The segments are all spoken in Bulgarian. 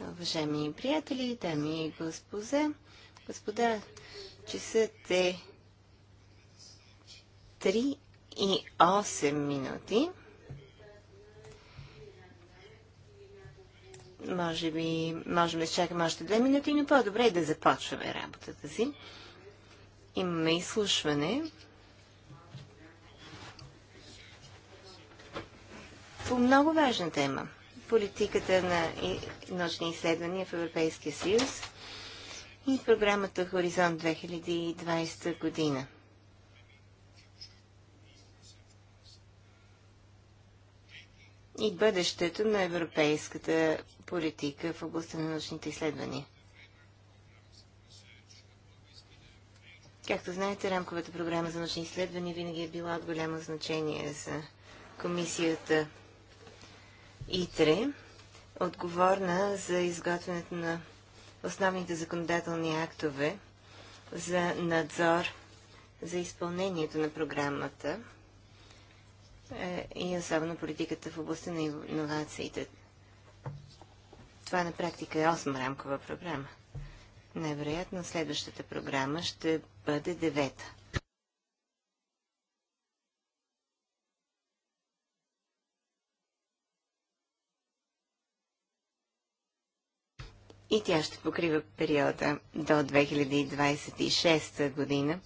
Уважаеми приятели, дами и господа, господа, часът е 3 и 8 минути. Може би можем да чакаме още 2 минути, но по-добре е да започваме работата си. Имаме изслушване по много важна тема политиката на научни изследвания в Европейския съюз и програмата Хоризонт 2020 година. И бъдещето на европейската политика в областта на научните изследвания. Както знаете, рамковата програма за научни изследвания винаги е била от голямо значение за комисията ИТРЕ, отговорна за изготвянето на основните законодателни актове за надзор за изпълнението на програмата е, и особено политиката в областта на иновациите. Това на практика е 8 рамкова програма. Най-вероятно следващата програма ще бъде девета. и тя ще покрива периода до 2026 година.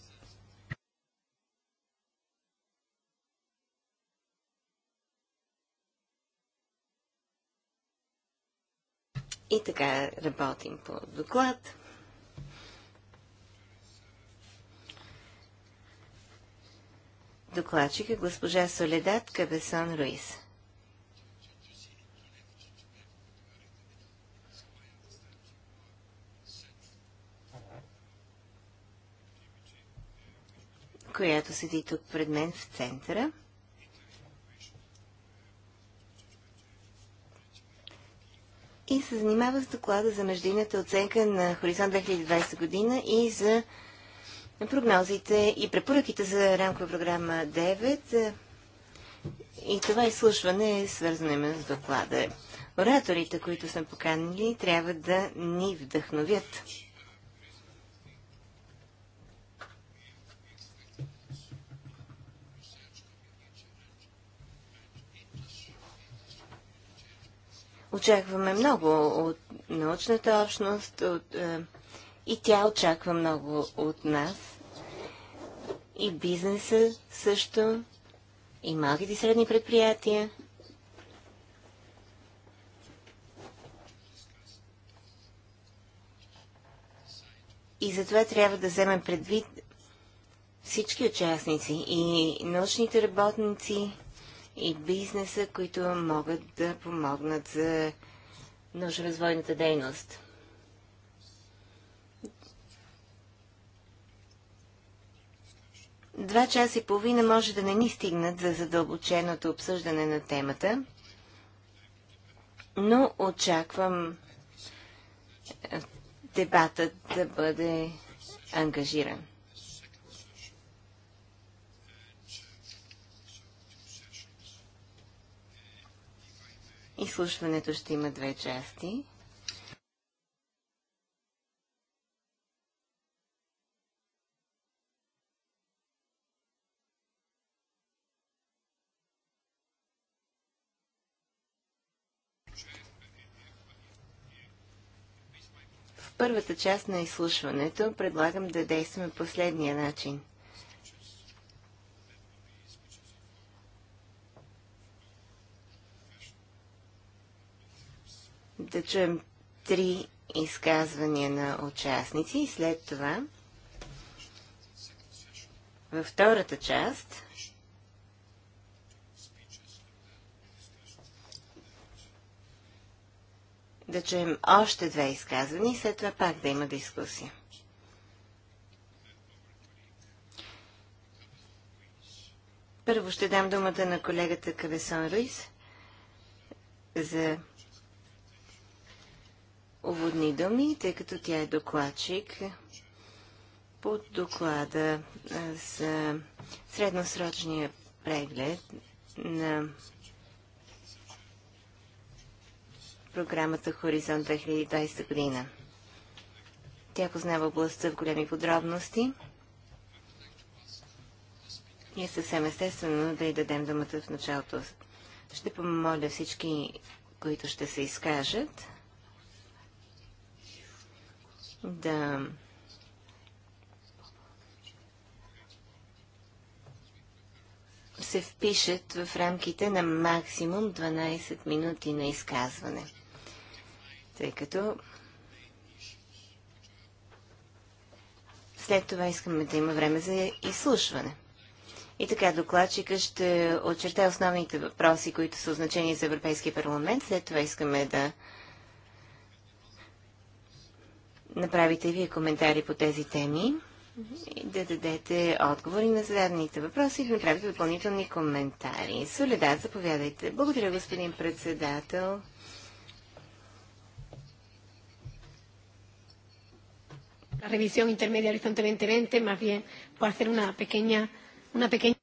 И така работим по доклад. Докладчика е госпожа Соледат Кабесон Руис. която седи тук пред мен в центъра. И се занимава с доклада за междинната оценка на Хоризонт 2020 година и за прогнозите и препоръките за рамкова програма 9. И това изслушване е свързано именно с доклада. Ораторите, които сме поканили, трябва да ни вдъхновят. очакваме много от научната общност от, е, и тя очаква много от нас. И бизнеса също, и малките и средни предприятия. И затова трябва да вземем предвид всички участници и научните работници, и бизнеса, които могат да помогнат за научно-развойната дейност. Два часа и половина може да не ни стигнат за задълбоченото обсъждане на темата, но очаквам е, дебатът да бъде ангажиран. Изслушването ще има две части. В първата част на изслушването предлагам да действаме последния начин. да чуем три изказвания на участници и след това във втората част да чуем още две изказвания и след това пак да има дискусия. Първо ще дам думата на колегата Кавесон Руис за уводни думи, тъй като тя е докладчик под доклада за средносрочния преглед на програмата Хоризонт 2020 година. Тя познава областта в големи подробности и е съвсем естествено да й дадем думата в началото. Ще помоля всички, които ще се изкажат, да се впишат в рамките на максимум 12 минути на изказване. Тъй като след това искаме да има време за изслушване. И така докладчика ще очерта основните въпроси, които са значени за Европейския парламент. След това искаме да направите вие коментари по тези теми, да дадете отговори на зададените въпроси и да направите допълнителни коментари. Соледа, заповядайте. Благодаря, господин председател. La revisión intermedia más bien, hacer una pequeña, una pequeña...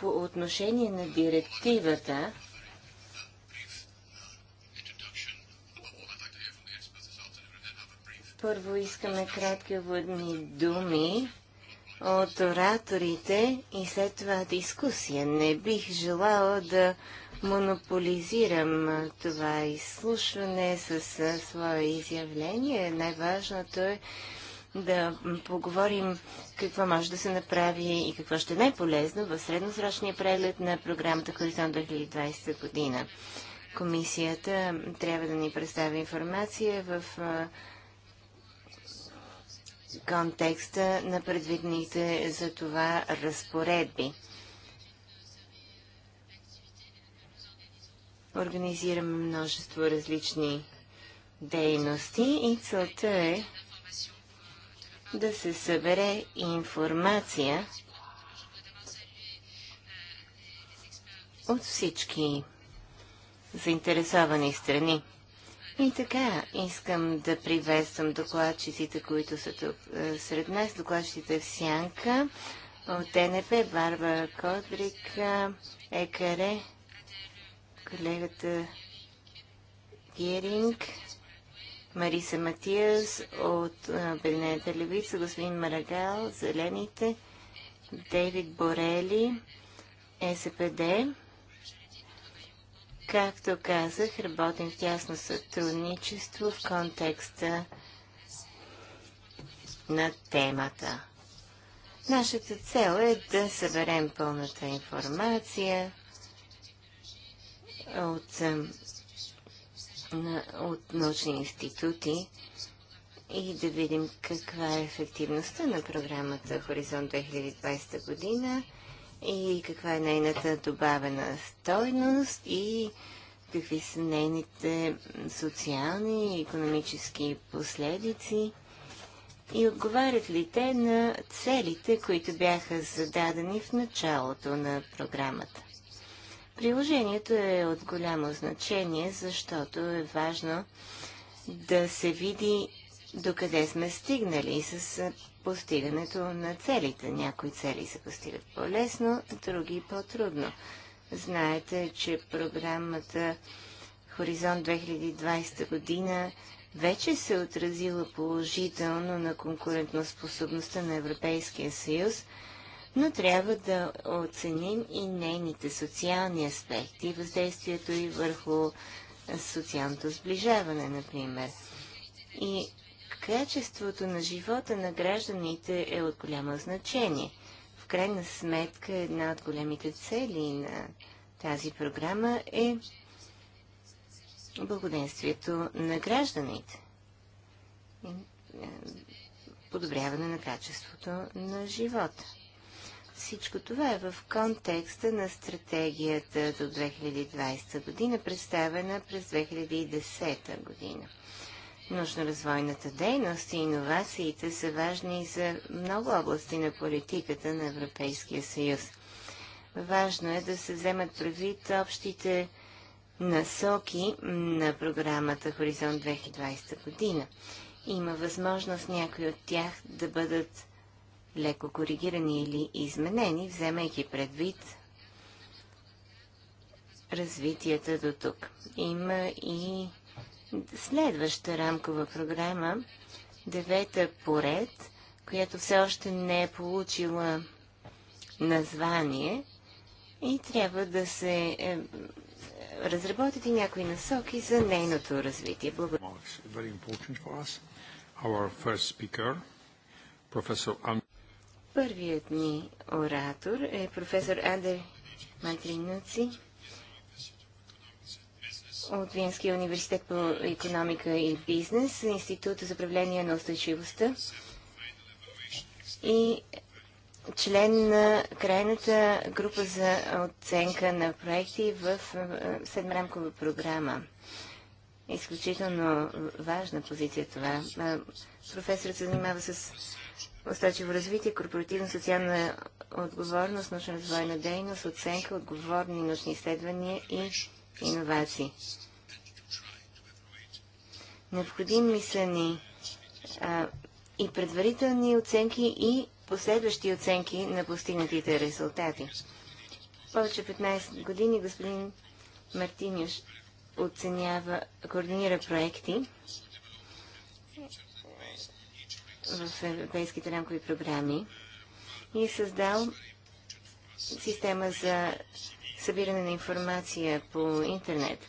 По отношение на директивата, Първо искаме кратки водни думи от ораторите и след това дискусия. Не бих желала да монополизирам това изслушване с свое изявление. Най-важното е да поговорим какво може да се направи и какво ще е най-полезно в средносрочния преглед на програмата Хоризонт 2020 година. Комисията трябва да ни представи информация в контекста на предвидните за това разпоредби. Организираме множество различни дейности и целта е да се събере информация от всички заинтересовани страни. И така, искам да приветствам докладчиците, които са тук е, сред нас, докладчиците в Сянка, от ТНП, Барбара Кодрик, е, Екаре, колегата Геринг, Мариса Матиас от е, Обединената левица, господин Марагал, Зелените, Дейвид Борели, СПД, Както казах, работим в тясно сътрудничество в контекста на темата. Нашата цел е да съберем пълната информация от, от научни институти и да видим каква е ефективността на програмата Хоризонт 2020 година и каква е нейната добавена стойност и какви са нейните социални и економически последици и отговарят ли те на целите, които бяха зададени в началото на програмата. Приложението е от голямо значение, защото е важно да се види докъде сме стигнали с постигането на целите. Някои цели се постигат по-лесно, други по-трудно. Знаете, че програмата Хоризонт 2020 година вече се е отразила положително на конкурентоспособността на Европейския съюз, но трябва да оценим и нейните социални аспекти, въздействието и върху социалното сближаване, например. И качеството на живота на гражданите е от голямо значение. В крайна сметка една от големите цели на тази програма е благоденствието на гражданите. И, е, подобряване на качеството на живота. Всичко това е в контекста на стратегията до 2020 година, представена през 2010 година. Научно-развойната дейност и иновациите са важни за много области на политиката на Европейския съюз. Важно е да се вземат предвид общите насоки на програмата Хоризонт 2020 година. Има възможност някои от тях да бъдат леко коригирани или изменени, вземайки предвид развитията до тук. Има и следваща рамкова програма, девета поред, която все още не е получила название и трябва да се е, разработят и някои насоки за нейното развитие. Благодаря. Първият ни оратор е професор Адер Матринуци от Виенския университет по економика и бизнес, Института за управление на устойчивостта и член на крайната група за оценка на проекти в седмрамкова програма. Изключително важна позиция това. Професорът се занимава с устойчиво развитие, корпоративна социална отговорност, научно-развойна дейност, оценка, отговорни научни изследвания и иновации. Необходими са ни а, и предварителни оценки и последващи оценки на постигнатите резултати. Повече 15 години господин Мартинюш оценява, координира проекти в европейските рамкови програми и е създал система за събиране на информация по интернет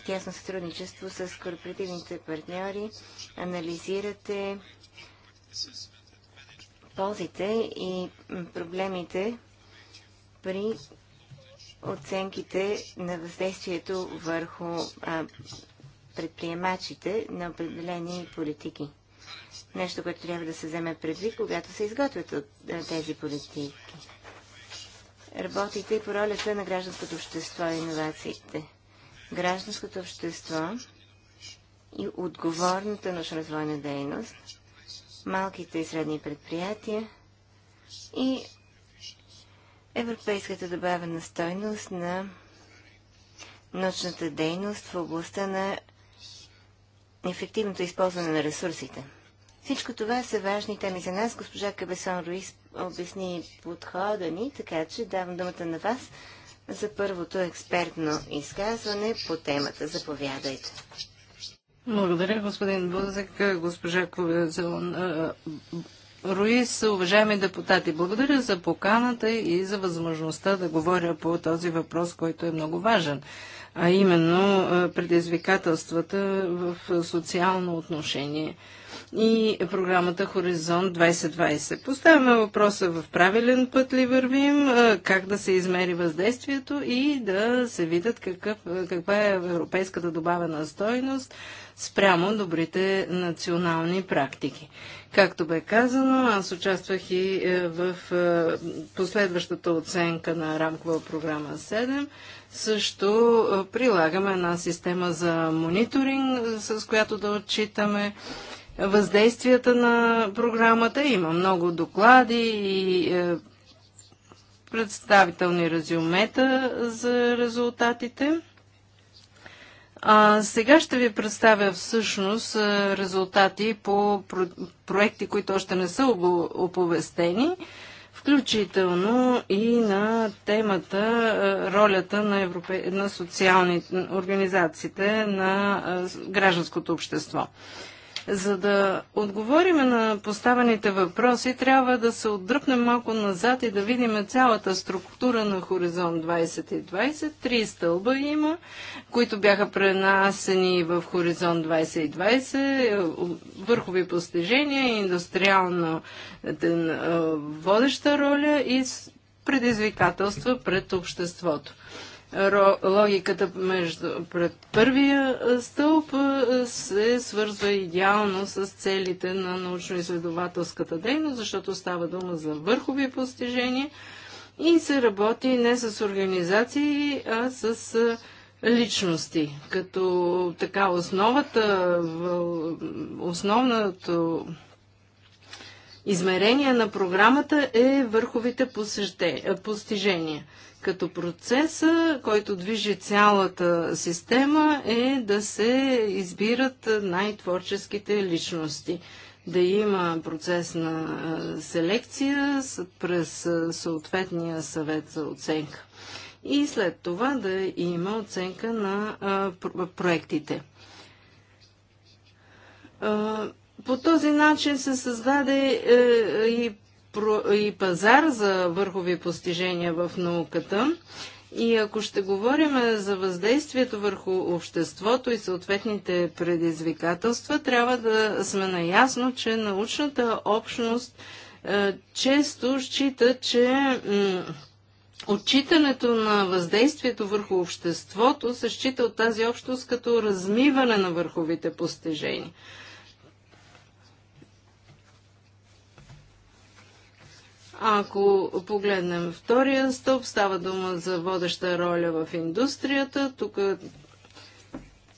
в тясно сътрудничество с корпоративните партньори анализирате ползите и проблемите при оценките на въздействието върху а, предприемачите на определени политики. Нещо, което трябва да се вземе предвид, когато се изготвят от а, тези политики работите и по ролята на гражданското общество и иновациите. Гражданското общество и отговорната научно-развойна дейност, малките и средни предприятия и европейската добавена стойност на научната дейност в областта на ефективното използване на ресурсите. Всичко това са важни теми за нас. Госпожа Кабесон Руис обясни подхода ни, така че давам думата на вас за първото експертно изказване по темата. Заповядайте. Благодаря, господин Бузек, госпожа Ковецелон. Руис, уважаеми депутати, благодаря за поканата и за възможността да говоря по този въпрос, който е много важен, а именно предизвикателствата в социално отношение – и програмата Хоризонт 2020. Поставяме въпроса в правилен път ли вървим, как да се измери въздействието и да се видят какъв, каква е европейската добавена стойност спрямо добрите национални практики. Както бе казано, аз участвах и е, в е, последващата оценка на рамкова програма 7. Също е, прилагаме една система за мониторинг, с която да отчитаме въздействията на програмата. Има много доклади и е, представителни резюмета за резултатите. А, сега ще ви представя всъщност е, резултати по проекти, които още не са оповестени, включително и на темата е, ролята на, европе... на социални организациите на гражданското общество. За да отговорим на поставените въпроси, трябва да се отдръпнем малко назад и да видим цялата структура на Хоризонт 2020. Три стълба има, които бяха пренасени в Хоризонт 2020. Е, върхови постижения, индустриална е, водеща роля и предизвикателства пред обществото логиката между, пред първия стълб се свързва идеално с целите на научно-изследователската дейност, защото става дума за върхови постижения и се работи не с организации, а с личности. Като така основата, основното измерение на програмата е върховите е, постижения. Като процеса, който движи цялата система е да се избират най-творческите личности. Да има процес на е, селекция през е, съответния съвет за оценка. И след това да има оценка на проектите по този начин се създаде е, и, про, и пазар за върхови постижения в науката. И ако ще говорим за въздействието върху обществото и съответните предизвикателства, трябва да сме наясно, че научната общност е, често счита, че Отчитането на въздействието върху обществото се счита от тази общност като размиване на върховите постижения. Ако погледнем втория стълб, става дума за водеща роля в индустрията. Тук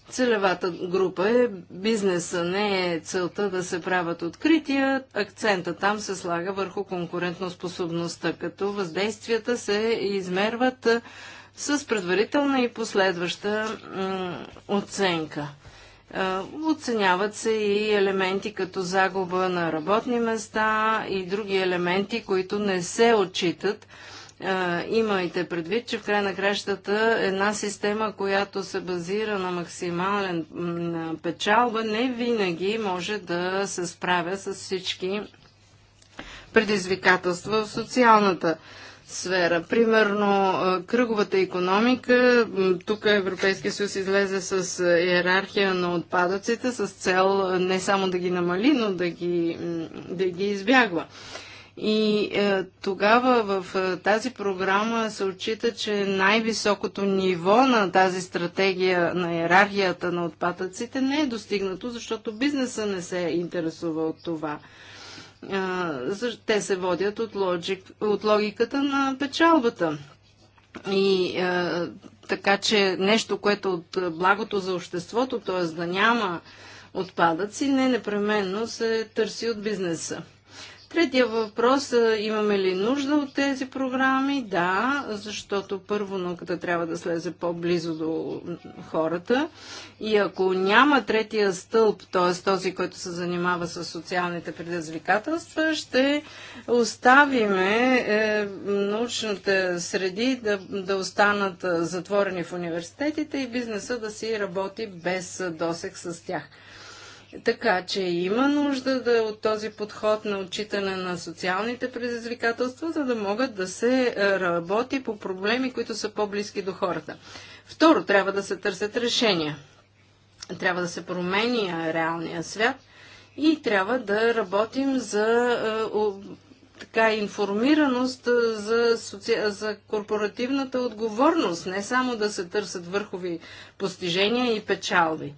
целевата група е бизнеса, не е целта да се правят открития. Акцента там се слага върху конкурентноспособността, като въздействията се измерват с предварителна и последваща оценка. Е, оценяват се и елементи като загуба на работни места и други елементи, които не се отчитат. Е, имайте предвид, че в край на кращата една система, която се базира на максимален печалба, не винаги може да се справя с всички предизвикателства в социалната сфера. Примерно кръговата економика, тук Европейския съюз излезе с иерархия на отпадъците с цел не само да ги намали, но да ги, да ги избягва. И е, тогава в е, тази програма се отчита, че най-високото ниво на тази стратегия на иерархията на отпадъците не е достигнато, защото бизнеса не се интересува от това. Те се водят от, логик, от логиката на печалбата. И а, така че нещо, което от благото за обществото, т.е. да няма отпадъци, не непременно се търси от бизнеса. Третия въпрос, имаме ли нужда от тези програми? Да, защото първо науката трябва да слезе по-близо до хората. И ако няма третия стълб, т.е. този, който се занимава с социалните предизвикателства, ще оставиме е, научните среди да, да останат затворени в университетите и бизнеса да си работи без досек с тях. Така че има нужда да, от този подход на отчитане на социалните предизвикателства, за да могат да се е, работи по проблеми, които са по-близки до хората. Второ, трябва да се търсят решения. Трябва да се промени реалния свят и трябва да работим за е, така информираност за, соци... за корпоративната отговорност, не само да се търсят върхови постижения и печалби.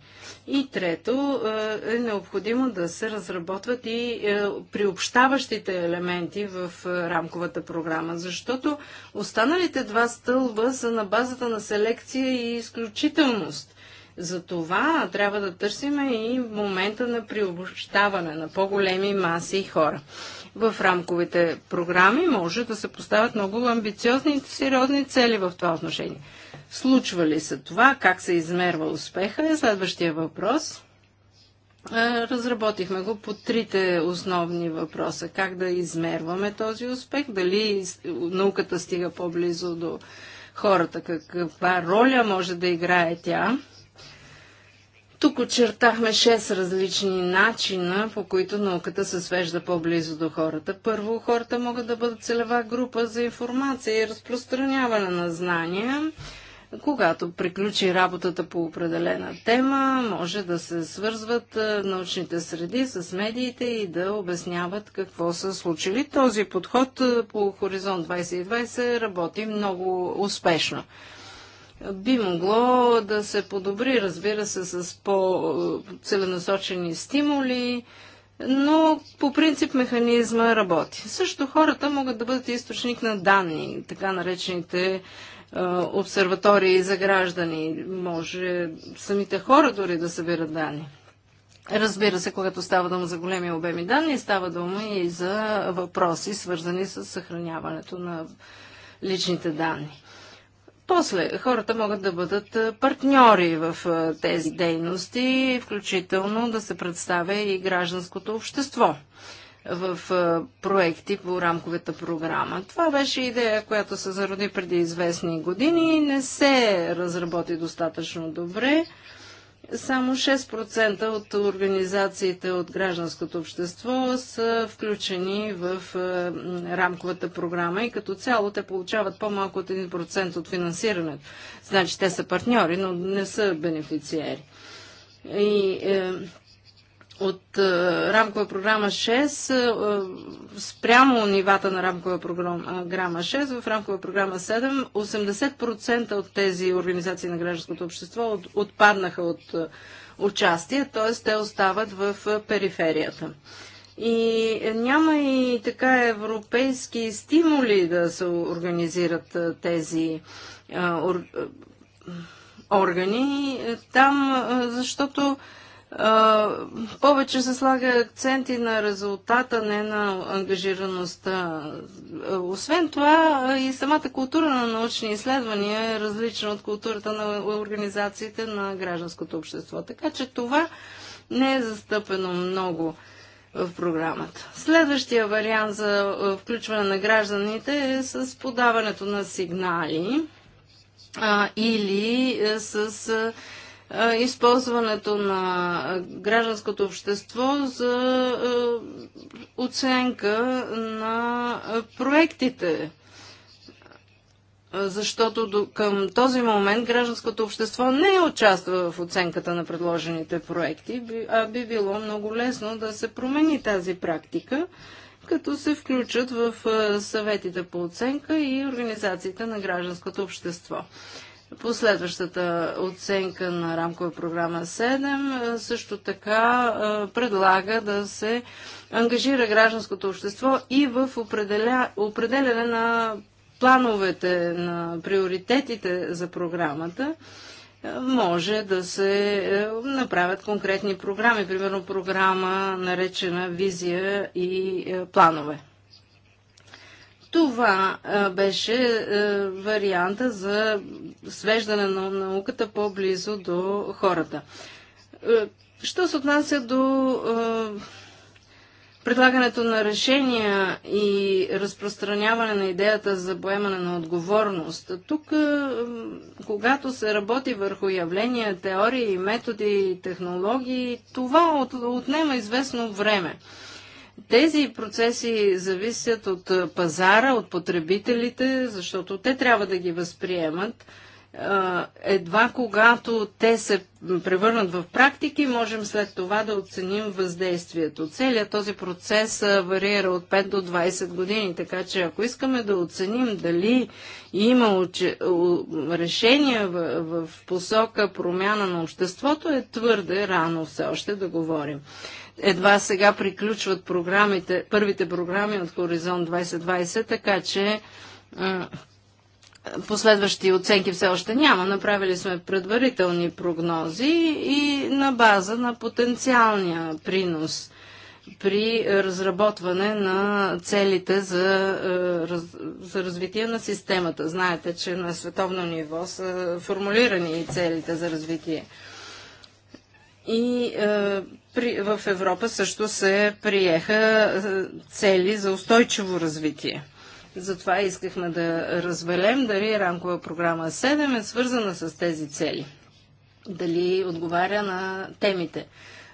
И трето, е необходимо да се разработват и е, приобщаващите елементи в рамковата програма, защото останалите два стълба са на базата на селекция и изключителност. За това трябва да търсим и момента на приобщаване на по-големи маси и хора в рамковите програми може да се поставят много амбициозни и сериозни цели в това отношение. Случва ли се това? Как се измерва успеха? Е следващия въпрос. Разработихме го по трите основни въпроса. Как да измерваме този успех? Дали науката стига по-близо до хората? Каква роля може да играе тя? Тук очертахме 6 различни начина, по които науката се свежда по-близо до хората. Първо, хората могат да бъдат целева група за информация и разпространяване на знания. Когато приключи работата по определена тема, може да се свързват е, научните среди с медиите и да обясняват какво са случили. Този подход е, по Хоризонт 2020 работи много успешно би могло да се подобри, разбира се, с по-целенасочени стимули, но по принцип механизма работи. Също хората могат да бъдат източник на данни, така наречените е, обсерватории за граждани. Може самите хора дори да събират данни. Разбира се, когато става дума за големи обеми данни, става дума и за въпроси, свързани с съхраняването на личните данни. После хората могат да бъдат партньори в тези дейности, включително да се представя и гражданското общество в проекти по рамковата програма. Това беше идея, която се зароди преди известни години и не се разработи достатъчно добре. Само 6% от организациите от гражданското общество са включени в е, рамковата програма и като цяло те получават по-малко от 1% от финансирането. Значи те са партньори, но не са бенефициери. И е, от е, рамкова програма 6 е, спрямо нивата на рамкова програма 6 в рамкова програма 7 80% от тези организации на гражданското общество отпаднаха от е, участие, т.е. те остават в периферията. И няма и така европейски стимули да се организират тези органи там, защото повече се слага акценти на резултата, не на ангажираността. Освен това, и самата култура на научни изследвания е различна от културата на организациите на гражданското общество. Така че това не е застъпено много в програмата. Следващия вариант за включване на гражданите е с подаването на сигнали а, или с. А, използването на гражданското общество за оценка на проектите. Защото към този момент гражданското общество не участва в оценката на предложените проекти, а би било много лесно да се промени тази практика, като се включат в съветите по оценка и организациите на гражданското общество. Последващата оценка на рамкова програма 7 също така предлага да се ангажира гражданското общество и в определя, определяне на плановете, на приоритетите за програмата може да се е, направят конкретни програми, примерно програма наречена визия и е, планове. Това а, беше а, варианта за свеждане на науката по-близо до хората. Що се отнася до а, предлагането на решения и разпространяване на идеята за поемане на отговорност, тук, когато се работи върху явления, теории, методи, технологии, това от, отнема известно време. Тези процеси зависят от пазара, от потребителите, защото те трябва да ги възприемат. Едва когато те се превърнат в практики, можем след това да оценим въздействието. Целият този процес варира от 5 до 20 години, така че ако искаме да оценим дали има решение в посока промяна на обществото, е твърде рано все още да говорим. Едва сега приключват програмите, първите програми от Хоризонт 2020, така че последващи оценки все още няма. Направили сме предварителни прогнози и на база на потенциалния принос при разработване на целите за, за развитие на системата. Знаете, че на световно ниво са формулирани целите за развитие. И при, в Европа също се приеха е, цели за устойчиво развитие. Затова искахме да разберем дали рамкова програма 7 е свързана с тези цели. Дали отговаря на темите.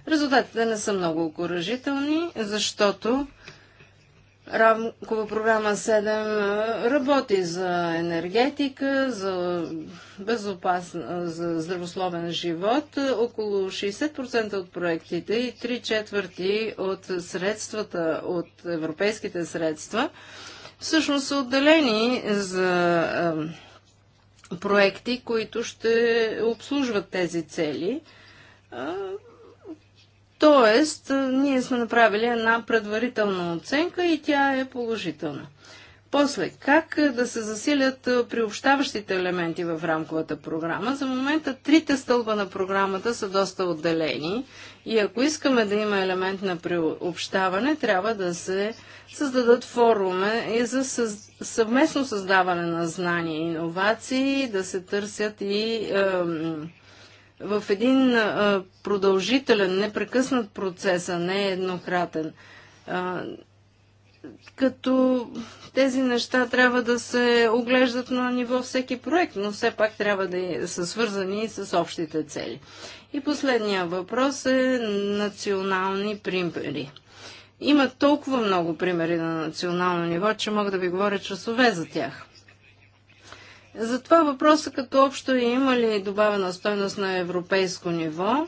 Резултатите не са много окоръжителни, защото Рамкова програма 7 работи за енергетика, за, безопасен, за здравословен живот. Около 60% от проектите и 3 четвърти от средствата, от европейските средства, всъщност са отделени за проекти, които ще обслужват тези цели. Тоест, ние сме направили една предварителна оценка и тя е положителна. После, как да се засилят приобщаващите елементи в рамковата програма? За момента трите стълба на програмата са доста отделени и ако искаме да има елемент на приобщаване, трябва да се създадат форуме и за съвместно създаване на знания и иновации, да се търсят и в един продължителен, непрекъснат процес, а не еднократен. Като тези неща трябва да се оглеждат на ниво всеки проект, но все пак трябва да е- са свързани с общите цели. И последния въпрос е национални примери. Има толкова много примери на национално ниво, че мога да ви говоря часове за тях. Затова въпросът като общо е има ли добавена стойност на европейско ниво,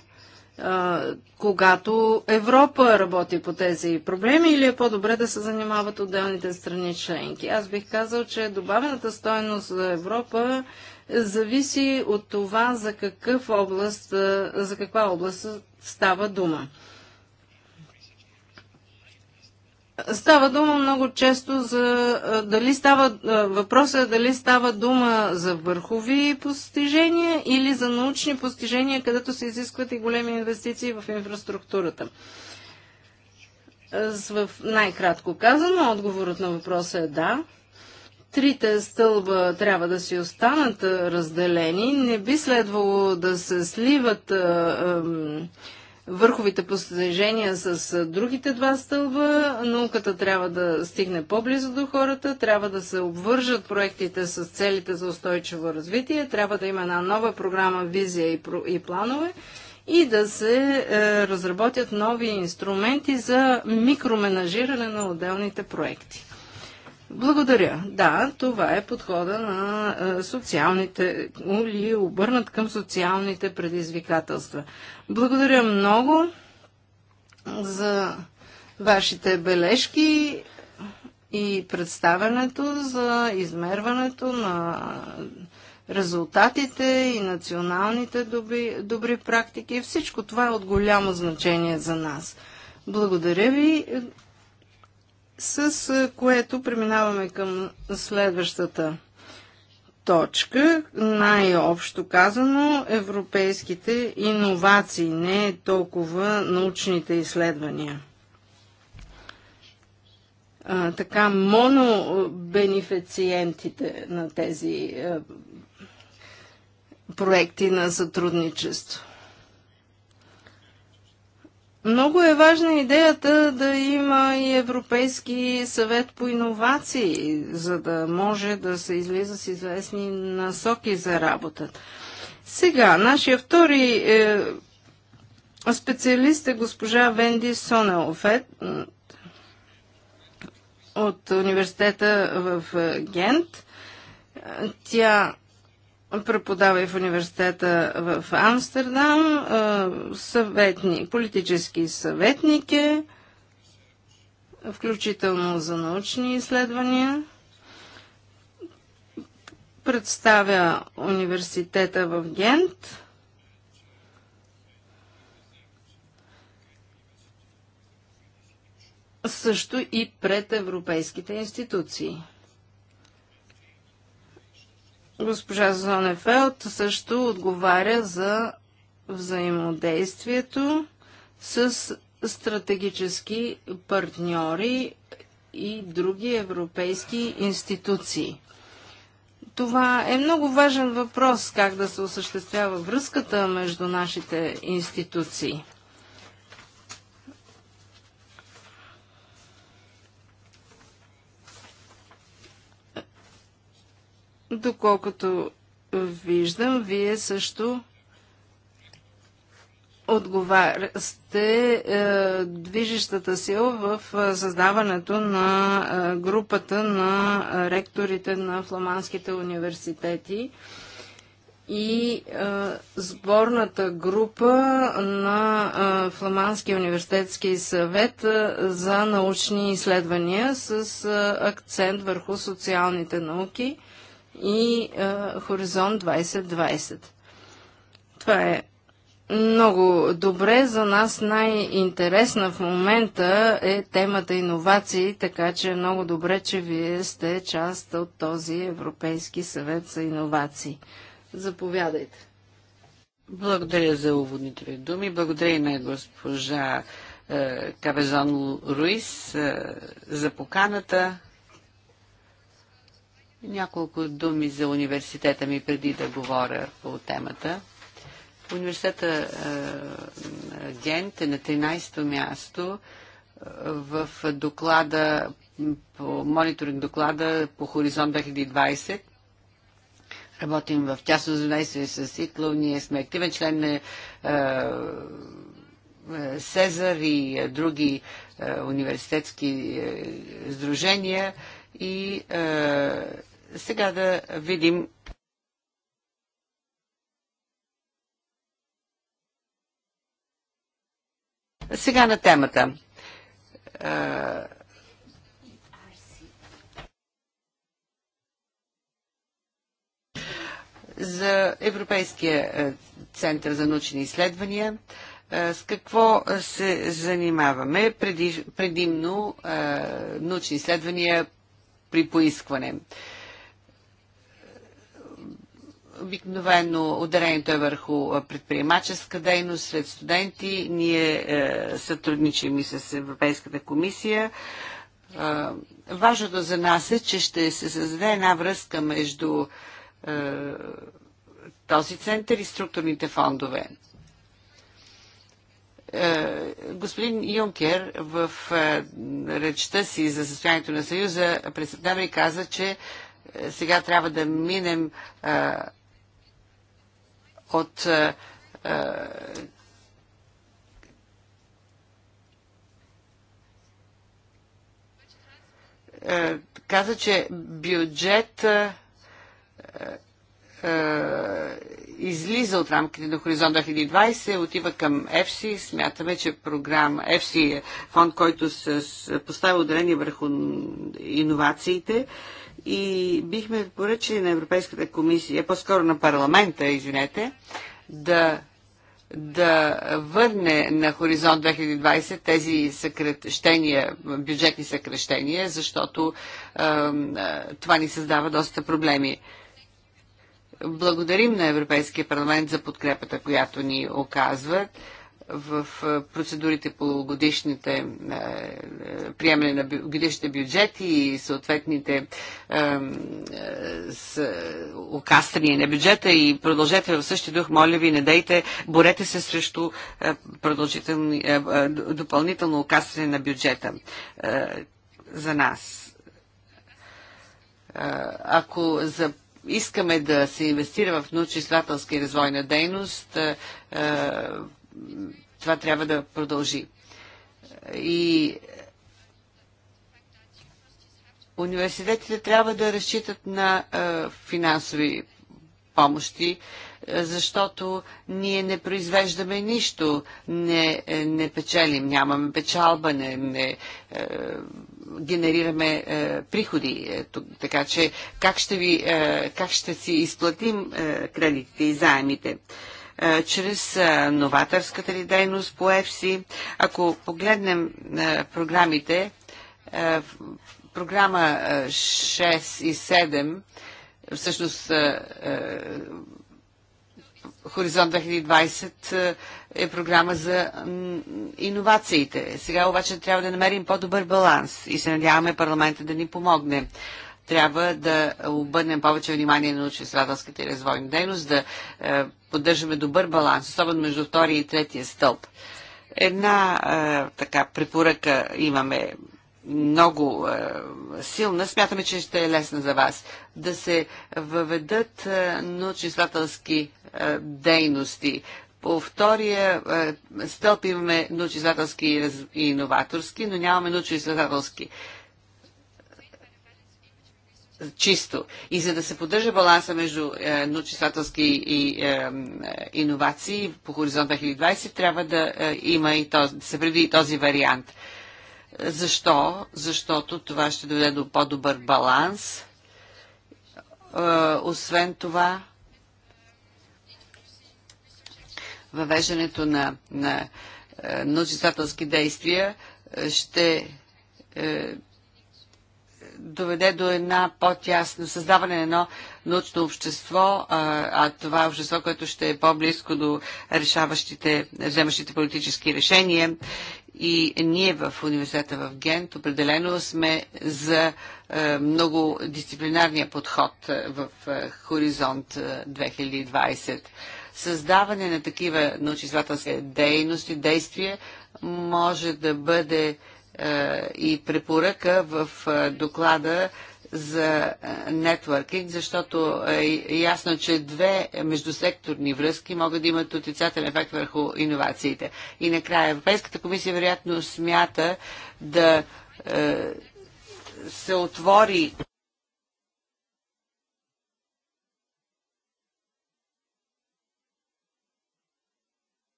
когато Европа работи по тези проблеми или е по-добре да се занимават отделните страни членки. Аз бих казал, че добавената стойност за Европа зависи от това за, какъв област, за каква област става дума. Става дума много често за дали става, въпросът е дали става дума за върхови постижения или за научни постижения, където се изискват и големи инвестиции в инфраструктурата. В най-кратко казано, отговорът на въпроса е да. Трите стълба трябва да си останат разделени. Не би следвало да се сливат. Е, е, върховите постижения с другите два стълба. Науката трябва да стигне по-близо до хората, трябва да се обвържат проектите с целите за устойчиво развитие, трябва да има една нова програма, визия и, и планове и да се е, разработят нови инструменти за микроменажиране на отделните проекти. Благодаря. Да, това е подхода на е, социалните или обърнат към социалните предизвикателства. Благодаря много за вашите бележки и представянето за измерването на резултатите и националните добри, добри практики. Всичко това е от голямо значение за нас. Благодаря ви с което преминаваме към следващата точка. Най-общо казано, европейските иновации, не толкова научните изследвания. А, така, монобенефициентите на тези а, проекти на сътрудничество. Много е важна идеята да има и Европейски съвет по иновации, за да може да се излиза с известни насоки за работата. Сега, нашия втори е, специалист е госпожа Венди Сонеофет, от университета в е, Гент. Тя преподава и в университета в Амстердам, съветник, политически съветник е, включително за научни изследвания. Представя университета в Гент. Също и пред европейските институции. Госпожа Зонефелд също отговаря за взаимодействието с стратегически партньори и други европейски институции. Това е много важен въпрос, как да се осъществява връзката между нашите институции. Доколкото виждам, вие също отговаряте е, движещата сила в е, създаването на е, групата на ректорите на фламандските университети и е, сборната група на е, Фламандския университетски съвет за научни изследвания с акцент върху социалните науки – и а, Хоризонт 2020. Това е много добре. За нас най-интересна в момента е темата иновации, така че е много добре, че вие сте част от този Европейски съвет за иновации. Заповядайте. Благодаря за уводните ви думи. Благодаря и на госпожа е, Кавезон Руис е, за поканата. Няколко думи за университета ми преди да говоря по темата. Университета е, Гент е на 13-то място е, в доклада, по мониторинг доклада по Хоризонт 2020 работим в тясно взаимодействие с ИКЛО. Ние сме активен член на е, Сезар и други университетски сдружения и сега да видим Сега на темата. За Европейския център за научни изследвания. С какво се занимаваме? Преди, предимно научни изследвания при поискване. Обикновено ударението е върху предприемаческа дейност сред студенти. Ние е, сътрудничим и с Европейската комисия. Е, важното за нас е, че ще се създаде една връзка между е, този център и структурните фондове. Е, господин Юнкер в е, речта си за състоянието на Съюза през септември каза, че е, сега трябва да минем от е, е, каза, че бюджет е, излиза от рамките на Хоризонт 2020, отива към ЕФСИ. Смятаме, че програма ЕФСИ е фонд, който се поставя ударение върху иновациите. Е, и бихме поръчали на Европейската комисия, по-скоро на парламента, извинете, да, да върне на Хоризонт 2020 тези съкрещения, бюджетни съкрещения, защото е, това ни създава доста проблеми. Благодарим на Европейския парламент за подкрепата, която ни оказват в процедурите по годишните приемане на годишните бюджети и съответните окастрания на бюджета и продължете в същия дух, моля ви, не дайте, борете се срещу допълнително окастране на бюджета за нас. Ако за искаме да се инвестира в научно-изследователска и развойна дейност, това трябва да продължи. И университетите трябва да разчитат на финансови помощи, защото ние не произвеждаме нищо, не, е, не печелим, нямаме печалба, не, не е, генерираме е, приходи. Е, така че как ще, ви, е, как ще си изплатим е, кредитите и заемите? Е, е, чрез е, новаторската ли дейност по ЕФСИ. Ако погледнем е, програмите, програма 6 и 7, всъщност Хоризонт 2020 е програма за иновациите. Сега обаче трябва да намерим по-добър баланс и се надяваме парламента да ни помогне трябва да обърнем повече внимание на научно-изследователската и развойна дейност, да е, поддържаме добър баланс, особено между втория и третия стълб. Една е, така препоръка имаме много е, силна, смятаме, че ще е лесна за вас. Да се въведат научно-изследователски дейности, по втория стълб имаме научно-изследователски и иноваторски, но нямаме научно-изследователски чисто. И за да се поддържа баланса между е, научно-изследователски и е, е иновации по хоризонт 2020, трябва да е, има и този, да се предвиди този вариант. Защо? Защото това ще доведе до по-добър баланс. Е, освен това, въвеждането на, на е, научно-изследователски действия ще е, доведе до една по-тясно създаване на едно научно общество, а, а това е общество, което ще е по-близко до решаващите, вземащите политически решения. И ние в университета в Гент определено сме за е, много дисциплинарния подход е, в е, Хоризонт 2020. Създаване на такива научизвателски дейности, действия може да бъде е, и препоръка в е, доклада за е, нетворкинг, защото е ясно, че две междусекторни връзки могат да имат отрицателен ефект върху иновациите. И накрая Европейската комисия вероятно смята да е, се отвори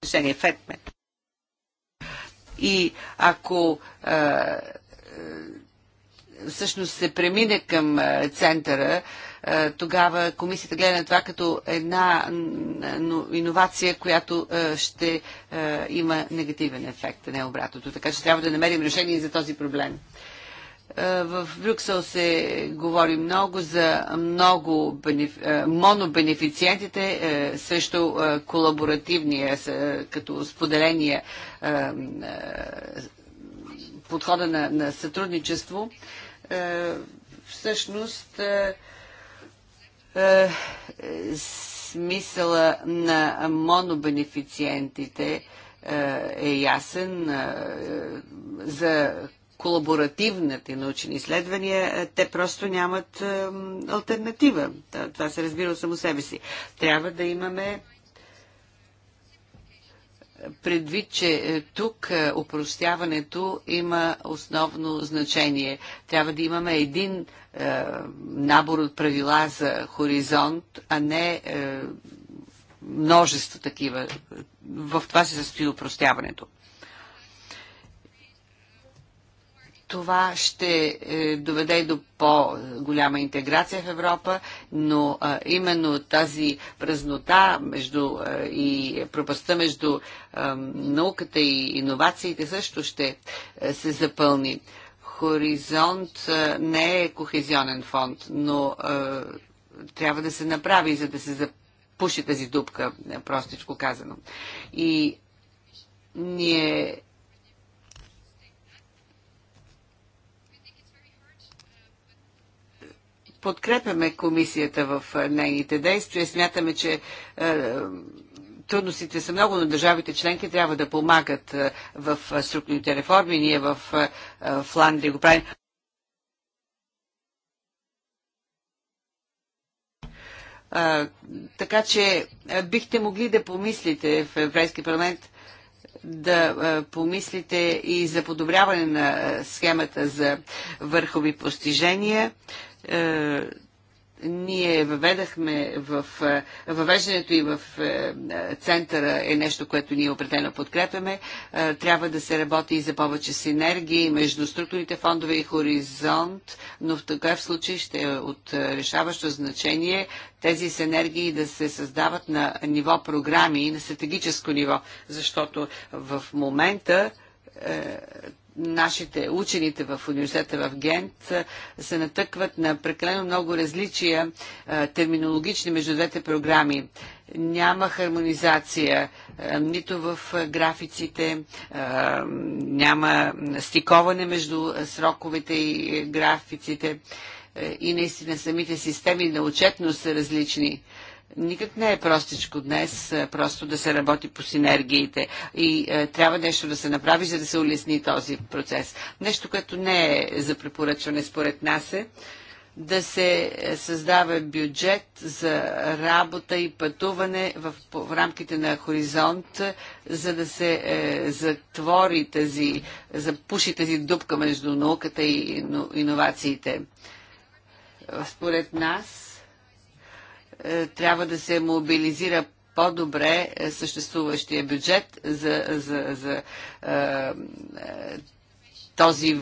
решение ФЕДМЕТ. И ако всъщност се премине към центъра, тогава комисията гледа на това като една иновация, която ще има негативен ефект, а не обратното. Така че трябва да намерим решение за този проблем. Е, в Брюксел се говори много за много бенеф... Е, монобенефициентите е, срещу колаборативния, като споделения подхода на, на сътрудничество. Всъщност смисъла на монобенефициентите е ясен за колаборативните научни изследвания, е, те просто нямат е, альтернатива. Това се разбира само себе си. Трябва да имаме предвид, че е, тук упростяването има основно значение. Трябва да имаме един набор от правила за хоризонт, а не множество такива. В това се състои упростяването. Това ще е, доведе до по-голяма интеграция в Европа, но именно тази празнота между, и пропаста между науката и иновациите също ще е, се запълни. Хоризонт не е кохезионен фонд, но трябва да се направи, за да се запуши тази дупка, простичко казано. И ние подкрепяме комисията в нейните действия. Смятаме, че трудностите са много, но държавите членки трябва да помагат в структурните реформи. Ние в Фландрия го правим. така че бихте могли да помислите в Еврейски парламент да помислите и за подобряване на схемата за върхови постижения. Е, ние въведахме в е, въвеждането и в е, центъра е нещо, което ние определено подкрепяме. Трябва да се работи и за повече синергии между структурните фондове и хоризонт, но в такъв случай ще е от решаващо значение тези синергии да се създават на ниво програми и на стратегическо ниво, защото в момента нашите учените в университета в Гент се натъкват на прекалено много различия терминологични между двете програми. Няма хармонизация нито в графиците, няма стиковане между сроковете и графиците е, и наистина самите системи на отчетност са различни. Никак не е простичко днес просто да се работи по синергиите и е, трябва нещо да се направи, за да се улесни този процес. Нещо, което не е за препоръчване според нас е да се създава бюджет за работа и пътуване в, в рамките на хоризонт, за да се е, затвори тази, запуши тази дупка между науката и иновациите. Според нас е, трябва да се мобилизира по-добре е, съществуващия бюджет за, за, за а, е, този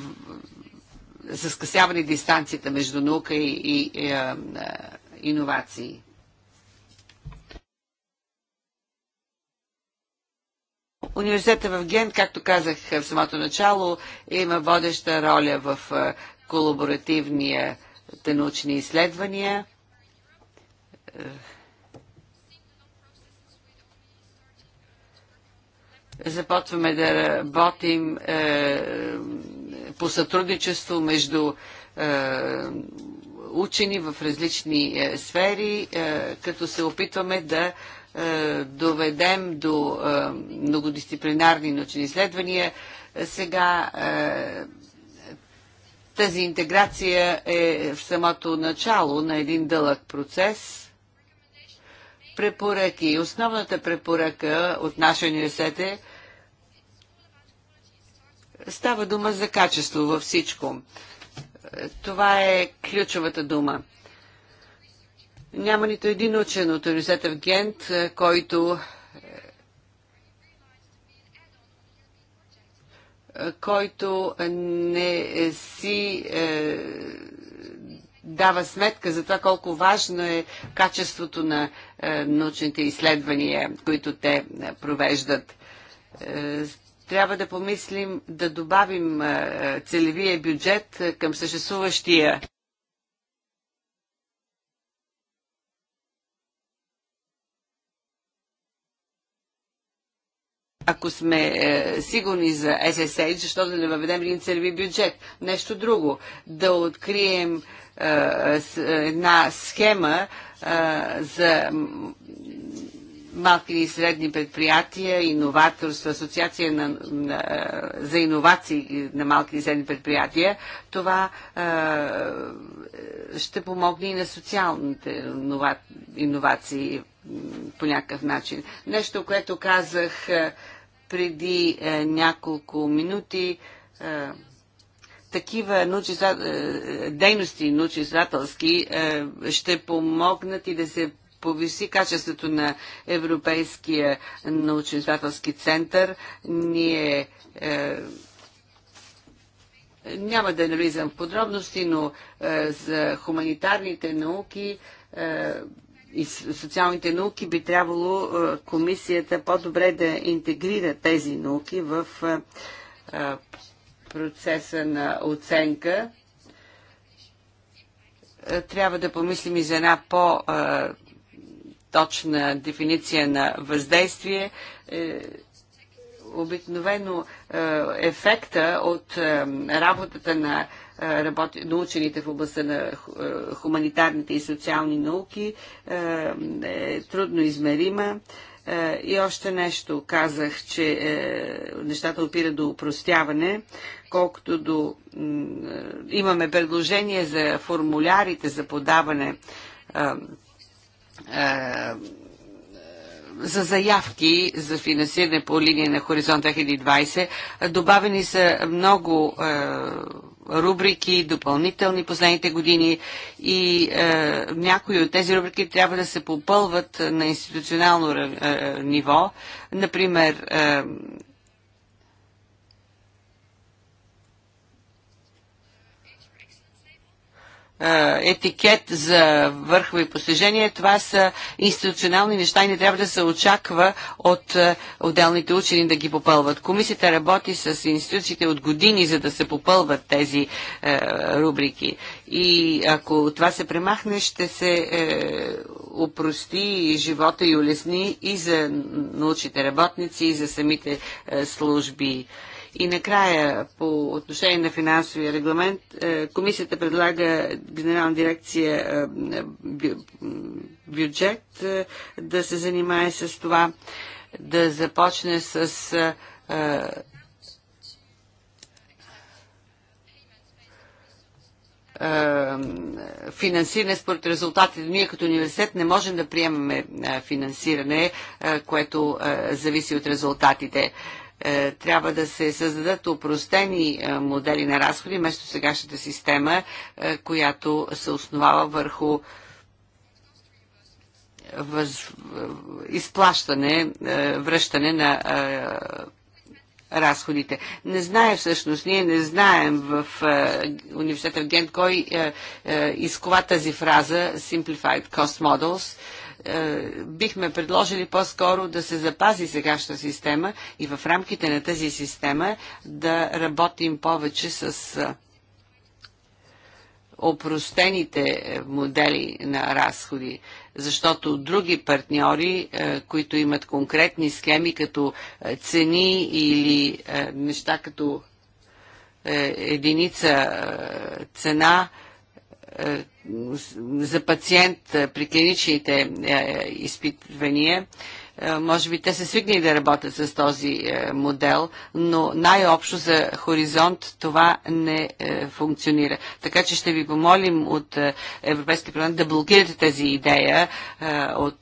за скъсяване дистанцията между наука и, и, а, иновации. Университета в Ген, както казах в самото начало, има водеща роля в колаборативния научни изследвания – е, започваме да работим е, по сътрудничество между е, учени в различни сфери, като се опитваме да доведем до многодисциплинарни научни изследвания. Сега тази интеграция е в самото начало на един дълъг процес – препоръки. Основната препоръка от нашия университет е става дума за качество във всичко. Това е ключовата дума. Няма нито един учен от университета в Гент, е, който е, който не си е, дава сметка за това колко важно е качеството на е, научните изследвания, които те е, провеждат. Е, трябва да помислим да добавим целевия бюджет към съществуващия. ако сме е, сигурни за SSH, защото да не въведем един целеви бюджет. Нещо друго. Да открием е, една схема е, за малки и средни предприятия, иноваторство, асоциация на, на, за иновации на малки и средни предприятия, това е, ще помогне и на социалните инова, иновации по някакъв начин. Нещо, което казах е, преди е, няколко минути. Е, такива научи, е, е, дейности научно-изследователски е, ще помогнат и да се повиси качеството на Европейския научно-изследователски център. Ние е, няма да навлизам в подробности, но е, за хуманитарните науки е, и социалните науки би трябвало комисията по-добре да интегрира тези науки в процеса на оценка, е, трябва да помислим и за една по-точна дефиниция на въздействие. Е, обикновено е, ефекта от работата на работи, научените в областта на хуманитарните и социални науки е трудно измерима. И още нещо казах, че нещата опират до упростяване. Колкото до е, имаме предложение за формулярите за подаване е, е, за заявки за финансиране по линия на Хоризонт 2020. Добавени са много рубрики, допълнителни последните години и е, някои от тези рубрики трябва да се попълват на институционално е, ниво. Например, е, Е, етикет за върхови постижения. Това са институционални неща и не трябва да се очаква от е, отделните учени да ги попълват. Комисията работи с институциите от години, за да се попълват тези е, рубрики. И ако това се премахне, ще се упрости и живота и улесни и за научните работници, и за самите служби. И накрая, по отношение на финансовия регламент, е, комисията предлага Генерална дирекция е, бюджет е, да се занимае с това, да започне с финансиране според резултатите. Ние като университет не можем да приемаме финансиране, което зависи от резултатите. Е, трябва да се създадат упростени е, модели на разходи вместо сегашната система, е, която се основава върху въз... изплащане, връщане на разходите. Не знае всъщност, ние не знаем в университета в Гент кой изкова тази фраза Simplified Cost Models. Е, бихме предложили по-скоро да се запази сегашна система и в рамките на тази система да работим повече с е, опростените е, модели на разходи, защото други партньори, които имат конкретни схеми като цени или неща като единица цена, е, за пациент е, при клиничните е, изпитвания. Може би те са свикнали да работят с този модел, но най-общо за хоризонт това не функционира. Така че ще ви помолим от Европейския парламент да блокирате тази идея от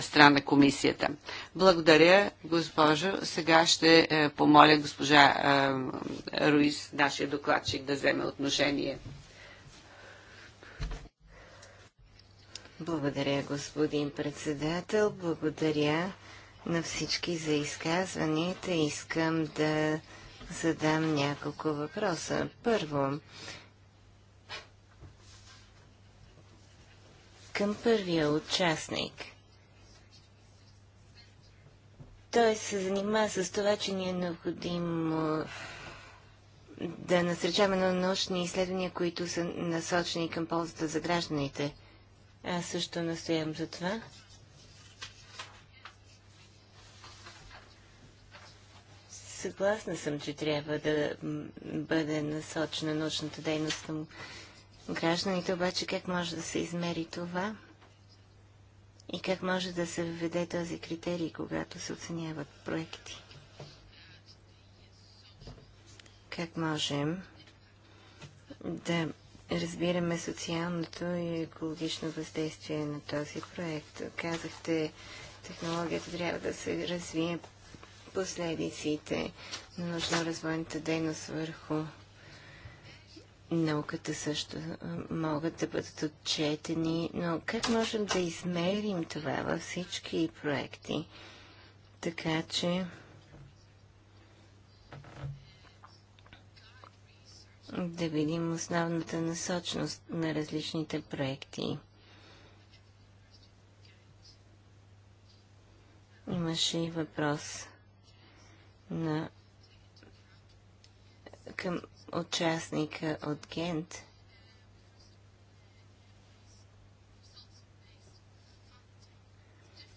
страна на комисията. Благодаря, госпожо. Сега ще помоля госпожа Руис, нашия докладчик, да вземе отношение. Благодаря, господин председател. Благодаря на всички за изказванията. Искам да задам няколко въпроса. Първо, към първия участник. Той се занимава с това, че ни е необходимо да насречаваме на научни изследвания, които са насочени към ползата за гражданите. Аз също настоявам за това. Съгласна съм, че трябва да бъде насочена научната дейност към гражданите, обаче как може да се измери това и как може да се введе този критерий, когато се оценяват проекти? Как можем да разбираме социалното и екологично въздействие на този проект. Казахте, технологията трябва да се развие последиците на научно-развойната дейност върху науката също могат да бъдат отчетени, но как можем да измерим това във всички проекти, така че да видим основната насочност на различните проекти. Имаше и въпрос на към участника от Гент.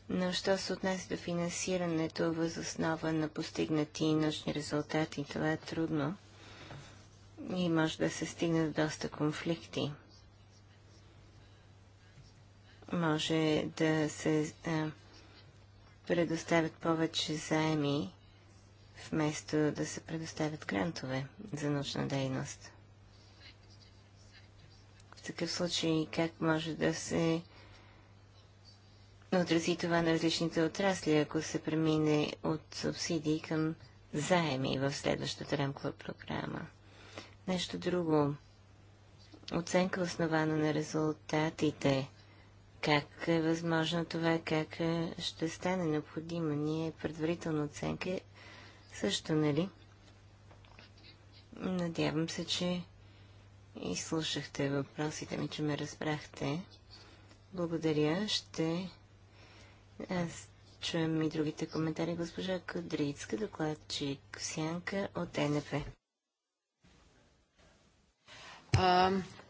Но що се отнася до финансирането възоснова на постигнати научни резултати, това е трудно и може да се стигне до доста конфликти. Може да се а, предоставят повече заеми, вместо да се предоставят грантове за научна дейност. В такъв случай как може да се отрази това на различните отрасли, ако се премине от субсидии към заеми в следващата рамкова програма? Нещо друго. Оценка основана на резултатите. Как е възможно това? Как е? ще стане необходима? Ние предварителна оценка е също, нали? Надявам се, че и слушахте въпросите ми, че ме разбрахте. Благодаря. Ще Аз чуем и другите коментари. Госпожа Кадрицка, докладчик Сянка от НП.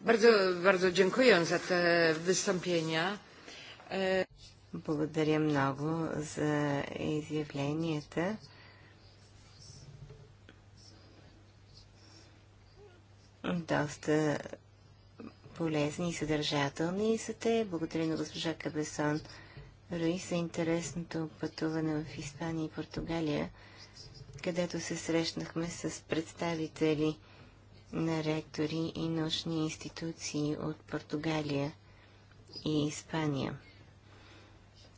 Bardzo, bardzo dziękuję za te wystąpienia. E, Благодаря много за изявленията. Доста полезни и съдържателни са те. Благодаря на госпожа Кабесон Руис за интересното пътуване в Испания и Португалия, където се срещнахме с представители на ректори и научни институции от Португалия и Испания.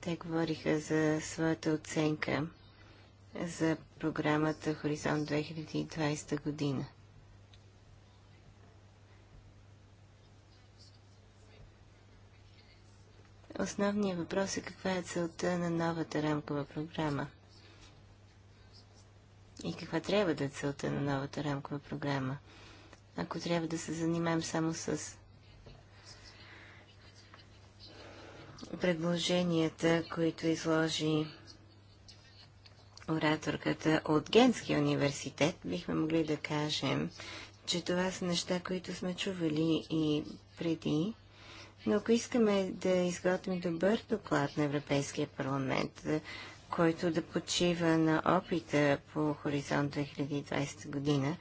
Те говориха за своята оценка за програмата Хоризонт 2020 година. Основният въпрос е каква е целта на новата рамкова програма и каква трябва да е целта на новата рамкова програма ако трябва да се занимаем само с предложенията, които изложи ораторката от Генския университет, бихме могли да кажем, че това са неща, които сме чували и преди. Но ако искаме да изготвим добър доклад на Европейския парламент, който да почива на опита по Хоризонт 2020 година,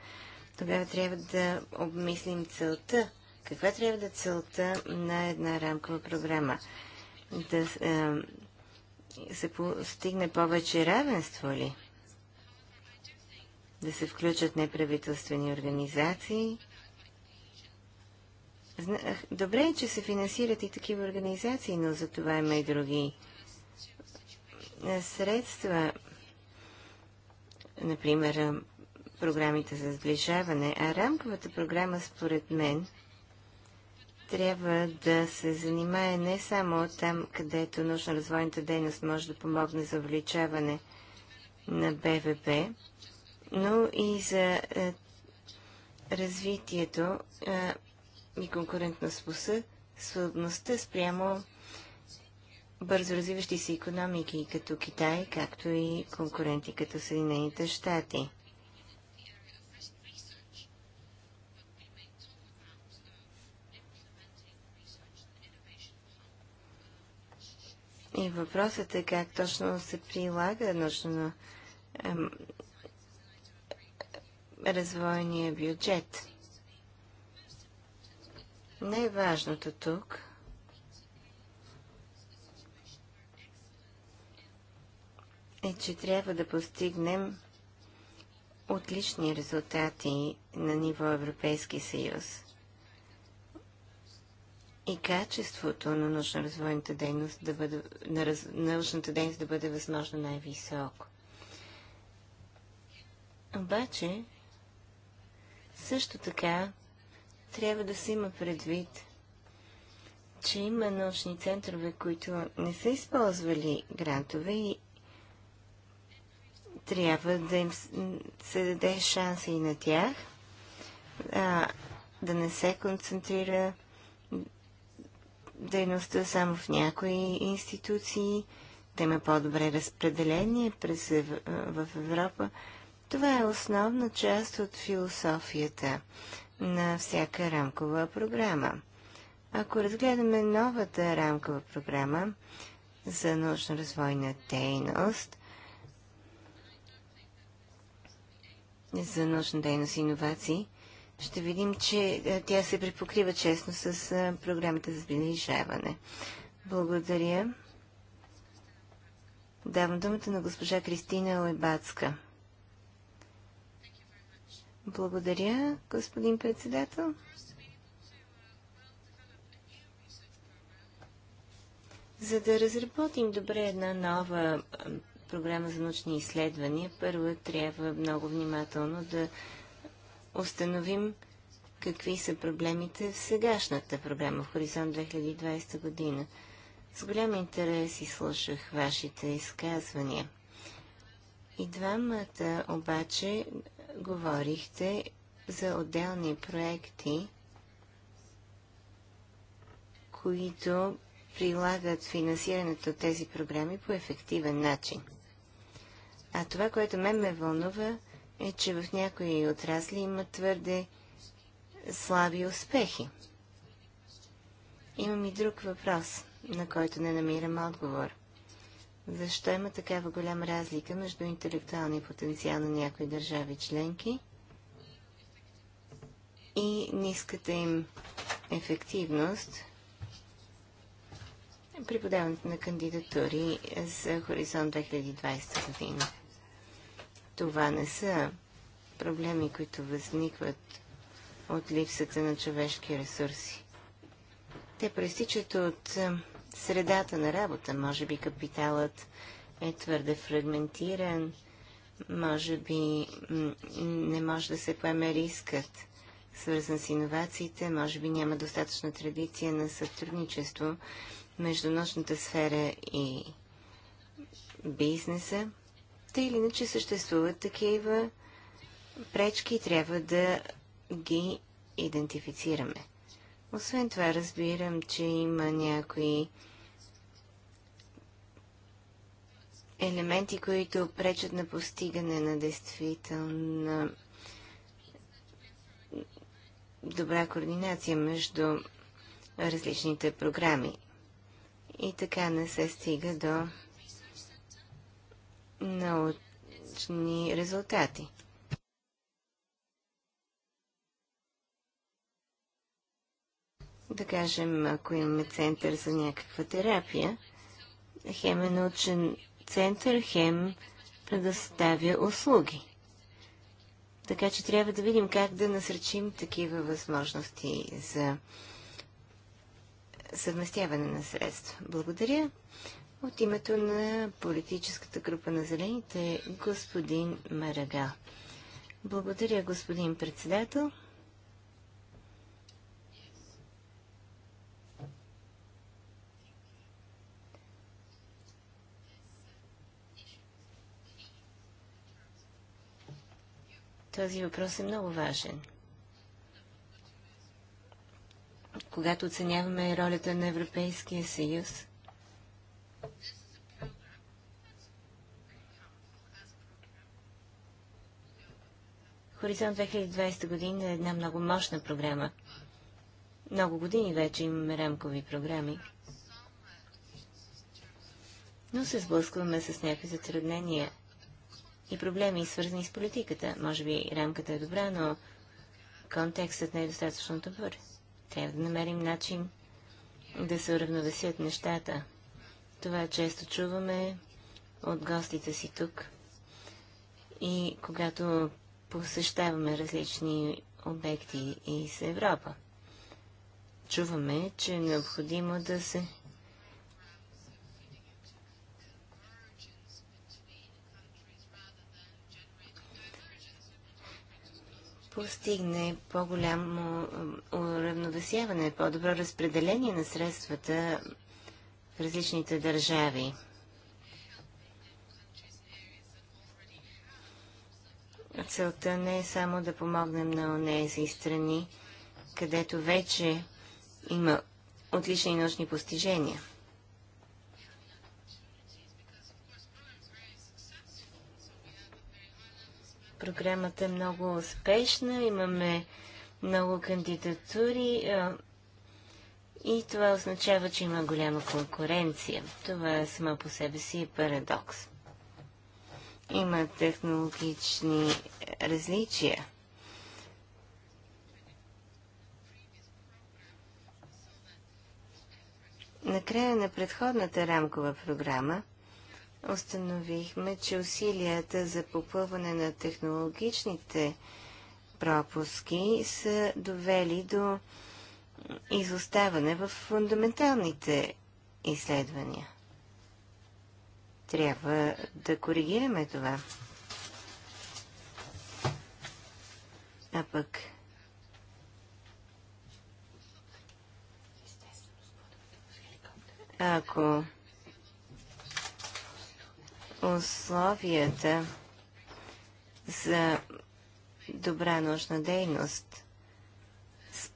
тогава трябва да обмислим целта. Каква трябва да е целта на една рамкова програма? Да е, се постигне повече равенство ли? Да се включат неправителствени организации? добре е, че се финансират и такива организации, но за това има и други е, средства. Например, програмите за сближаване, а рамковата програма, според мен, трябва да се занимае не само там, където научно-развойната дейност може да помогне за увеличаване на БВП, но и за е, развитието е, и конкурентоспособността спрямо бързо развиващи се економики като Китай, както и конкуренти като Съединените щати. И въпросът е как точно се прилага нужно ем, развойния бюджет. Най-важното тук е, че трябва да постигнем отлични резултати на ниво Европейски съюз и качеството на научно-развойната дейност да бъде, на раз, научната дейност да бъде възможно най-високо. Обаче, също така, трябва да се има предвид, че има научни центрове, които не са използвали грантове и трябва да им се даде шанса и на тях, а, да не се концентрира дейността само в някои институции, да има по-добре разпределение през, в Европа. Това е основна част от философията на всяка рамкова програма. Ако разгледаме новата рамкова програма за научно-развойна дейност, за научна дейност и иновации, ще видим, че е, тя се припокрива честно с е, програмата за сближаване. Благодаря. Давам думата на госпожа Кристина Лебацка. Благодаря, господин председател. За да разработим добре една нова е, програма за научни изследвания, първо трябва много внимателно да установим какви са проблемите в сегашната програма в Хоризонт 2020 година. С голям интерес изслушах вашите изказвания. И двамата обаче говорихте за отделни проекти, които прилагат финансирането от тези програми по ефективен начин. А това, което мен ме вълнува, е, че в някои отрасли има твърде слаби успехи. Имам и друг въпрос, на който не намирам отговор. Защо има такава голяма разлика между интелектуалния потенциал на някои държави членки и ниската им ефективност при подаването на кандидатури за Хоризонт 2020 година? Това не са проблеми, които възникват от липсата на човешки ресурси. Те проистичат от средата на работа. Може би капиталът е твърде фрагментиран, може би не може да се поеме рискът, свързан с иновациите, може би няма достатъчна традиция на сътрудничество между нощната сфера и бизнеса. Те или иначе съществуват такива пречки и трябва да ги идентифицираме. Освен това разбирам, че има някои елементи, които пречат на постигане на действителна добра координация между различните програми. И така не се стига до научни резултати. Да кажем, ако имаме център за някаква терапия, хем е научен център, хем предоставя услуги. Така че трябва да видим как да насречим такива възможности за съвместяване на средства. Благодаря. От името на политическата група на зелените, господин Марага. Благодаря, господин председател. Този въпрос е много важен. Когато оценяваме ролята на Европейския съюз, Хоризонт 2020 година е една много мощна програма. Много години вече имаме рамкови програми. Но се сблъскваме с някакви затруднения и проблеми, свързани с политиката. Може би рамката е добра, но контекстът не е достатъчно добър. Трябва да намерим начин да се уравновесят нещата. Това често чуваме от гостите си тук. И когато посещаваме различни обекти из Европа, чуваме, че е необходимо да се постигне по-голямо уравновесяване, по-добро разпределение на средствата различните държави. Целта не е само да помогнем на онези страни, където вече има отлични научни постижения. Програмата е много успешна, имаме много кандидатури. И това означава, че има голяма конкуренция. Това само по себе си е парадокс. Има технологични различия. Накрая на предходната рамкова програма установихме, че усилията за попълване на технологичните пропуски са довели до изоставане в фундаменталните изследвания. Трябва да коригираме това. А пък ако условията за добра научна дейност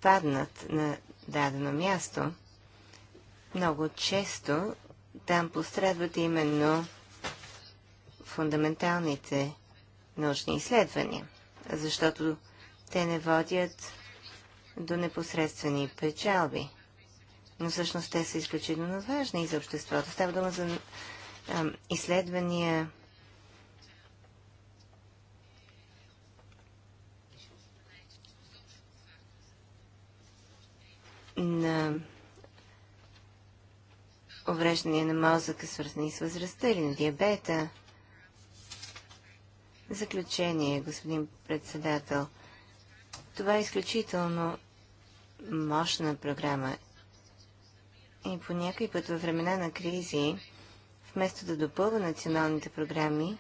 паднат на дадено място, много често там пострадват именно фундаменталните научни изследвания, защото те не водят до непосредствени печалби. Но всъщност те са изключително важни и за обществото. Става дума за а, изследвания на увреждания на мозъка, свързани с възрастта или на диабета. Заключение, господин председател. Това е изключително мощна програма. И по някой път във времена на кризи, вместо да допълва националните програми,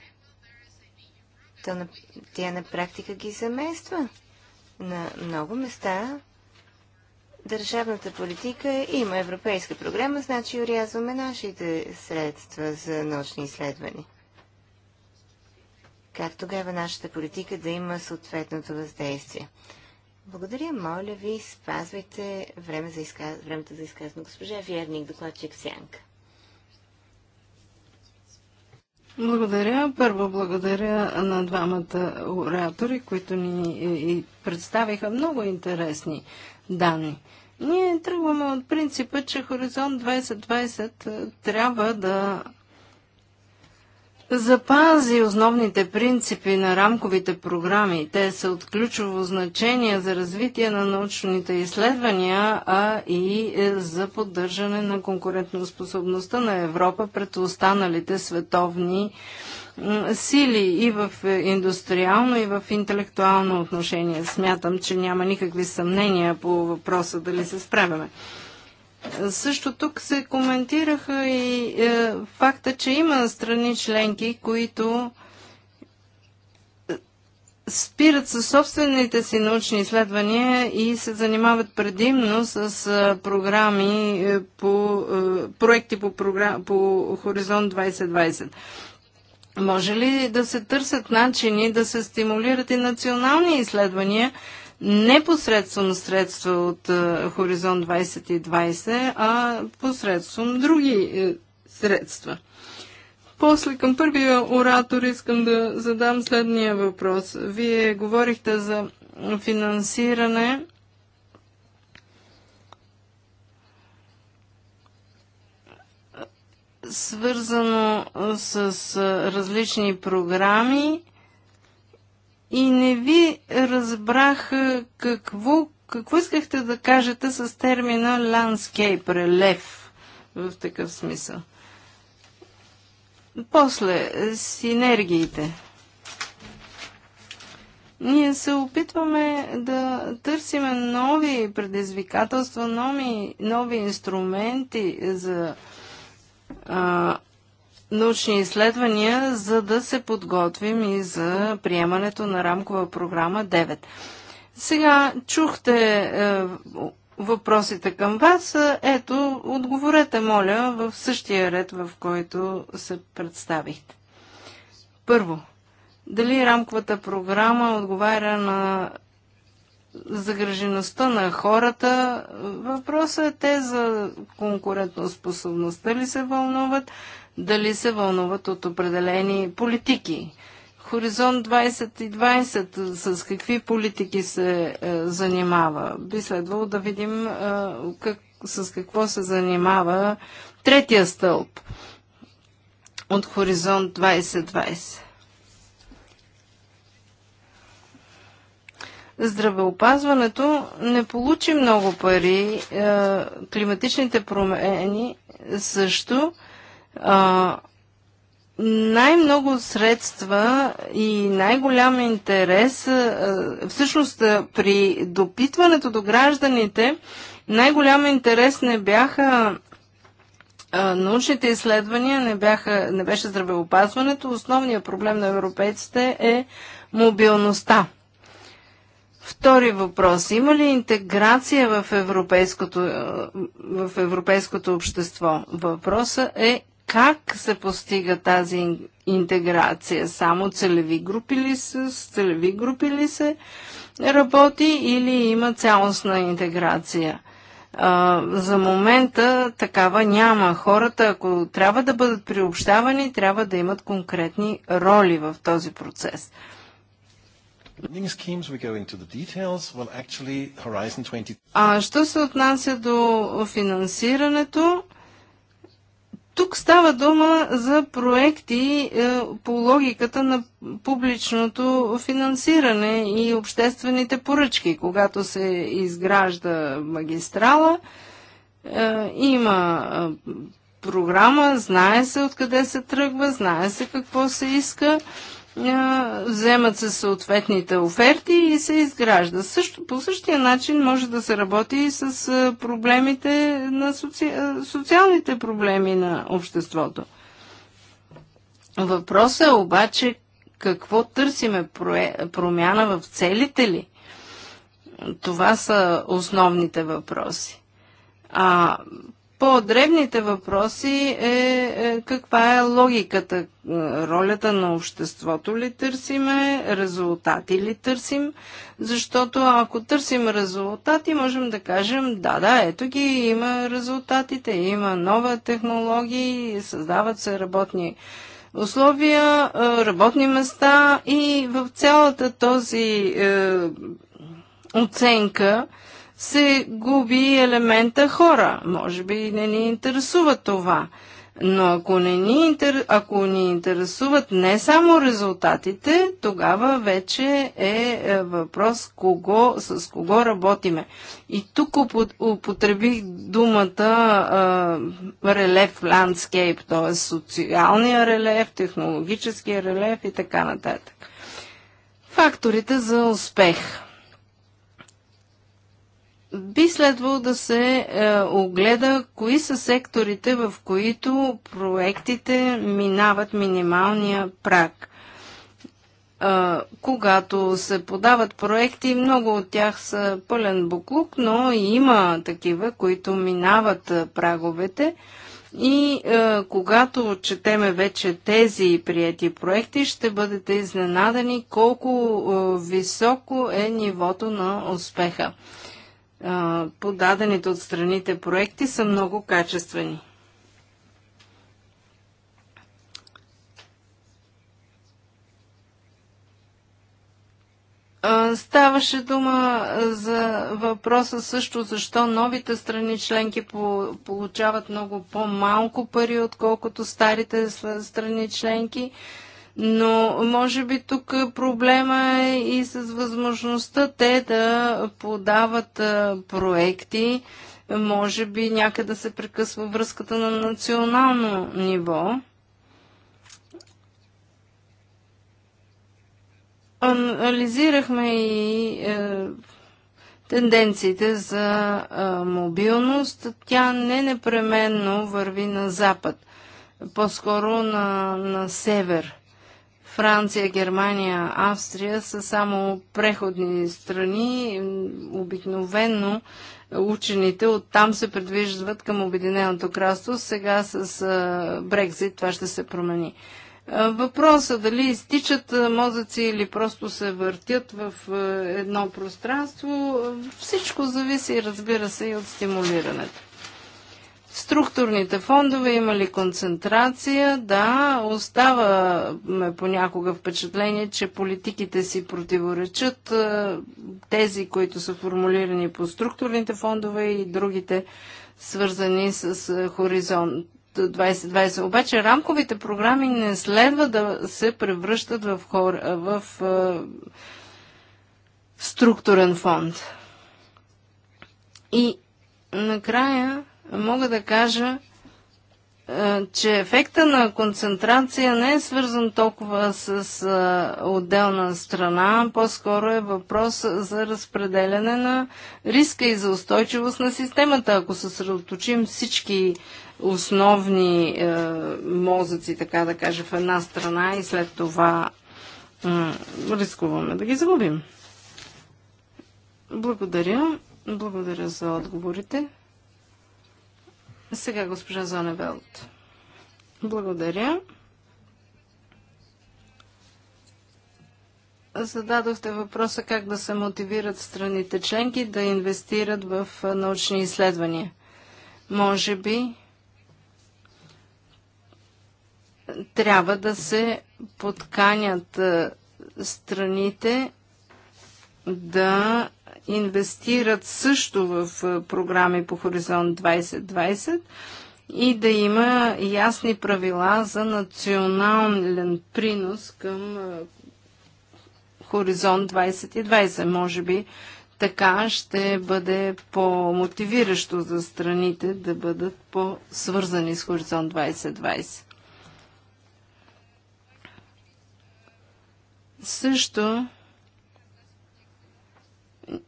то на, тя на практика ги замества. На много места държавната политика има европейска програма, значи урязваме нашите средства за научни изследвания. Как тогава нашата политика да има съответното въздействие? Благодаря, моля ви, спазвайте време за изказ... времето за изказване. Госпожа Вярник, докладчик Сянка. Благодаря. Първо благодаря на двамата оратори, които ни е, представиха много интересни данни. Ние тръгваме от принципа, че Хоризонт 2020 е, трябва да запази основните принципи на рамковите програми. Те са от ключово значение за развитие на научните изследвания, а и е, за поддържане на конкурентоспособността на Европа пред останалите световни сили и в е, индустриално, и в интелектуално отношение. Смятам, че няма никакви съмнения по въпроса дали се справяме. Също тук се коментираха и е, факта, че има страни членки, които е, спират със собствените си научни изследвания и се занимават предимно с е, програми е, по е, проекти по, програ... по Хоризонт 2020. Може ли да се търсят начини да се стимулират и национални изследвания непосредством средства от е, Хоризонт 2020, а посредством други е, средства? После към първия оратор искам да задам следния въпрос. Вие говорихте за финансиране свързано с различни програми и не ви разбрах какво, какво искахте да кажете с термина landscape, релев в такъв смисъл. После, синергиите. Ние се опитваме да търсим нови предизвикателства, нови, нови инструменти за а, научни изследвания, за да се подготвим и за приемането на рамкова програма 9. Сега чухте е, въпросите към вас. Ето, отговорете, моля, в същия ред, в който се представихте. Първо, дали рамковата програма отговаря на загрежеността на хората. Въпросът е те за конкурентоспособността ли се вълнуват, дали се вълнуват от определени политики. Хоризонт 2020 с какви политики се е, занимава? Би следвало да видим е, как, с какво се занимава третия стълб от Хоризонт 2020. здравеопазването не получи много пари. Е, климатичните промени също. Е, най-много средства и най-голям интерес, е, всъщност при допитването до гражданите, най-голям интерес не бяха научните изследвания, не, бяха, не беше здравеопазването. Основният проблем на европейците е мобилността. Втори въпрос. Има ли интеграция в европейското, е, в европейското общество? Въпросът е как се постига тази интеграция? Само целеви групи ли са, с целеви групи ли се работи или има цялостна интеграция? за момента такава няма. Хората, ако трябва да бъдат приобщавани, трябва да имат конкретни роли в този процес. А що се отнася до финансирането, тук става дума за проекти е, по логиката на публичното финансиране и обществените поръчки. Когато се изгражда магистрала, е, има е, програма, знае се откъде се тръгва, знае се какво се иска вземат се съответните оферти и се изгражда. Също, по същия начин може да се работи и с проблемите на соци... социалните проблеми на обществото. Въпросът е обаче какво търсиме промяна в целите ли? Това са основните въпроси. А по-древните въпроси е, е, каква е логиката, ролята на обществото ли търсиме, резултати ли търсим, защото ако търсим резултати, можем да кажем, да, да, ето ги, има резултатите, има нова технологии, създават се работни условия, е, работни места и в цялата този е, оценка, се губи елемента хора. Може би не ни интересува това. Но ако, не ни, интер... ако ни интересуват не само резултатите, тогава вече е, е въпрос кого, с кого работиме. И тук употребих думата а, релеф ландскейп, т.е. социалния релеф, технологическия релеф и така нататък. Факторите за успех би следвало да се е, огледа кои са секторите, в които проектите минават минималния прак. Е, когато се подават проекти, много от тях са пълен буклук, но и има такива, които минават е, праговете. И е, когато четеме вече тези приети проекти, ще бъдете изненадани колко е, високо е нивото на успеха подадените от страните проекти са много качествени. Ставаше дума за въпроса също защо новите страни членки получават много по-малко пари, отколкото старите страни членки но може би тук проблема е и с възможността те да подават проекти, може би някъде се прекъсва връзката на национално ниво. Анализирахме и е, тенденциите за е, мобилност. Тя не непременно върви на запад, по-скоро на, на север. Франция, Германия, Австрия са само преходни страни. Обикновенно учените оттам се предвиждат към Обединеното кралство. Сега с Брекзит това ще се промени. Въпросът дали изтичат мозъци или просто се въртят в едно пространство, всичко зависи, разбира се, и от стимулирането. Структурните фондове има ли концентрация? Да, остава ме понякога впечатление, че политиките си противоречат е, тези, които са формулирани по структурните фондове и другите свързани с е, хоризонт 2020. Обаче рамковите програми не следва да се превръщат в, хор, е, в в структурен фонд. И накрая мога да кажа, е, че ефекта на концентрация не е свързан толкова с е, отделна страна, по-скоро е въпрос за разпределяне на риска и за устойчивост на системата. Ако съсредоточим всички основни е, мозъци, така да кажа, в една страна и след това рискуваме да ги загубим. Благодаря. Благодаря за отговорите. Сега госпожа Зоневелт. Благодаря. Зададохте въпроса как да се мотивират страните членки да инвестират в научни изследвания. Може би трябва да се подканят страните да инвестират също в програми по Хоризонт 2020 и да има ясни правила за национален принос към Хоризонт 2020. Може би така ще бъде по-мотивиращо за страните да бъдат по-свързани с Хоризонт 2020. Също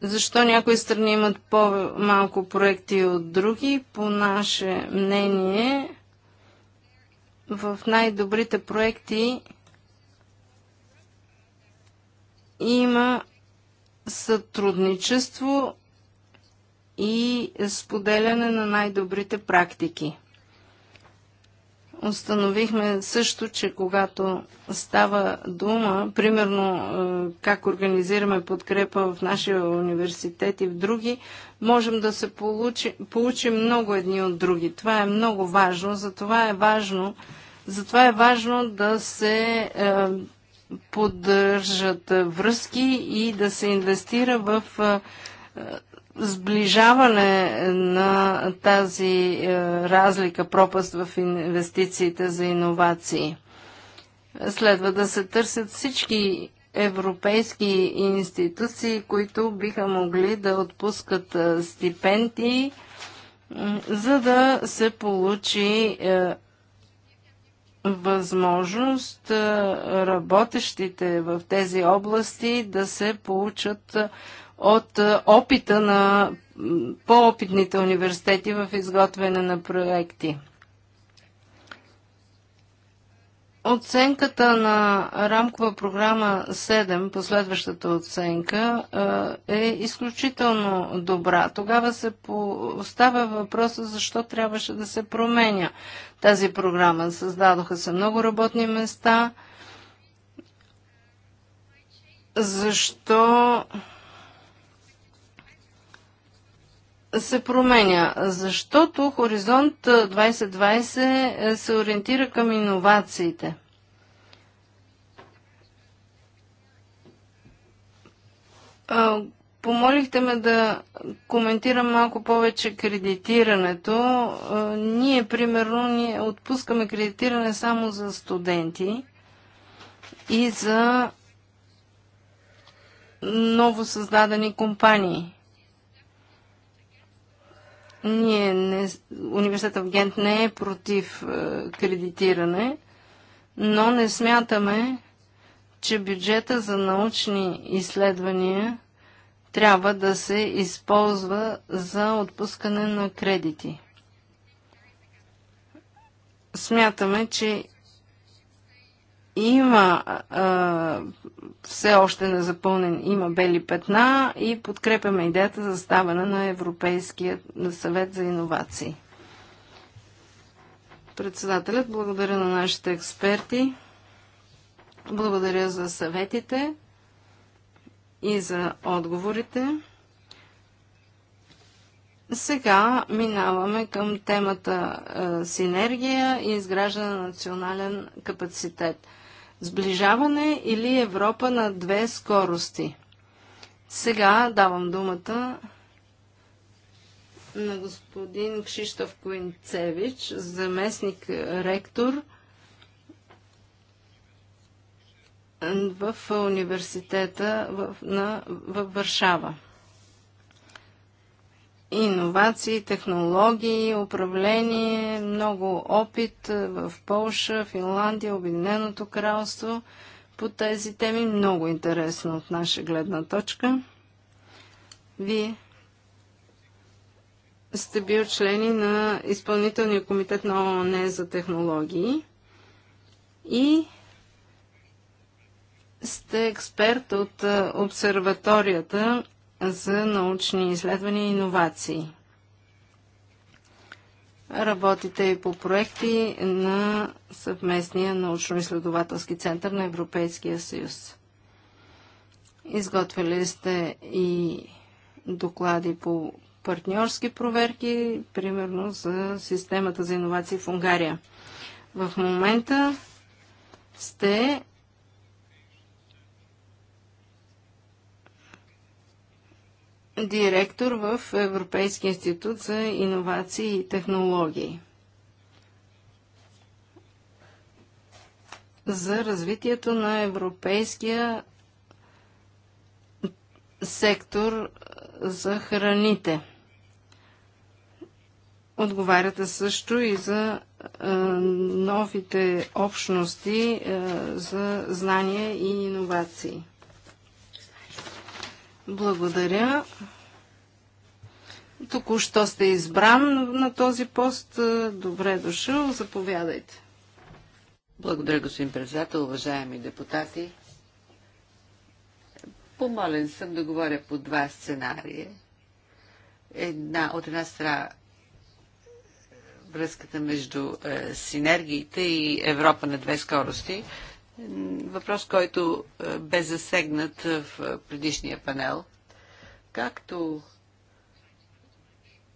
защо някои страни имат по-малко проекти от други, по наше мнение, в най-добрите проекти има сътрудничество и споделяне на най-добрите практики. Установихме също, че когато става дума, примерно е, как организираме подкрепа в нашия университет и в други, можем да се получи, получим много едни от други. Това е много важно, затова е важно, затова е важно да се е, поддържат връзки и да се инвестира в е, сближаване на тази е, разлика, пропаст в инвестициите за иновации. Следва да се търсят всички европейски институции, които биха могли да отпускат е, стипендии, за да се получи е, възможност работещите в тези области да се получат от е, опита на по-опитните университети в изготвяне на проекти. Оценката на рамкова програма 7, последващата оценка, е, е изключително добра. Тогава се поставя въпроса защо трябваше да се променя тази програма. Създадоха се много работни места. Защо се променя, защото Хоризонт 2020 се ориентира към иновациите. Помолихте ме да коментирам малко повече кредитирането. Ние, примерно, ние отпускаме кредитиране само за студенти и за ново създадени компании. Ние не, университета в Гент не е против е, кредитиране, но не смятаме, че бюджета за научни изследвания трябва да се използва за отпускане на кредити. Смятаме, че има а, все още незапълнен, има бели петна и подкрепяме идеята за ставане на Европейския съвет за иновации. Председателят, благодаря на нашите експерти, благодаря за съветите и за отговорите. Сега минаваме към темата синергия и изграждане на национален капацитет – Сближаване или Европа на две скорости? Сега давам думата на господин Кшиштов Коинцевич, заместник ректор в университета в, на, в Варшава иновации, технологии, управление, много опит е, в Полша, Финландия, Обединеното кралство по тези теми. Много интересно от наша гледна точка. Вие сте бил члени на Изпълнителния комитет на ООН за технологии и сте експерт от е, обсерваторията за научни изследвания и иновации. Работите и по проекти на съвместния научно-изследователски център на Европейския съюз. Изготвили сте и доклади по партньорски проверки, примерно за системата за иновации в Унгария. В момента сте директор в Европейския институт за иновации и технологии. за развитието на европейския сектор за храните. Отговаряте също и за новите общности за знания и иновации. Благодаря. Току-що сте избран на този пост. Добре дошъл. Заповядайте. Благодаря, господин председател, уважаеми депутати. Помолен съм да говоря по два сценария. Една, от една страна връзката между е, синергиите и Европа на две скорости, Въпрос, който е, бе засегнат е, в е, предишния панел. Както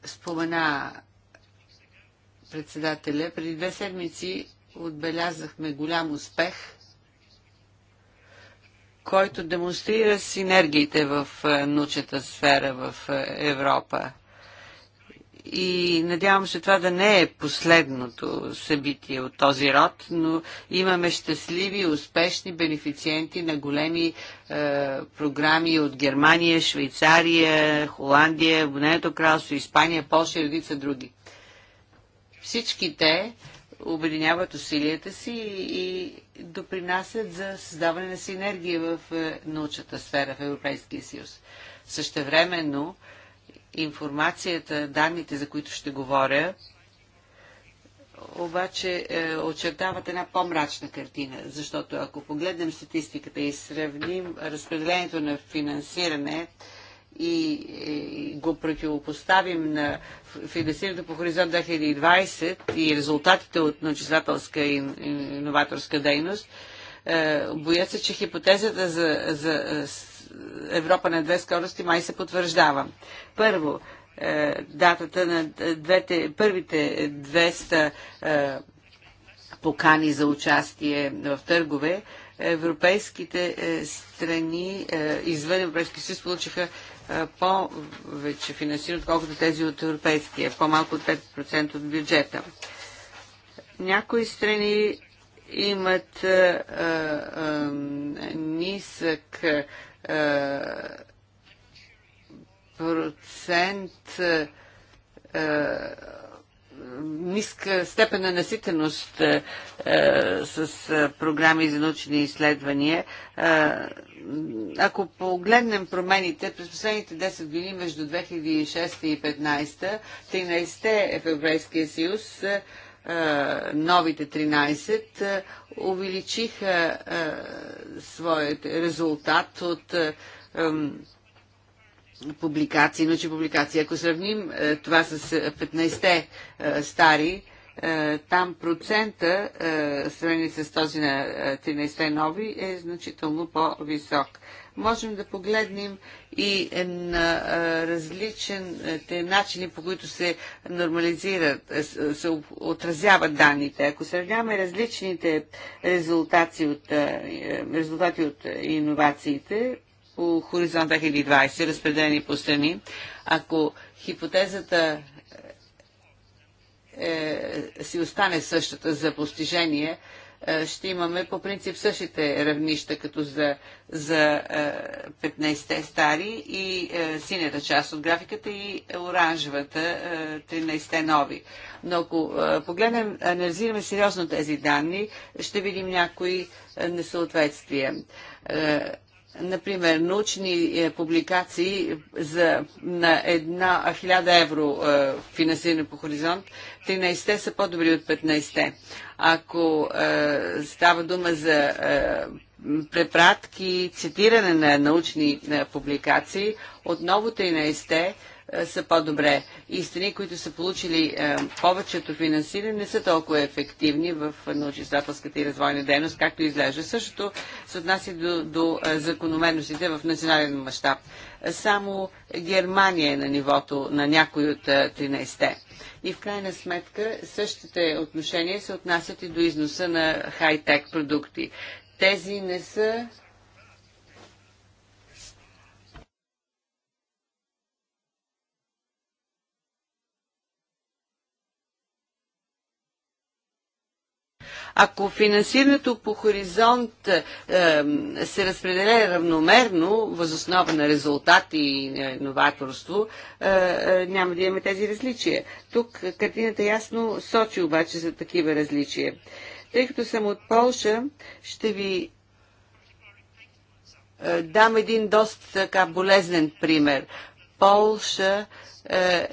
спомена председателя, преди две седмици отбелязахме голям успех, който демонстрира синергиите в научната сфера в Европа и надявам се това да не е последното събитие от този род, но имаме щастливи, успешни бенефициенти на големи е, програми от Германия, Швейцария, Холандия, Бонето кралство, Испания, Польша и редица други. Всички те обединяват усилията си и допринасят за създаване на синергия в е, научната сфера в Европейския съюз. Същевременно, информацията, данните, за които ще говоря, обаче е, очертават една по-мрачна картина, защото ако погледнем статистиката и сравним разпределението на финансиране и, и е, го противопоставим на финансирането по Хоризонт 2020 и резултатите от начислателска и иноваторска дейност, е, боят се, че хипотезата за, за Европа на две скорости май се потвърждава. Първо, е, датата на двете, първите 200 е, покани за участие в търгове, европейските е, страни извън Европейския съюз получиха повече финансиране, отколкото тези от европейския, по-малко от 5% от бюджета. Някои страни имат а, а, нисък е, процент е, е, ниска степен на наситеност е, с програми за научни изследвания. Е, ако погледнем промените през последните 10 години между 2006 и 2015, 13-те в Европейския съюз е, е, новите 13 е, увеличиха е, своят резултат от публикации, научни публикации. Ако сравним това с 15-те стари, е, там процента, е, сравнен с този на 13-те нови, е значително по-висок. Можем да погледнем и на е, различните начини, по които се нормализират, се отразяват данните. Ако сравняваме различните резултати от, резултати от иновациите по хоризонт 2020, разпределени по страни, ако хипотезата е, си остане същата за постижение, е, ще имаме по принцип същите равнища, като за, за 15-те е, стари и синята част от графиката и оранжевата 13-те нови. Но ако погледнем, анализираме сериозно тези данни, ще видим някои несъответствия например, научни е, публикации за, на една 1000 евро е, финансиране по хоризонт, 13-те са по-добри от 15-те. Ако е, става дума за е, препратки, цитиране на научни е, публикации, отново 13-те е, са по-добре. И страни, които са получили е, повечето финансиране, не са толкова ефективни в научно-изследователската и развойна дейност, както изглежда. Същото се отнася до, до е, закономерностите в национален мащаб. Само Германия е на нивото на някои от 13-те. И в крайна сметка същите отношения се отнасят и до износа на хай-тек продукти. Тези не са Ако финансирането по хоризонт е, се разпределя равномерно, възоснова на резултати и новаторство, е, е, няма да имаме тези различия. Тук картината ясно сочи обаче за такива различия. Тъй като съм от Полша, ще ви е, дам един доста така болезнен пример. Полша е,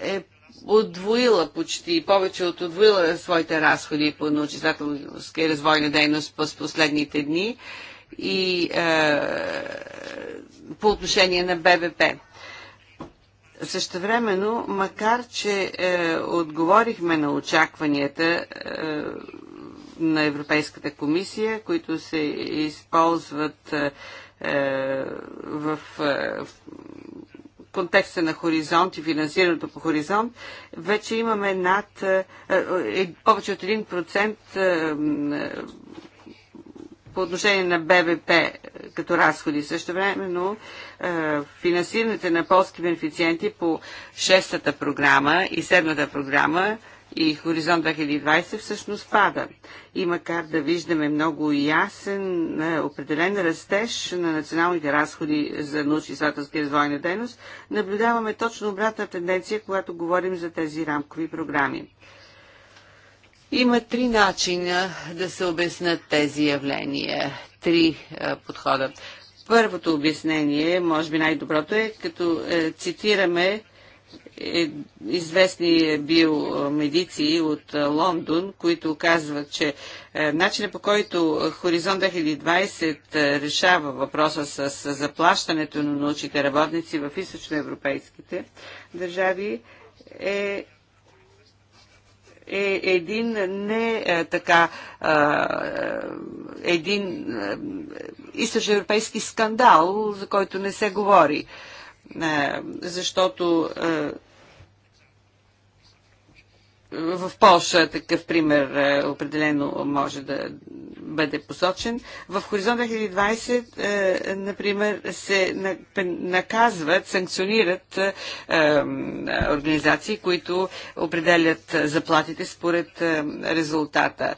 е отвоила почти, повече от отвоила своите разходи по научителска и развойна дейност през последните дни и е, по отношение на БВП. Същевременно, макар че е, отговорихме на очакванията е, на Европейската комисия, които се използват е, в, е, в контекста на Хоризонт и финансирането по Хоризонт, вече имаме над е, е, е, повече от 1% по отношение на БВП като разходи. Също време, но е, финансирането на полски бенефициенти по шестата програма и седмата програма и Хоризонт 2020 всъщност пада. И макар да виждаме много ясен, е, определен растеж на националните разходи за научно-изследователска развойна дейност, наблюдаваме точно обратна тенденция, когато говорим за тези рамкови програми. Има три начина да се обяснат тези явления. Три е, подхода. Първото обяснение, може би най-доброто е, като е, цитираме е, известни е, биомедици е, от е, Лондон, които казват, че начинът по който Хоризонт 2020 решава въпроса с, с заплащането на научните работници в източноевропейските държави е е един не е, така е, един е, източноевропейски скандал, за който не се говори. Е, защото е, в Польша такъв пример е, определено може да бъде посочен. В Хоризонт 2020, е, например, се наказват, санкционират е, организации, които определят заплатите според резултата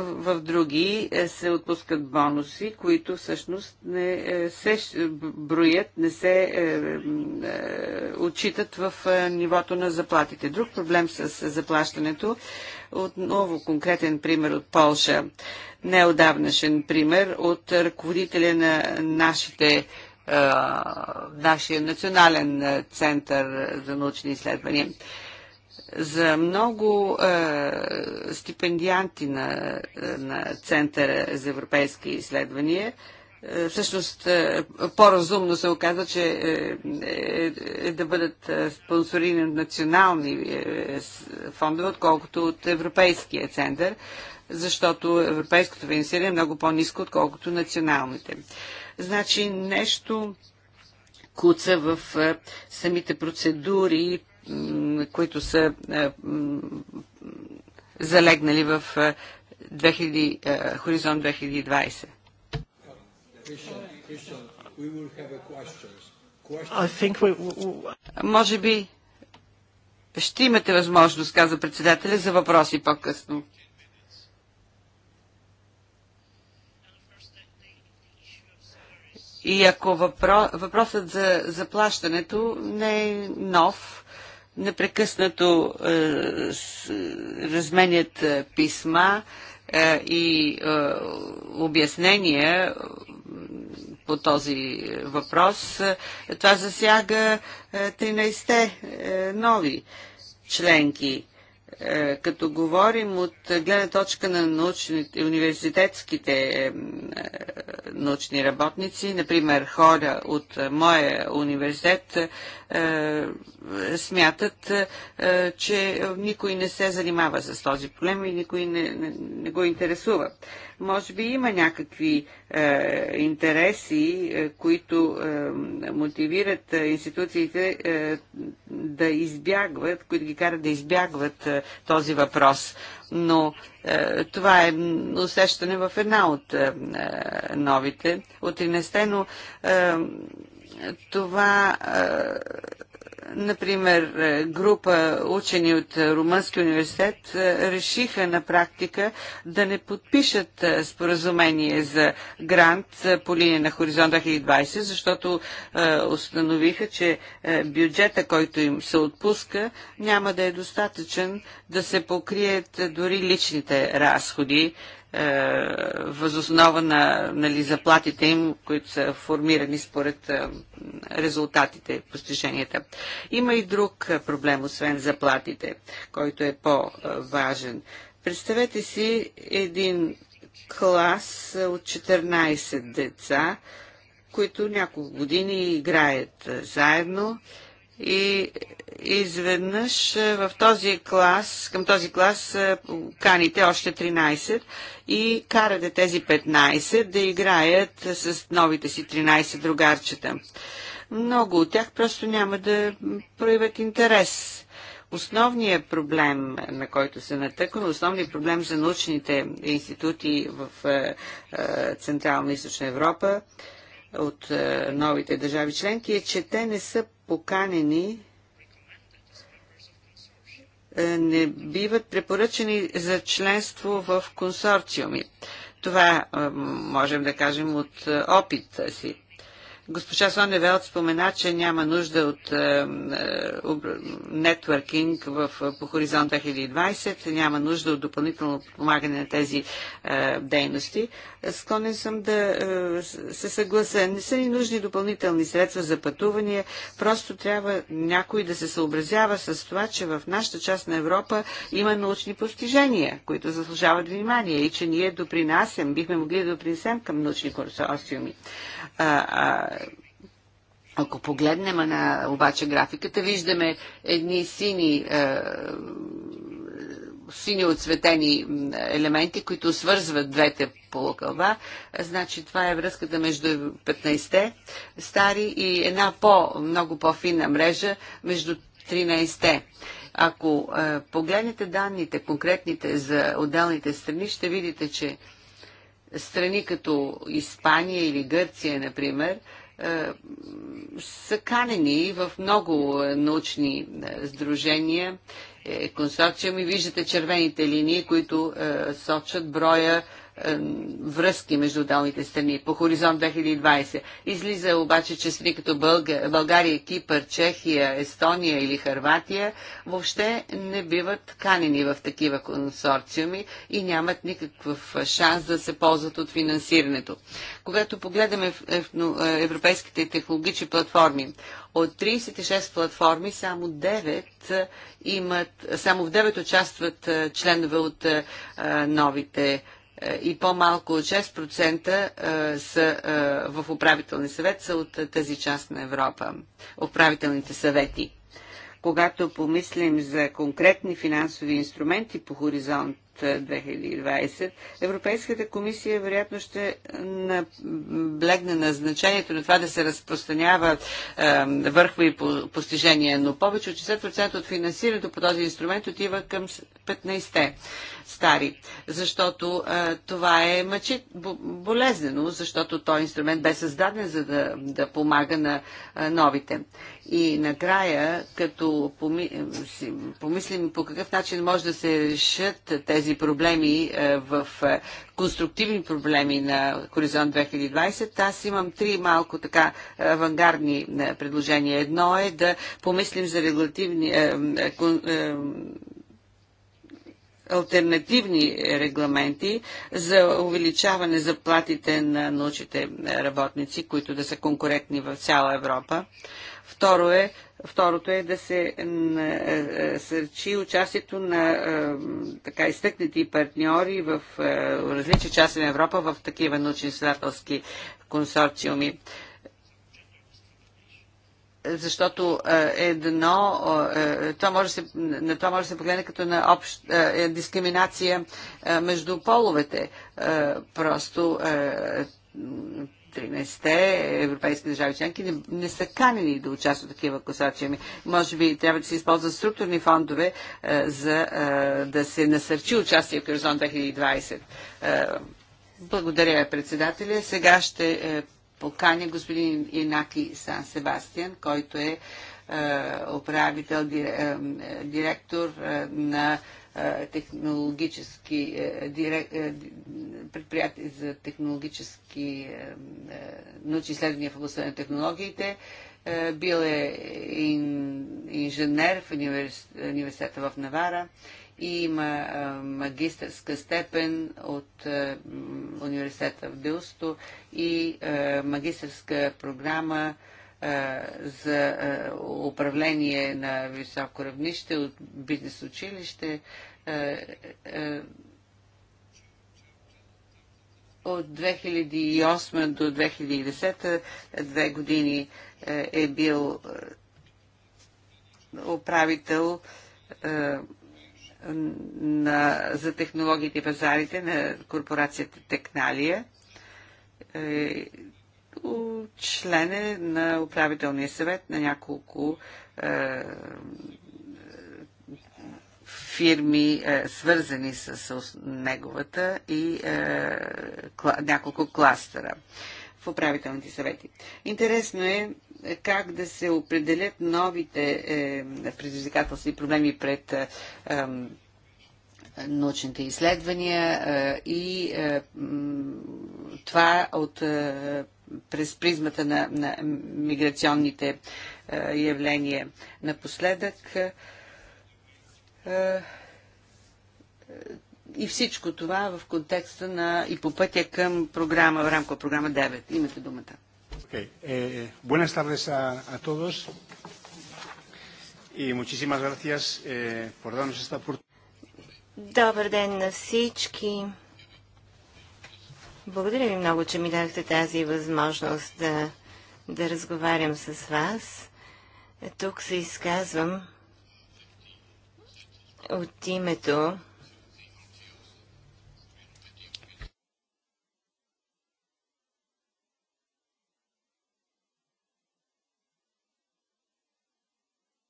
в други е, се отпускат бонуси, които всъщност не е, се броят, не се е, отчитат в нивото на заплатите. Друг проблем с заплащането, отново конкретен пример от Полша, неодавнашен пример от ръководителя на нашите нашия национален център за научни изследвания. За много е, стипендианти на, е, на Центъра за европейски изследвания, е, всъщност е, по-разумно се оказа, че е, е, е да бъдат е, спонсорирани от национални е, фондове, отколкото от Европейския център, защото европейското финансиране е много по-низко, отколкото националните. Значи нещо куца в е, самите процедури, които са е, залегнали в 2000, е, е, Хоризонт 2020. Може би ще имате възможност, каза председателя, за въпроси по-късно. И ако въпро... въпросът за заплащането не е нов, непрекъснато е, разменят е, писма е, и е, обяснения по този въпрос. Е, това засяга 13-те е, е, нови членки е, като говорим от гледна точка на научните, университетските е, е, научни работници, например хора от моя университет, смятат, че никой не се занимава с този проблем и никой не, не, не го интересува. Може би има някакви е, интереси, е, които е, мотивират е, институциите е, да избягват, които ги карат да избягват е, този въпрос. Но е, това е усещане в една от е, новите, от 13, но е, това е, Например, е, група учени от Румънски университет е, решиха на практика да не подпишат е, споразумение за грант по линия на Хоризонт 2020, защото установиха, че бюджета, който им се отпуска, няма да е достатъчен да се покрият дори личните разходи е, възоснова на нали, заплатите им, които са формирани според е, резултатите, постиженията. Има и друг е, проблем, освен заплатите, който е по-важен. Представете си един клас от 14 деца, които няколко години играят заедно и изведнъж е, в този клас, към този клас е, каните още 13 и карате тези 15 да играят е, с новите си 13 другарчета. Много от тях просто няма да проявят интерес. Основният проблем, на който се натъкваме, основният проблем за научните институти в Централна и Източна Европа, от е, новите държави членки е, че те не са поканени е, не биват препоръчени за членство в консорциуми. Това е, можем да кажем от опита си. Госпожа Соневелт спомена, че няма нужда от е, е, нетворкинг в, е, по Хоризонт 2020, няма нужда от допълнително подпомагане на тези е, дейности. Склонен съм да е, се съглася. Не са ни нужни допълнителни средства за пътувания, просто трябва някой да се съобразява с това, че в нашата част на Европа има научни постижения, които заслужават внимание и че ние допринасям, бихме могли да допринесем към научни консорциуми. А, а, ако погледнем на обаче графиката, виждаме едни сини, е, сини отцветени елементи, които свързват двете полукълба. Значи това е връзката между 15-те стари и една по, много по финна мрежа между 13-те. Ако е, погледнете данните, конкретните за отделните страни, ще видите, че страни като Испания или Гърция, например, е, е, са канени в много е, научни е, сдружения, консорциуми. Виждате червените линии, които сочат броя връзки между отделните страни по Хоризонт 2020. Излиза обаче, че страни като Бълга, България, Кипър, Чехия, Естония или Харватия въобще не биват канени в такива консорциуми и нямат никакъв шанс да се ползват от финансирането. Когато погледаме е, е, европейските технологични платформи, от 36 платформи само 9 е, имат, само в 9 участват членове от новите и по-малко от 6% са в управителни съвет са от тази част на Европа, управителните съвети когато помислим за конкретни финансови инструменти по хоризонт 2020, е, Европейската комисия вероятно ще наблегне на значението на това да се разпространява е, върхови постижения, но повече от 60% от финансирането по този инструмент отива към 15-те стари, защото е, това е мъчи, болезнено, защото този инструмент бе създаден за да, да помага на е, новите. И накрая, като помислим по какъв начин може да се решат тези проблеми е, в е, конструктивни проблеми на Хоризонт 2020, аз имам три малко така авангардни е, предложения. Едно е да помислим за регулативни альтернативни регламенти за увеличаване заплатите на научните работници, които да са конкурентни в цяла Европа. Второ е, второто е да се е, е, сърчи участието на е, така изтъкнати партньори в различни части на Европа в такива научно-изследователски консорциуми защото едно, това може да се, на това може да се погледне като на общ, дискриминация между половете. Просто 13-те европейски държави членки не, не са канени да участват в такива класациуми. Може би трябва да се използват структурни фондове, а, е, за а, е, да се насърчи участие в Кризон 2020. Е, благодаря, председателя. Сега ще е, поканя господин Инаки Сан Себастиан, който е управител, директор на технологически е, е, предприятия за технологически е, научни изследвания в областта на технологиите. Бил е инженер в университета в Навара и има магистърска степен от университета в Дилсто и магистърска програма за управление на високо равнище от бизнес училище. От 2008 до 2010 две години е бил управител на, за технологиите и пазарите на корпорацията Текналия е, член е на управителния съвет на няколко е, фирми, е, свързани с, с неговата и е, кла, няколко кластера в управителните съвети. Интересно е, е как да се определят новите е, предизвикателства и проблеми пред е, е, научните изследвания е, и е, това от през призмата на, на миграционните е, явления. Напоследък е, е, и всичко това в контекста на и по пътя към програма, в рамка програма 9. Имате думата. Okay. Eh, buenas tardes a, a todos y muchísimas gracias eh, por darnos esta oportunidad. Добър ден на всички. Благодаря ви много, че ми дадохте тази възможност да, да разговарям с вас. Тук се изказвам от името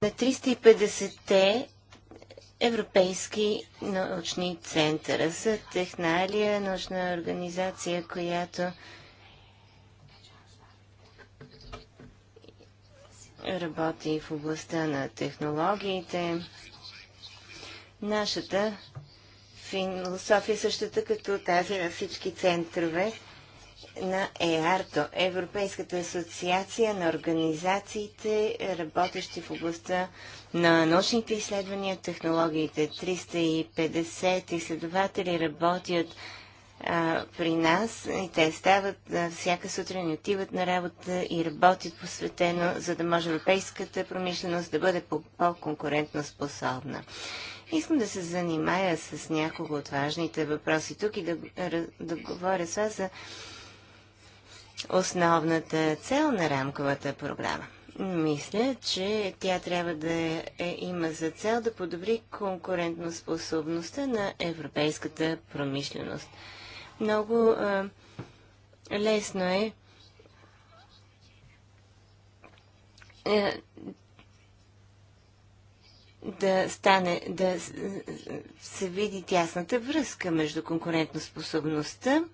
на 350-те Европейски научни центъра за техналия, научна организация, която работи в областта на технологиите. Нашата философия е същата като тази на всички центрове на ЕАРТО, Европейската асоциация на организациите, работещи в областта на научните изследвания, технологиите. 350 изследователи работят а, при нас и те стават а, всяка сутрин, и отиват на работа и работят посветено, за да може европейската промишленост да бъде по-конкурентно -по способна. Искам да се занимая с няколко от важните въпроси тук и да, да говоря с вас за основната цел на рамковата програма. Мисля, че тя трябва да е, има за цел да подобри конкурентоспособността на европейската промишленост. Много е, лесно е, е да стане, да се види тясната връзка между конкурентоспособността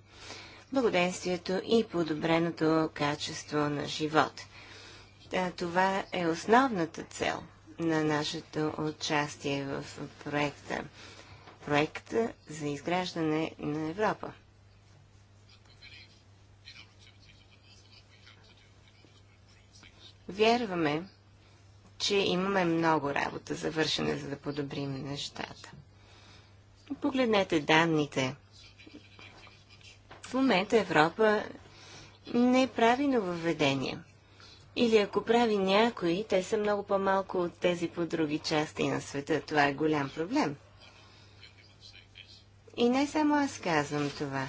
благоденствието и подобреното качество на живот. Това е основната цел на нашето участие в проекта. Проекта за изграждане на Европа. Вярваме, че имаме много работа за вършене, за да подобрим нещата. Погледнете данните – в момента Европа не прави нововведения. Или ако прави някои, те са много по-малко от тези по други части на света. Това е голям проблем. И не само аз казвам това.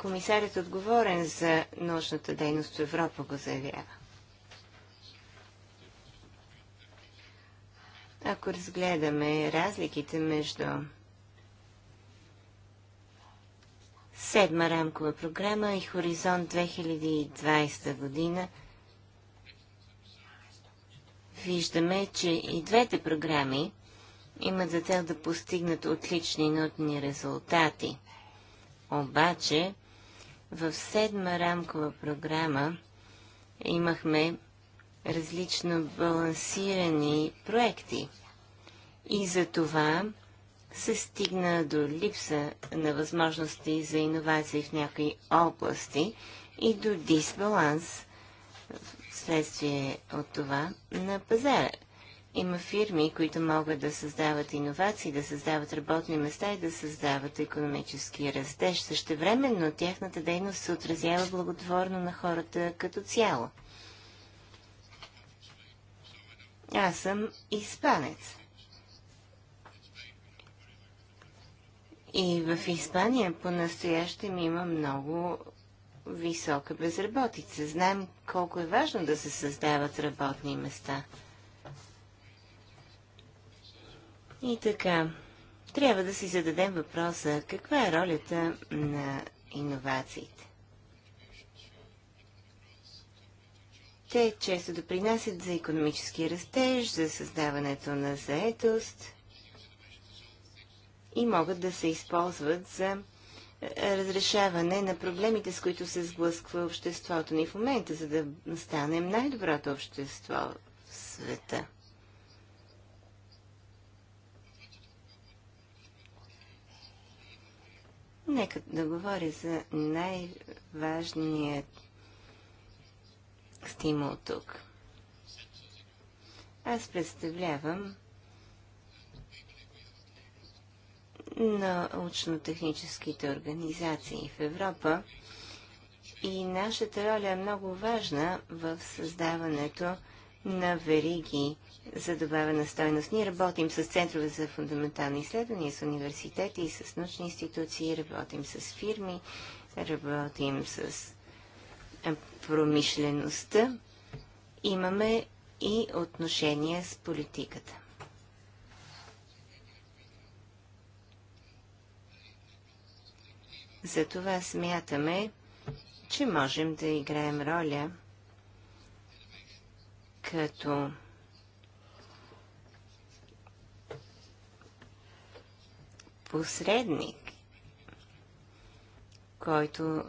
Комисарят отговорен за научната дейност в Европа го заявява. Ако разгледаме разликите между седма рамкова програма и Хоризонт 2020 година, виждаме, че и двете програми имат за цел да постигнат отлични нотни резултати. Обаче, в седма рамкова програма имахме различно балансирани проекти. И за това се стигна до липса на възможности за иновации в някои области и до дисбаланс вследствие от това на пазара. Има фирми, които могат да създават иновации, да създават работни места и да създават економически растеж. Същевременно тяхната дейност се отразява благотворно на хората като цяло. Аз съм испанец. И в Испания по-настоящем има много висока безработица. Знаем колко е важно да се създават работни места. И така, трябва да си зададем въпроса каква е ролята на иновациите. Те често допринасят за економически растеж, за създаването на заетост и могат да се използват за е, разрешаване на проблемите, с които се сблъсква обществото ни в момента, за да станем най-доброто общество в света. Нека да говоря за най-важният стимул тук. Аз представлявам научно-техническите организации в Европа и нашата роля е много важна в създаването на вериги за добавена стойност. Ние работим с центрове за фундаментални изследвания, с университети и с научни институции, работим с фирми, работим с е, промишлеността, имаме и отношения с политиката. Затова смятаме, че можем да играем роля като посредник, който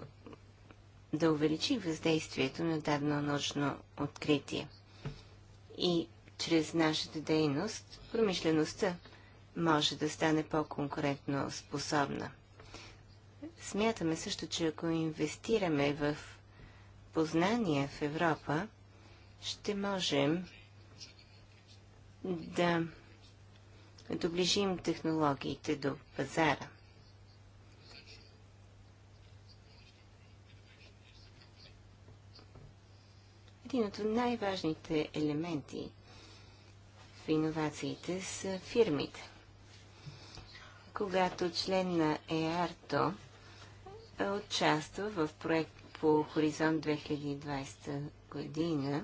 да увеличи въздействието на дадено научно откритие. И чрез нашата дейност промишлеността може да стане по-конкурентно способна. Смятаме също, че ако инвестираме в познания в Европа, ще можем да доближим технологиите до пазара. един от най-важните елементи в иновациите са фирмите. Когато член на ЕАРТО участва в проект по Хоризонт 2020 година,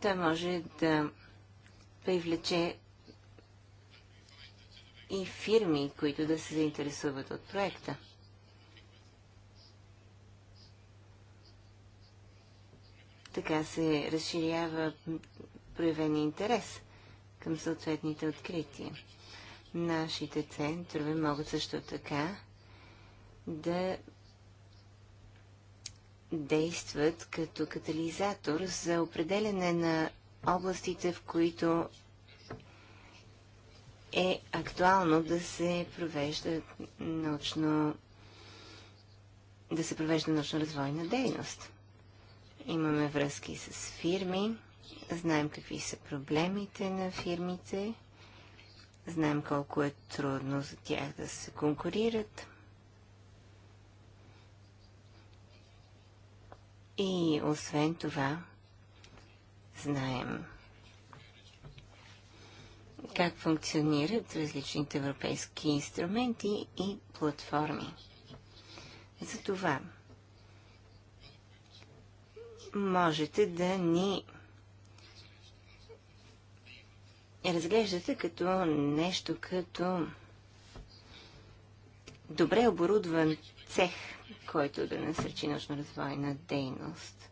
той може да привлече и фирми, които да се заинтересуват от проекта. Така се разширява проявения интерес към съответните открития. Нашите центрове могат също така да действат като катализатор за определене на областите, в които е актуално да се провежда научно да се провежда научно-развойна дейност. Имаме връзки с фирми, знаем какви са проблемите на фирмите, знаем колко е трудно за тях да се конкурират. И освен това, знаем как функционират различните европейски инструменти и платформи. Затова можете да ни разглеждате като нещо като добре оборудван цех, който да насърчи научно-развойна дейност.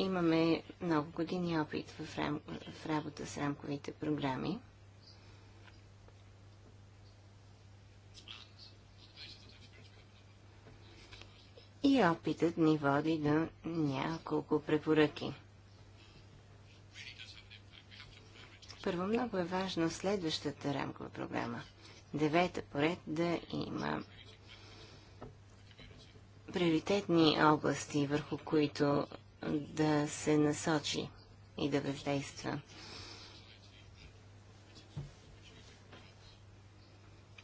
Имаме много години опит в, рам... в работа с рамковите програми. И опитът ни води до няколко препоръки. Първо, много е важно следващата рамкова програма, девета поред, да има приоритетни области, върху които да се насочи и да въздейства.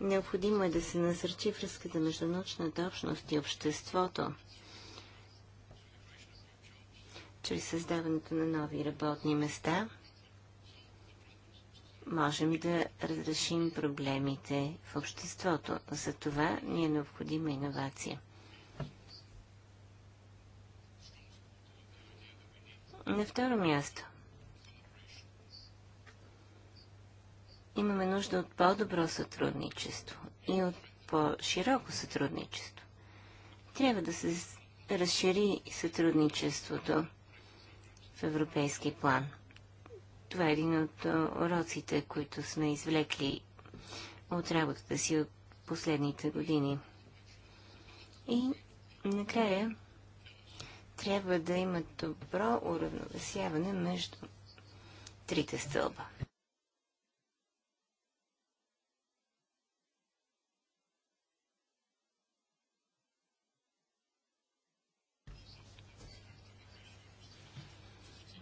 Необходимо е да се насърчи връзката между научната общност и обществото чрез създаването на нови работни места можем да разрешим проблемите в обществото. За това ни е необходима иновация. На второ място. Имаме нужда от по-добро сътрудничество и от по-широко сътрудничество. Трябва да се разшири сътрудничеството в европейски план. Това е един от уроците, които сме извлекли от работата си от последните години. И накрая трябва да има добро уравновесяване между трите стълба.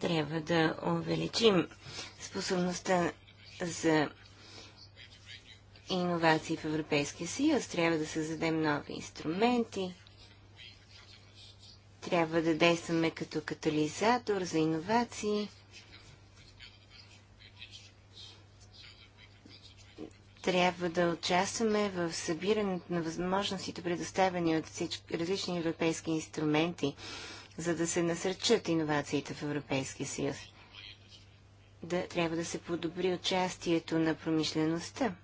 Трябва да увеличим способността за иновации в Европейския съюз. Трябва да създадем нови инструменти, трябва да действаме като катализатор за иновации. Трябва да участваме в събирането на възможностите, предоставени от всички различни европейски инструменти, за да се насърчат иновациите в Европейския съюз. Да, трябва да се подобри участието на промишлеността.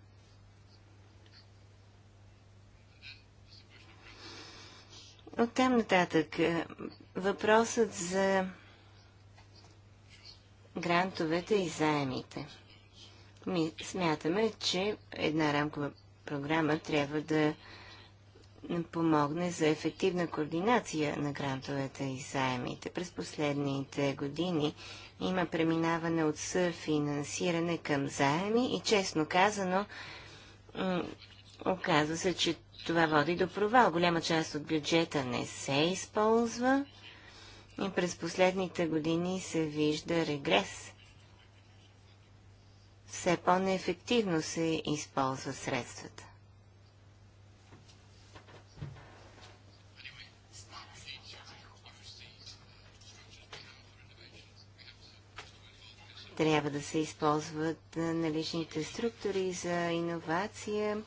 От там нататък е, въпросът за грантовете и заемите. Ми смятаме, че една рамкова програма трябва да помогне за ефективна координация на грантовете и заемите. През последните години има преминаване от съфинансиране към заеми и честно казано, оказва се, че това води до провал. Голяма част от бюджета не се използва и през последните години се вижда регрес. Все по-неефективно се използва средствата. Трябва да се използват наличните структури за иновация,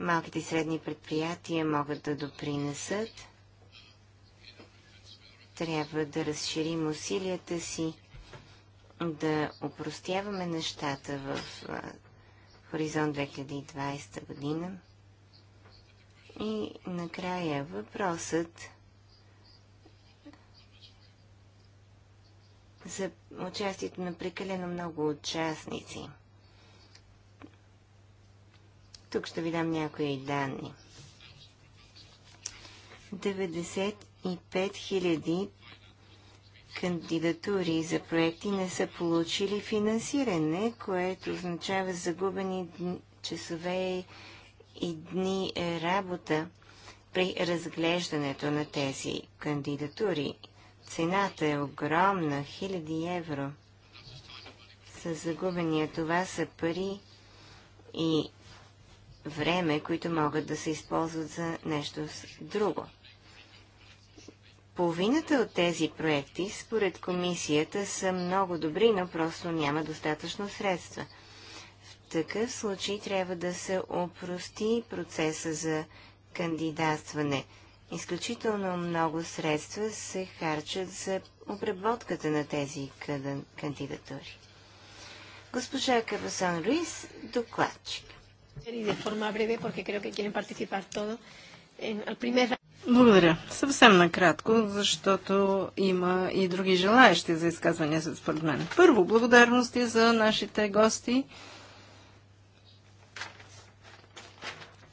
малките и средни предприятия могат да допринесат. Трябва да разширим усилията си, да упростяваме нещата в Хоризонт 2020 година. И накрая въпросът за участието на прекалено много участници – тук ще ви дам някои данни. 95 000 кандидатури за проекти не са получили финансиране, което означава загубени часове и дни е работа при разглеждането на тези кандидатури. Цената е огромна, хиляди евро. С загубения това са пари и време, които могат да се използват за нещо друго. Половината от тези проекти, според комисията, са много добри, но просто няма достатъчно средства. В такъв случай трябва да се опрости процеса за кандидатстване. Изключително много средства се харчат за обработката на тези кандидатури. Госпожа Кабасон Руис, докладчик. Благодаря. Съвсем накратко, защото има и други желаящи за изказвания, според мен. Първо, благодарности за нашите гости.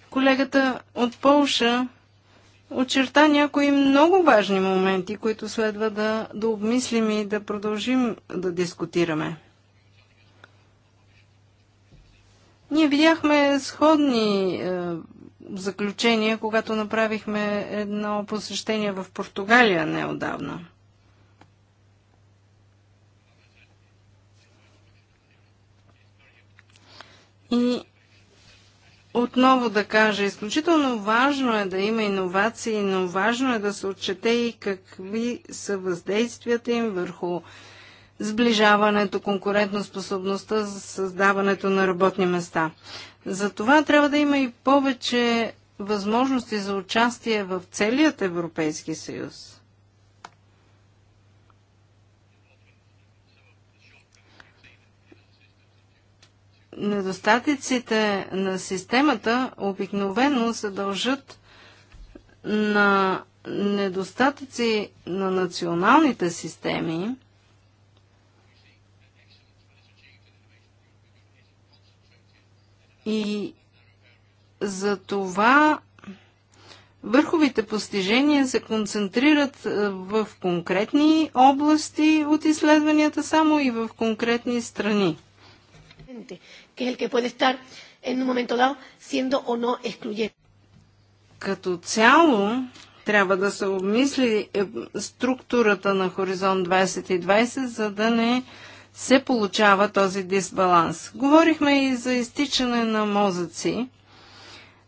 Колегата от Полша очерта някои много важни моменти, които следва да, да обмислим и да продължим да дискутираме. Ние видяхме сходни е, заключения, когато направихме едно посещение в Португалия неодавна. И отново да кажа, изключително важно е да има иновации, но важно е да се отчете и какви са въздействията им върху сближаването, конкурентоспособността, за създаването на работни места. За това трябва да има и повече възможности за участие в целият Европейски съюз. недостатъците на системата обикновено се дължат на недостатъци на националните системи, И за това върховите постижения се концентрират е, в конкретни области от изследванията само и в конкретни страни. Като цяло, трябва да се обмисли е, структурата на Хоризонт 2020, за да не се получава този дисбаланс. Говорихме и за изтичане на мозъци.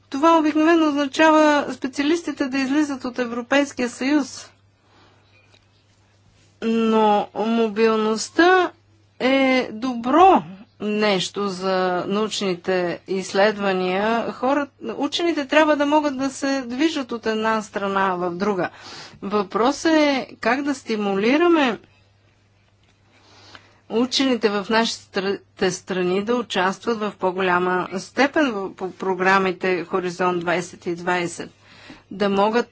Това обикновено означава специалистите да излизат от Европейския съюз. Но мобилността е добро нещо за научните изследвания. Хора, учените трябва да могат да се движат от една страна в друга. Въпросът е как да стимулираме учените в нашите страни да участват в по-голяма степен по програмите Хоризонт 2020 да могат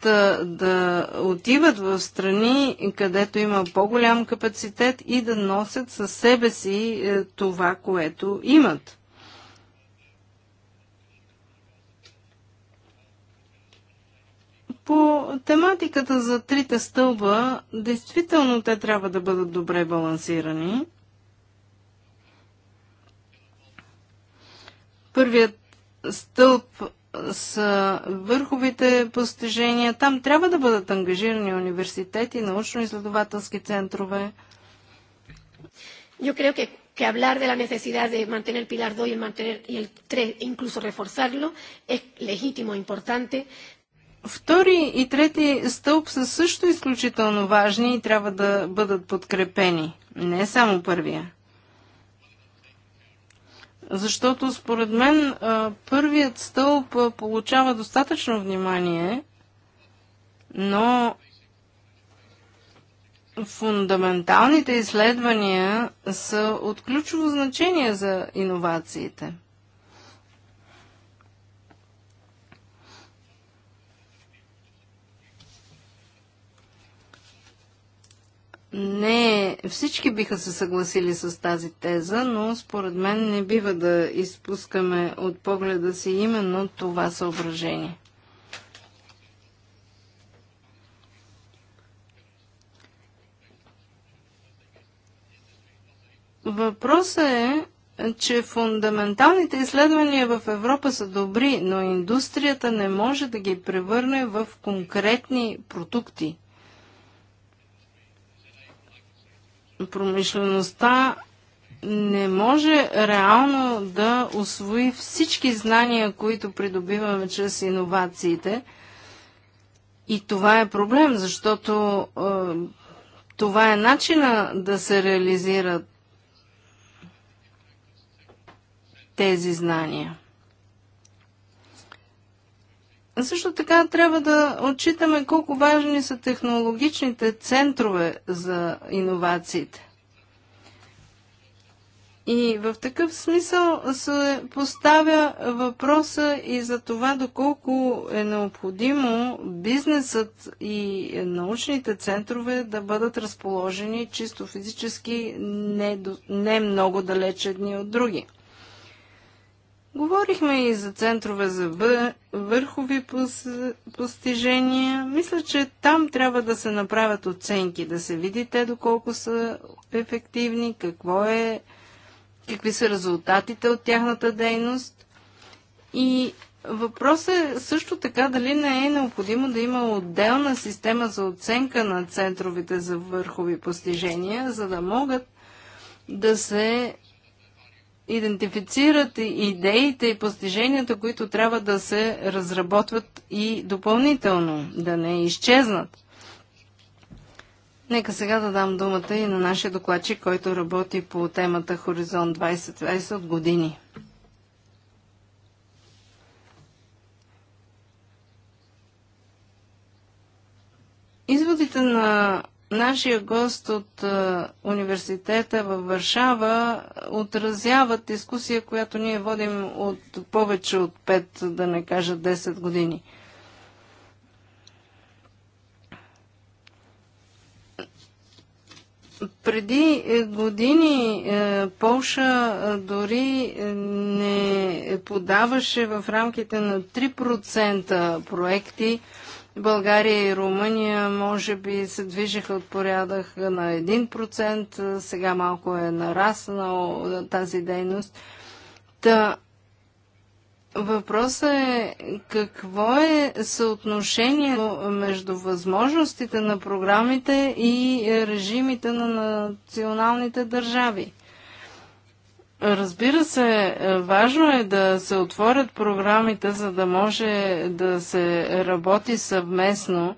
да отиват в страни, където има по-голям капацитет и да носят със себе си е, това, което имат. По тематиката за трите стълба, действително те трябва да бъдат добре балансирани – първият стълб с върховите постижения. Там трябва да бъдат ангажирани университети, научно-изследователски центрове. Yo creo que, que hablar de la necesidad de mantener Pilar 2 y el, mantener, y el 3, incluso reforzarlo, es legítimo, importante. Втори и трети стълб са също изключително важни и трябва да бъдат подкрепени. Не само първия. Защото според мен първият стълб получава достатъчно внимание, но фундаменталните изследвания са от ключово значение за иновациите. Не всички биха се съгласили с тази теза, но според мен не бива да изпускаме от погледа си именно това съображение. Въпросът е, че фундаменталните изследвания в Европа са добри, но индустрията не може да ги превърне в конкретни продукти, промишлеността не може реално да освои всички знания, които придобиваме чрез иновациите. И това е проблем, защото е, това е начина да се реализират тези знания. Също така трябва да отчитаме колко важни са технологичните центрове за иновациите. И в такъв смисъл се поставя въпроса и за това доколко е необходимо бизнесът и научните центрове да бъдат разположени чисто физически не, не много далеч едни от други. Говорихме и за центрове за върхови постижения. Мисля, че там трябва да се направят оценки, да се види те доколко са ефективни, какво е, какви са резултатите от тяхната дейност. И въпросът е също така дали не е необходимо да има отделна система за оценка на центровете за върхови постижения, за да могат да се идентифицират идеите и постиженията, които трябва да се разработват и допълнително, да не изчезнат. Нека сега да дам думата и на нашия докладчик, който работи по темата Хоризонт 2020 от години. Изводите на Нашия гост от университета във Варшава отразява дискусия, която ние водим от повече от 5, да не кажа 10 години. преди е, години е, Полша е, дори не подаваше в рамките на 3% проекти България и Румъния може би се движиха от порядък на 1%, сега малко е нараснал тази дейност. Та, въпросът е какво е съотношението между възможностите на програмите и режимите на националните държави? Разбира се, важно е да се отворят програмите, за да може да се работи съвместно.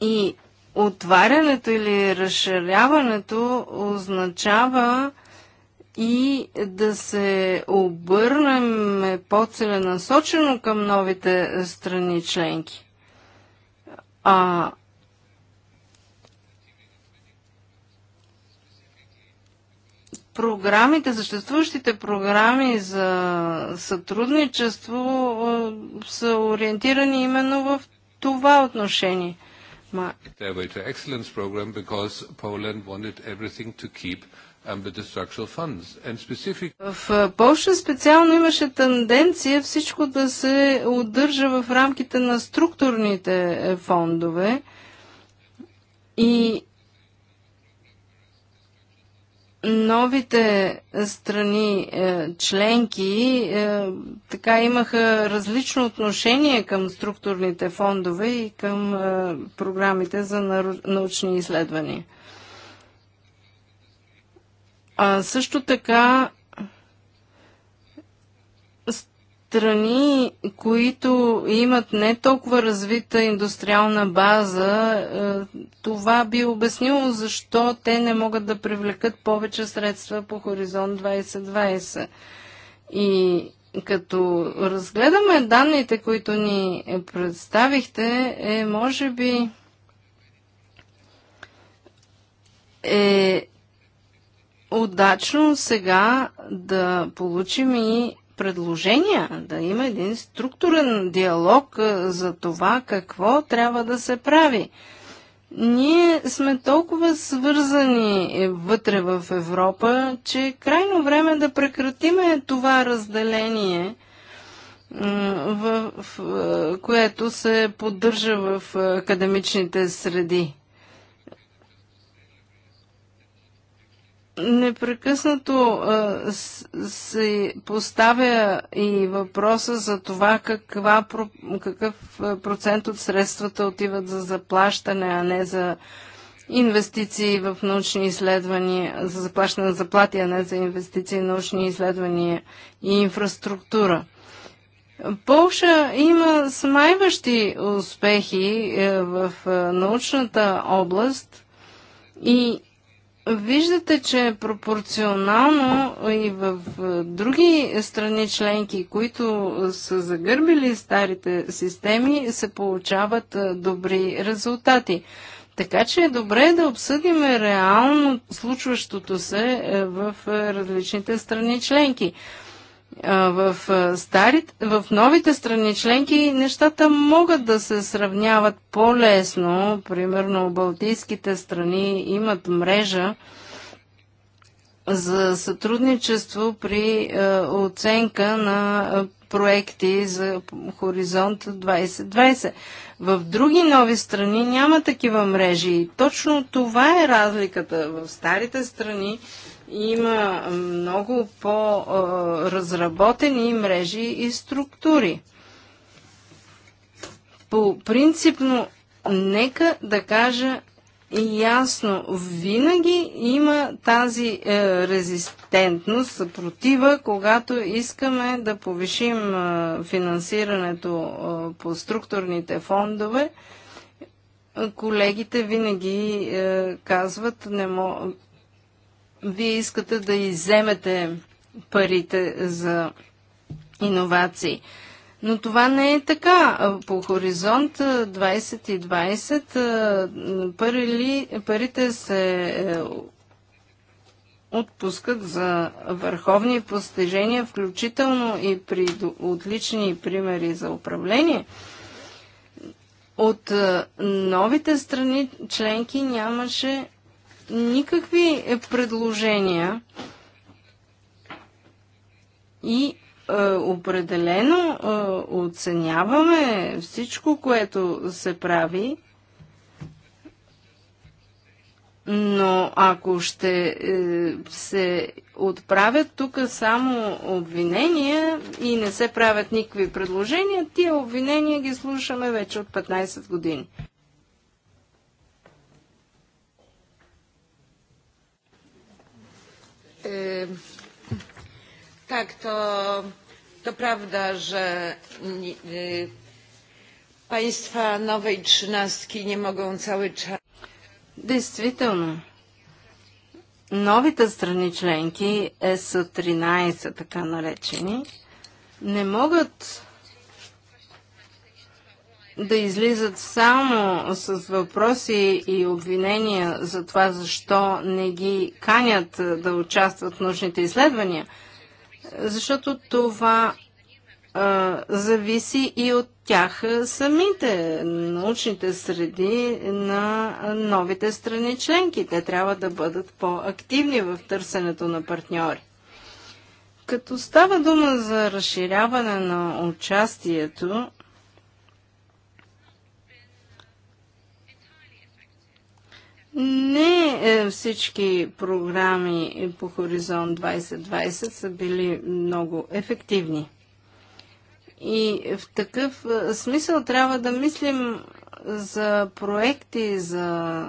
И отварянето или разширяването означава и да се обърнем по-целенасочено към новите страни членки. А програмите, съществуващите програми за сътрудничество е, са ориентирани именно в това отношение. Ма... Specific... В е, Польша специално имаше тенденция всичко да се удържа в рамките на структурните е, фондове и новите страни е, членки е, така имаха различно отношение към структурните фондове и към е, програмите за научни изследвания. А също така страни, които имат не толкова развита индустриална база, е, това би обяснило защо те не могат да привлекат повече средства по Хоризонт 2020. И като разгледаме данните, които ни представихте, е може би е удачно сега да получим и предложения, да има един структурен диалог за това какво трябва да се прави. Ние сме толкова свързани е, вътре в Европа, че е крайно време да прекратиме това разделение, в, в, което се поддържа в академичните среди. непрекъснато се поставя и въпроса за това каква, какъв процент от средствата отиват за заплащане, а не за инвестиции в научни изследвания, за заплащане на заплати, а не за инвестиции в научни изследвания и инфраструктура. Полша има смайващи успехи е, в е, научната област и Виждате, че пропорционално и в други страни членки, които са загърбили старите системи, се получават добри резултати. Така че е добре да обсъдим реално случващото се е, в е, различните страни членки в, старите, в новите страни членки нещата могат да се сравняват по-лесно. Примерно, Балтийските страни имат мрежа за сътрудничество при оценка на проекти за Хоризонт 2020. В други нови страни няма такива мрежи. И точно това е разликата. В старите страни има много по-разработени мрежи и структури. По принципно, нека да кажа ясно, винаги има тази е, резистентност, съпротива, когато искаме да повишим е, финансирането е, по структурните фондове. Колегите винаги е, казват, не мо вие искате да иземете парите за иновации. Но това не е така. По хоризонт 2020 пари, парите се е, отпускат за върховни постижения, включително и при отлични примери за управление. От новите страни членки нямаше никакви е, предложения и е, определено е, оценяваме всичко, което се прави, но ако ще се отправят тук само обвинения и не се правят никакви предложения, тия обвинения ги слушаме вече от 15 години. Tak, to, to prawda, że państwa nowej trzynastki nie mogą cały czas. Действително. Новите страни членки ЕС-13, така наречени, не могат да излизат само с въпроси и обвинения за това, защо не ги канят да участват в научните изследвания, защото това а, зависи и от тях самите, научните среди на новите страни членки. Те трябва да бъдат по-активни в търсенето на партньори. Като става дума за разширяване на участието, Не е, всички програми по Хоризонт 2020 са били много ефективни. И в такъв е, смисъл трябва да мислим за проекти, за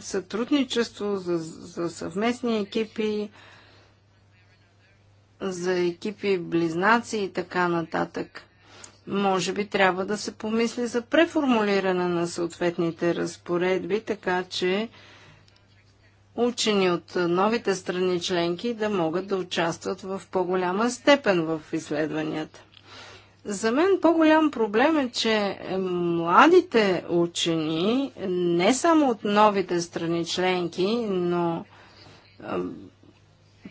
сътрудничество, за, за съвместни екипи, за екипи близнаци и така нататък. Може би трябва да се помисли за преформулиране на съответните разпоредби, така че учени от новите страни членки да могат да участват в по-голяма степен в изследванията. За мен по-голям проблем е, че младите учени, не само от новите страни членки, но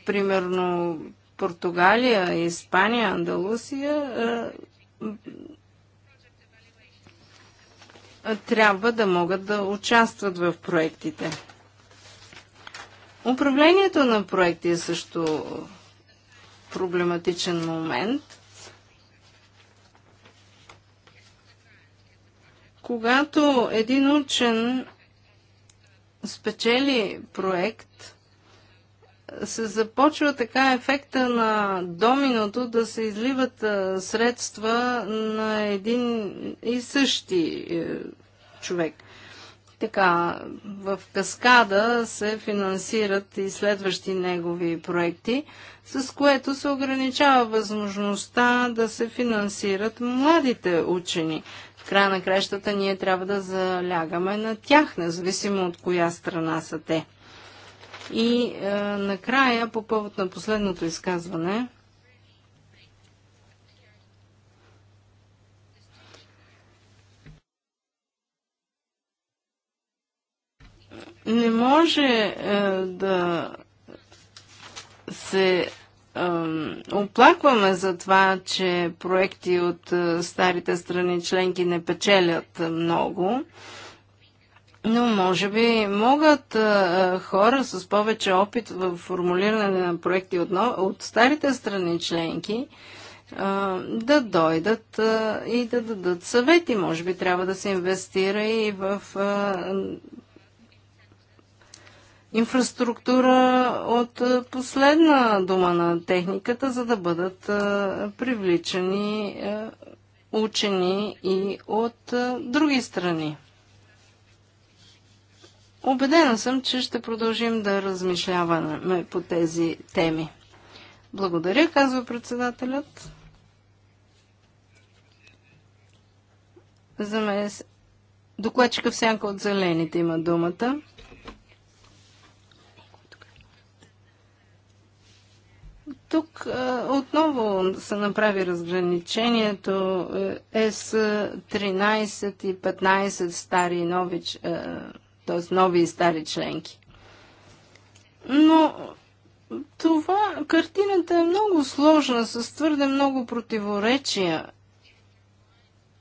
примерно Португалия, Испания, Андалусия, трябва да могат да участват в проектите. Управлението на проекти е също проблематичен момент. Когато един учен спечели проект, се започва така ефекта на доминото да се изливат средства на един и същи е, човек. Така, в каскада се финансират и следващи негови проекти, с което се ограничава възможността да се финансират младите учени. В края на кращата ние трябва да залягаме на тях, независимо от коя страна са те. И е, накрая, по повод на последното изказване, не може е, да се оплакваме за това, че проекти от е, старите страни членки не печелят много. Но може би могат а, хора с повече опит в формулиране на проекти от, от старите страни членки а, да дойдат а, и да дадат съвети. Може би трябва да се инвестира и в инфраструктура от последна дума на техниката, за да бъдат привличани учени и от други страни. Обедена съм, че ще продължим да размишляваме по тези теми. Благодаря, казва председателят. За мен е докладчика всяка от зелените има думата. Тук отново се направи разграничението е, е С 13 и 15 стари и нови т.е. нови и стари членки. Но това, картината е много сложна, с твърде много противоречия.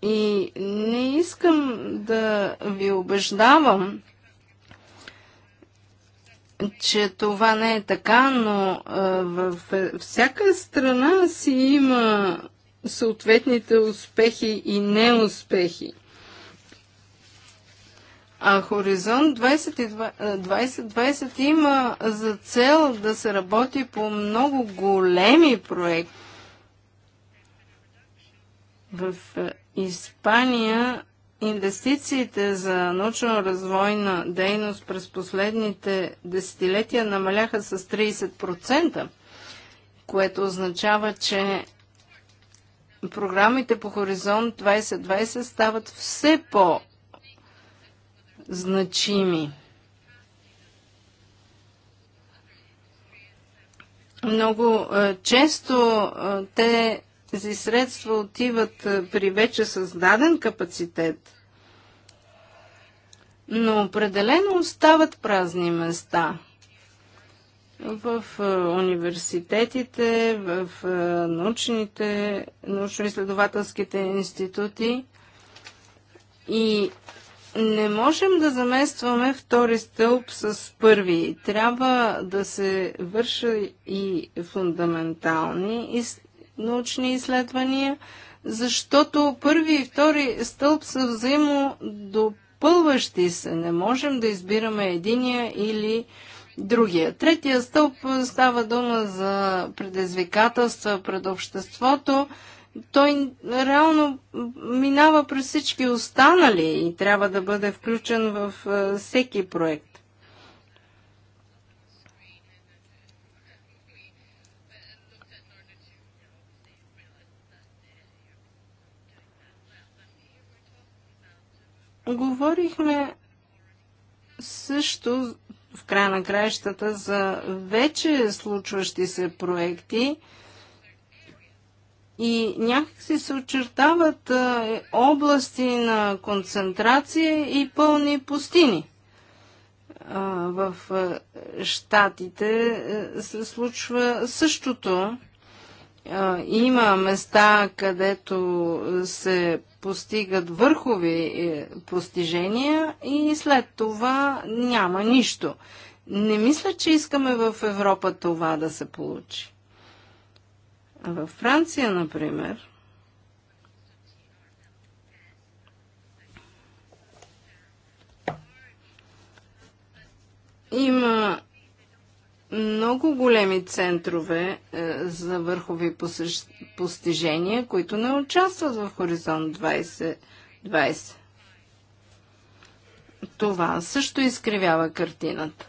И не искам да ви убеждавам, че това не е така, но във всяка страна си има съответните успехи и неуспехи. А Хоризонт 2020 20, има за цел да се работи по много големи проекти. В е, Испания инвестициите за научно-развойна дейност през последните десетилетия намаляха с 30%, което означава, че програмите по Хоризонт 2020 стават все по- значими. Много често те тези средства отиват при вече създаден капацитет, но определено остават празни места в университетите, в научните, научно-изследователските институти и не можем да заместваме втори стълб с първи. Трябва да се върши и фундаментални из... научни изследвания, защото първи и втори стълб са взаимо допълващи се. Не можем да избираме единия или другия. Третия стълб е, става дума за предизвикателства пред обществото, той реално минава през всички останали и трябва да бъде включен в всеки проект. Говорихме също в края на краищата за вече случващи се проекти, и си се очертават а, е, области на концентрация и пълни пустини. А, в а, Штатите се случва същото. Има места, където се постигат върхови е, постижения и след това няма нищо. Не мисля, че искаме в Европа това да се получи. Във Франция, например, има много големи центрове е, за върхови постижения, които не участват в Хоризонт 2020. Това също изкривява картината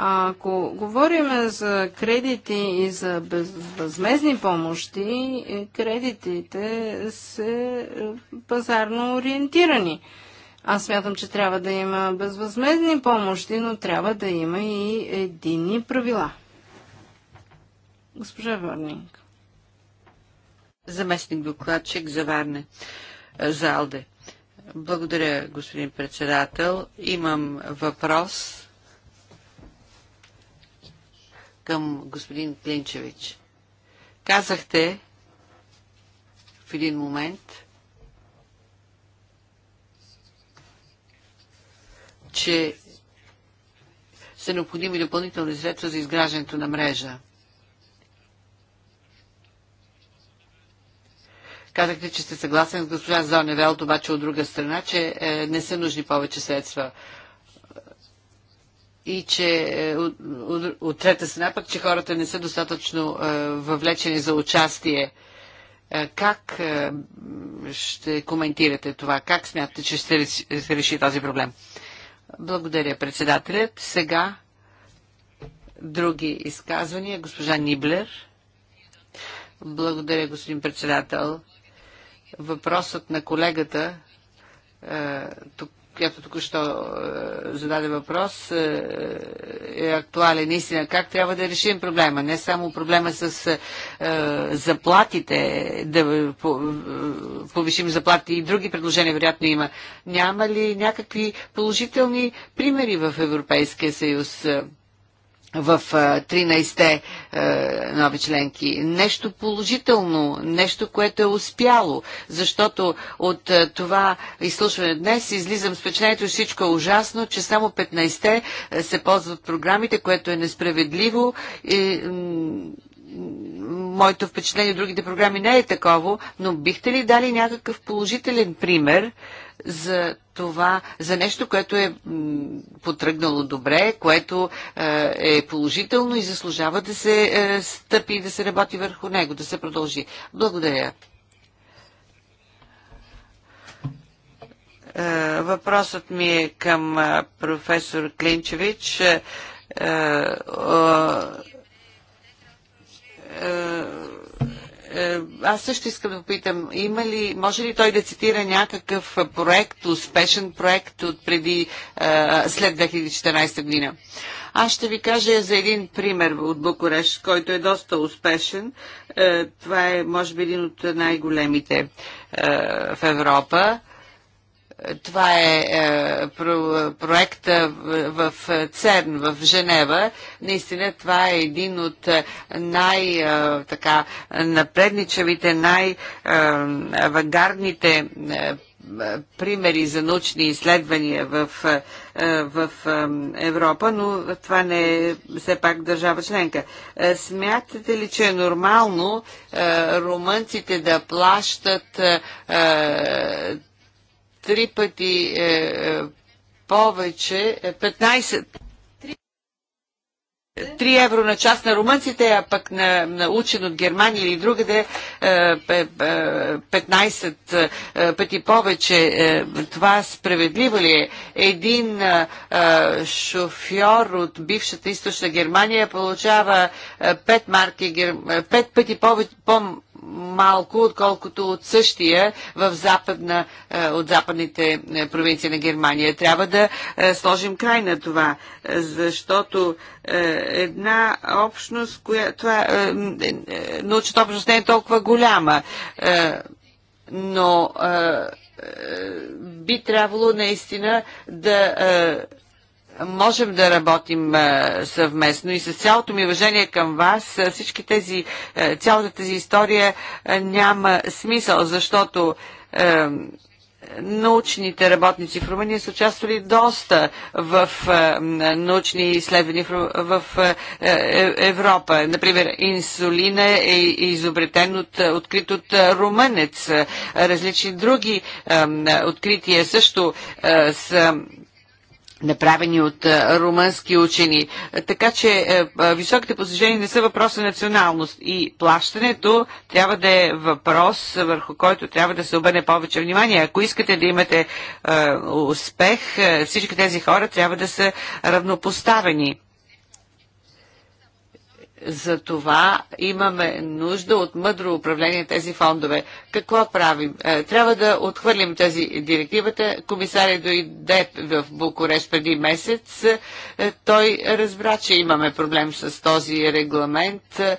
ако говорим за кредити и за безвъзмезни помощи, е, кредитите са е, пазарно ориентирани. Аз смятам, че трябва да има безвъзмезни помощи, но трябва да има и единни правила. Госпожа Варнинг. Заместник докладчик за Варне, е, за Алде. Благодаря, господин председател. Имам въпрос към господин Клинчевич. Казахте в един момент, че са необходими допълнителни средства за изграждането на мрежа. Казахте, че сте съгласен с госпожа Зоневелт, обаче от друга страна, че е, не са нужни повече средства и че е, от, от трета страна пък, че хората не са достатъчно е, въвлечени за участие. Е, как ще коментирате това? Как смятате, че ще се реши този проблем? Благодаря, председателят. Сега други изказвания. Госпожа Ниблер. Благодаря, господин председател. Въпросът на колегата тук която току-що е, зададе въпрос, е, е актуален наистина. Как трябва да решим проблема? Не само проблема с е, заплатите, да повишим заплати и други предложения, вероятно има. Няма ли някакви положителни примери в Европейския съюз? в 13-те е, нови членки. Нещо положително, нещо, което е успяло, защото от е, това изслушване днес излизам с впечатлението, всичко е ужасно, че само 15-те е, се ползват програмите, което е несправедливо и моето впечатление от другите програми не е такова, но бихте ли дали някакъв положителен пример, за това, за нещо, което е потръгнало добре, което е, е положително и заслужава да се е, стъпи и да се работи върху него, да се продължи. Благодаря. Е, въпросът ми е към професор Клинчевич е, аз също искам да попитам, има ли, може ли той да цитира някакъв проект, успешен проект от преди, е, след 2014 година? Аз ще ви кажа за един пример от Букурещ, който е доста успешен. Е, това е, може би, един от най-големите в Европа това е, е про, проекта в, в ЦЕРН, в Женева. Наистина това е един от е, най-напредничавите, е, най-авангардните е, примери за научни изследвания в, в Европа, но това не е все пак държава членка. Смятате ли, че е нормално румънците да плащат три пъти е, е, повече, 15, е, 3 евро на част на румънците, а пък на, на учен от Германия или другаде 15 е, е, пъти повече. Това справедливо ли е? Един шофьор от бившата източна Германия получава 5, марки, 5 пъти повече, по, малко, отколкото от същия в западна, е, от западните е, провинции на Германия. Трябва да е, сложим край на това, защото една общност, коя, това, научната общност не е толкова голяма, но би трябвало наистина да можем да работим съвместно и с цялото ми уважение към вас, всички тези, цялата тази история няма смисъл, защото научните работници в Румъния са участвали доста в научни изследвания в е, Европа. Например, инсулина е изобретен от, открит от румънец. Различни други открития също са направени от румънски учени. Така че е, високите постижения не са въпрос на националност и плащането трябва да е въпрос, върху който трябва да се обърне повече внимание. Ако искате да имате е, успех, е, всички тези хора трябва да са равнопоставени. За това имаме нужда от мъдро управление тези фондове. Какво правим? Е, трябва да отхвърлим тези директивата. Комисаря дойде в Букуреш преди месец. Е, той разбра, че имаме проблем с този регламент е,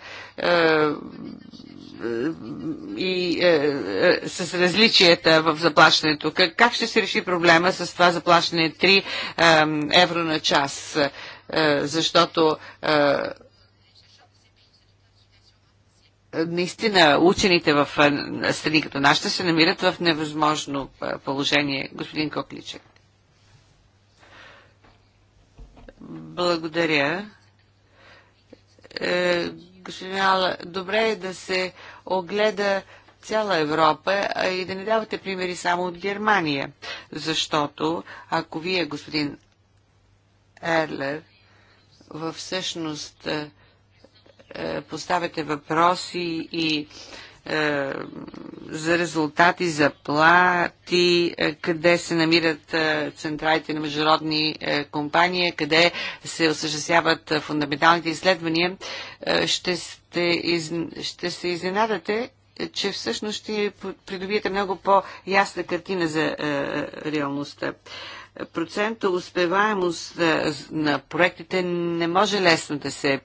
и е, с различията в заплащането. Как, как ще се реши проблема с това заплащане 3 е, евро на час? Е, защото е, наистина учените в страни като нашата се намират в невъзможно положение. Господин Кокличек. Благодаря. Е, господин Ала, добре е да се огледа цяла Европа и да не давате примери само от Германия, защото ако вие, господин Ерлер, във всъщност е, е, поставяте въпроси и е, за резултати, за плати, е, къде се намират централите на международни компании, къде се осъществяват фундаменталните изследвания, ще, сте, ще се изненадате, че всъщност ще придобиете много по-ясна картина за реалността процента успеваемост на проектите не може лесно да се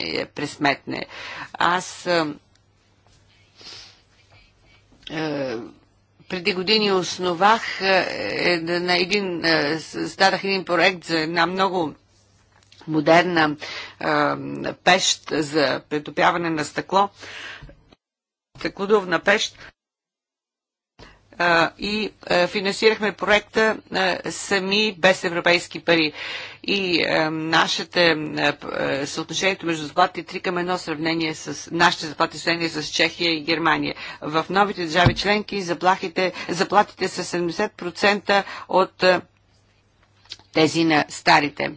я е пресметне. Аз е, преди години основах е, на един, е, стадах един проект за една много модерна е, пещ за претопяване на стъкло, стъклодовна пещ и финансирахме проекта сами без европейски пари. И нашите съотношението между заплати 3 е към 1 сравнение с нашите заплати сравнение с Чехия и Германия. В новите държави членки заплахите, заплатите са 70% от тези на старите.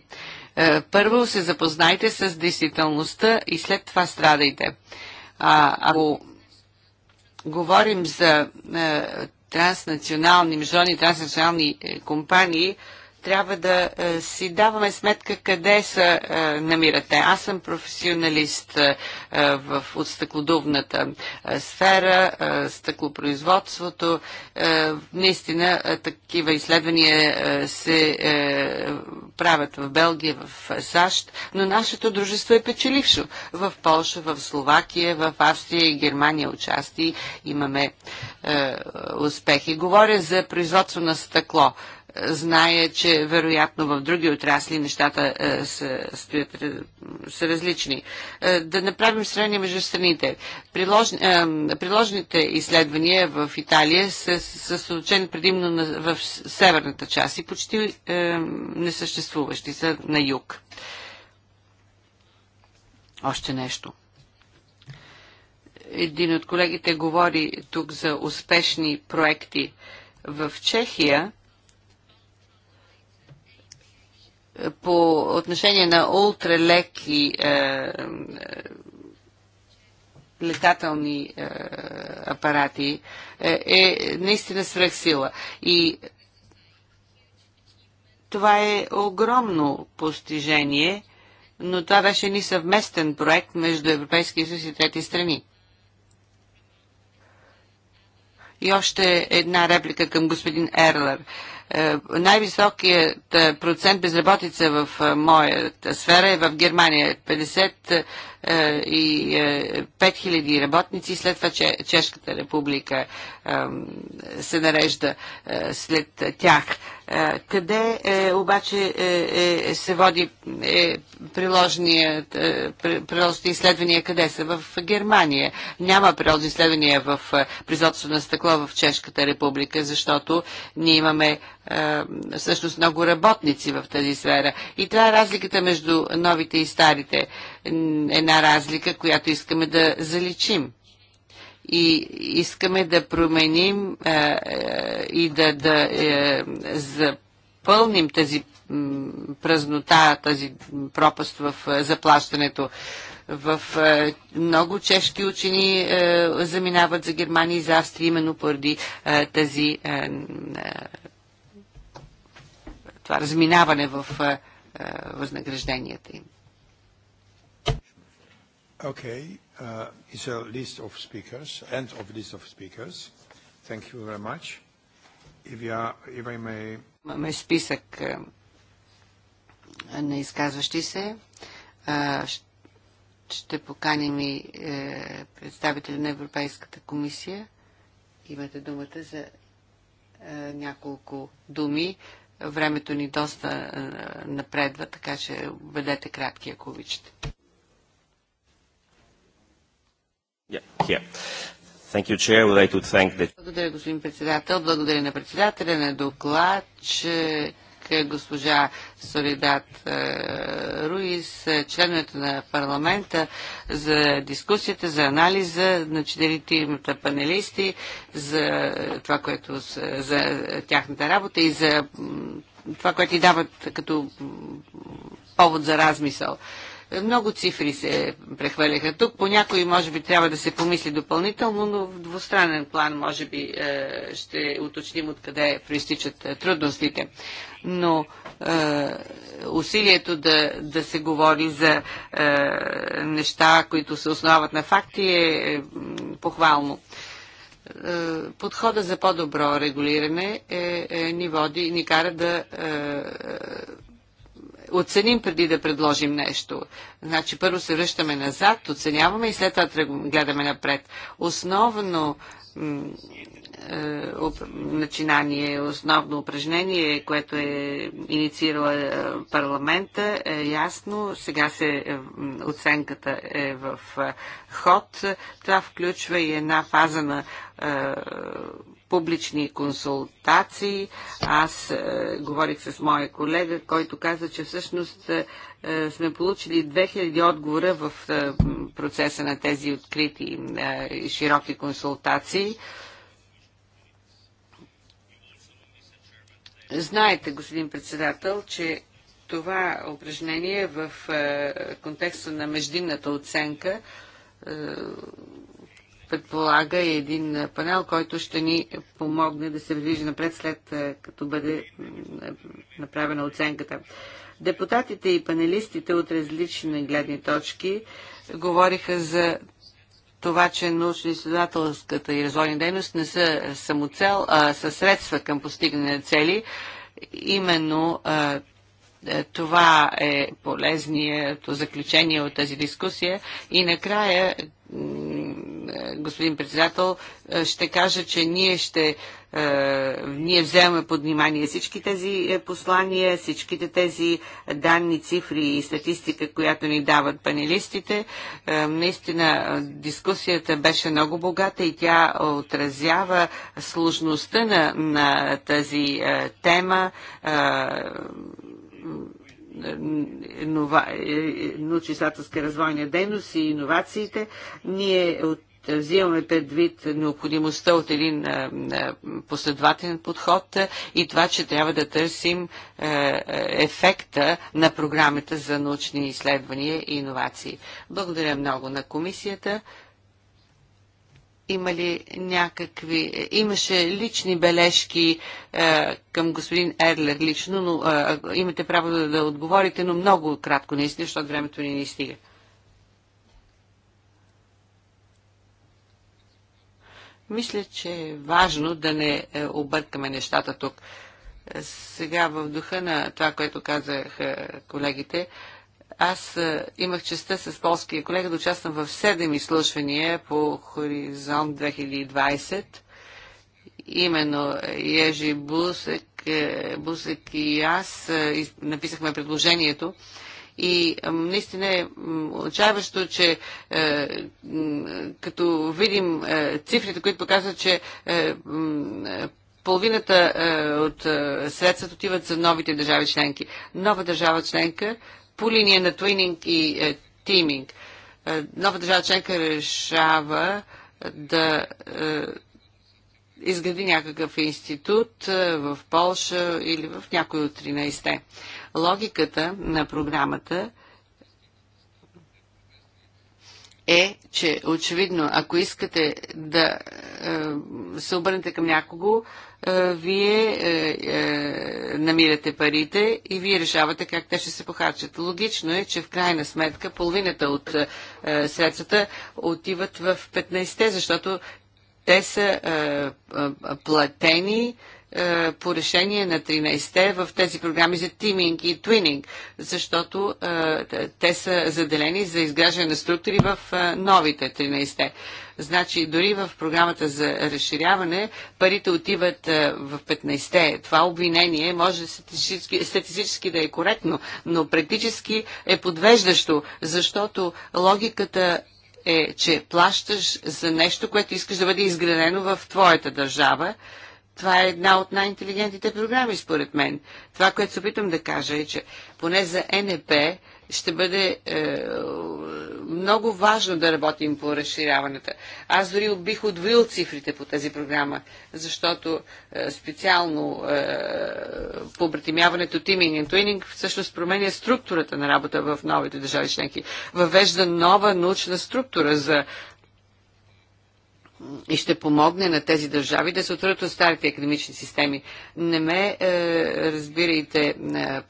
Първо се запознайте с действителността и след това страдайте. А, ако говорим за транснационални, международни транснационални е, компании трябва да е, си даваме сметка къде се намирате. Аз съм професионалист е, е, в, от стъклодувната сфера, стъклопроизводството. Наистина такива изследвания се правят в Белгия, в САЩ, но нашето дружество е печелившо. В Польша, в Словакия, в Австрия и Германия участие имаме успехи. Говоря за производство на стъкло. Зная, че вероятно в други отрасли нещата е, са, стоят, е, са различни. Е, да направим сравнение между страните. Прилож, приложните изследвания в Италия са съсредоточени предимно на, в северната част и почти е, несъществуващи са на юг. Още нещо един от колегите говори тук за успешни проекти. В Чехия по отношение на ултралеки е, е, летателни е, апарати е, е наистина свръхсила. И това е огромно постижение, но това беше ни съвместен проект между Европейския съюз и трети страни. И още една реплика към господин Ерлер. Е, е, най-високият е, процент безработица в е, моята сфера е в Германия. 55 000 работници, след това Чешката република се нарежда след тях. Къде обаче се води приложни изследвания? Къде са? В Германия. Няма приложни изследвания в производство на стъкло в Чешката република, защото ние имаме всъщност много работници в тази сфера. И това е разликата между новите и старите. Една разлика, която искаме да заличим и искаме да променим е, е, и да, да е, запълним тази празнота, тази пропаст в заплащането. В много чешки учени заминават за Германия и за Австрия именно поради тази това разминаване в е, е, възнагражденията им. Okay, uh, it's a list of speakers, end of list of speakers. Thank you very much. If, you are, if I may... Имаме списък е, на изказващи се. Uh, ще поканим и е, представители на Европейската комисия. Имате думата за е, няколко думи. Времето ни доста е, напредва, така че бъдете кратки, ако обичате. Yeah, yeah. You, like the... Благодаря, господин председател. Благодаря на председателя, на доклад, че госпожа Солидат е, Руис, е, членовете на парламента за дискусията, за анализа на четиритимата панелисти, за това, което за тяхната работа и за това, което ти дават като повод за размисъл. Много цифри се прехвърляха тук. По някои, може би, трябва да се помисли допълнително, но в двустранен план, може би, е, ще уточним откъде проистичат трудностите но е, усилието да, да се говори за е, неща, които се основат на факти е, е похвално. Е, подхода за по-добро регулиране е, е, ни води, и ни кара да е, е, оценим преди да предложим нещо. Значи първо се връщаме назад, оценяваме и след това гледаме напред. Основно е, начинание, основно упражнение, което е инициирала е, парламента, е ясно. Сега се е, оценката е в ход. Това включва и една фаза на публични консултации. Аз е, говорих с моя колега, който каза, че всъщност е, сме получили 2000 отговора в е, процеса на тези открити и широки консултации. Знаете, господин председател, че това упражнение е в е, контекста на междинната оценка е, предполага един панел, който ще ни помогне да се движи напред след като бъде направена оценката. Депутатите и панелистите от различни гледни точки говориха за това, че научно-изследователската и резонни дейност не са самоцел, а са средства към постигане на цели. Именно а, е, това е полезното заключение от тази дискусия. И накрая господин председател, е, ще кажа, че ние ще е, ние вземаме под внимание всички тези е, послания, всичките тези данни, цифри и статистика, която ни дават панелистите. Наистина дискусията беше много богата и тя отразява сложността на, на тази тема но числателска развойна дейност и иновациите. Ние от взимаме предвид необходимостта от един последователен подход и това, че трябва да търсим ефекта на програмата за научни изследвания и иновации. Благодаря много на комисията има ли някакви... Имаше лични бележки е, към господин Ерлер лично, но е, имате право да, да отговорите, но много кратко наистина, защото времето ни не стига. Мисля, че е важно да не е, объркаме нещата тук. Сега в духа на това, което казах е, колегите, аз е, имах честа с полския колега да участвам в 7 изслушвания по Хоризонт 2020. Именно Ежи Бусек, Бусек и аз написахме предложението и наистина е отчаяващо, че е, като видим е, цифрите, които показват, че е, половината от средствата отиват за новите държави членки. Нова държава членка по линия на твининг и тиминг. Нова държава членка решава да изгради някакъв институт в Полша или в някой от 13-те. Логиката на програмата е, че очевидно, ако искате да е, се обърнете към някого, е, вие е, е, намирате парите и вие решавате как те ще се похарчат. Логично е, че в крайна сметка половината от е, средствата отиват в 15-те, защото те са е, е, платени е, е, по решение на 13-те в тези програми за тиминг и твининг, защото е, те са заделени за изграждане на структури в е, новите 13-те. Значи дори в програмата за разширяване парите отиват в 15-те. Това обвинение може статистически, статистически да е коректно, но практически е подвеждащо, защото логиката е, че плащаш за нещо, което искаш да бъде изградено в твоята държава това е една от най-интелигентните програми, според мен. Това, което се опитам да кажа е, че поне за НП ще бъде е, много важно да работим по разширяването. Аз дори бих отвил цифрите по тази програма, защото е, специално е, по обратимяването тиминг и туининг всъщност променя структурата на работа в новите държави членки. Въвежда нова научна структура за и ще помогне на тези държави да се отворят от старите академични системи. Не ме е, разбирайте е,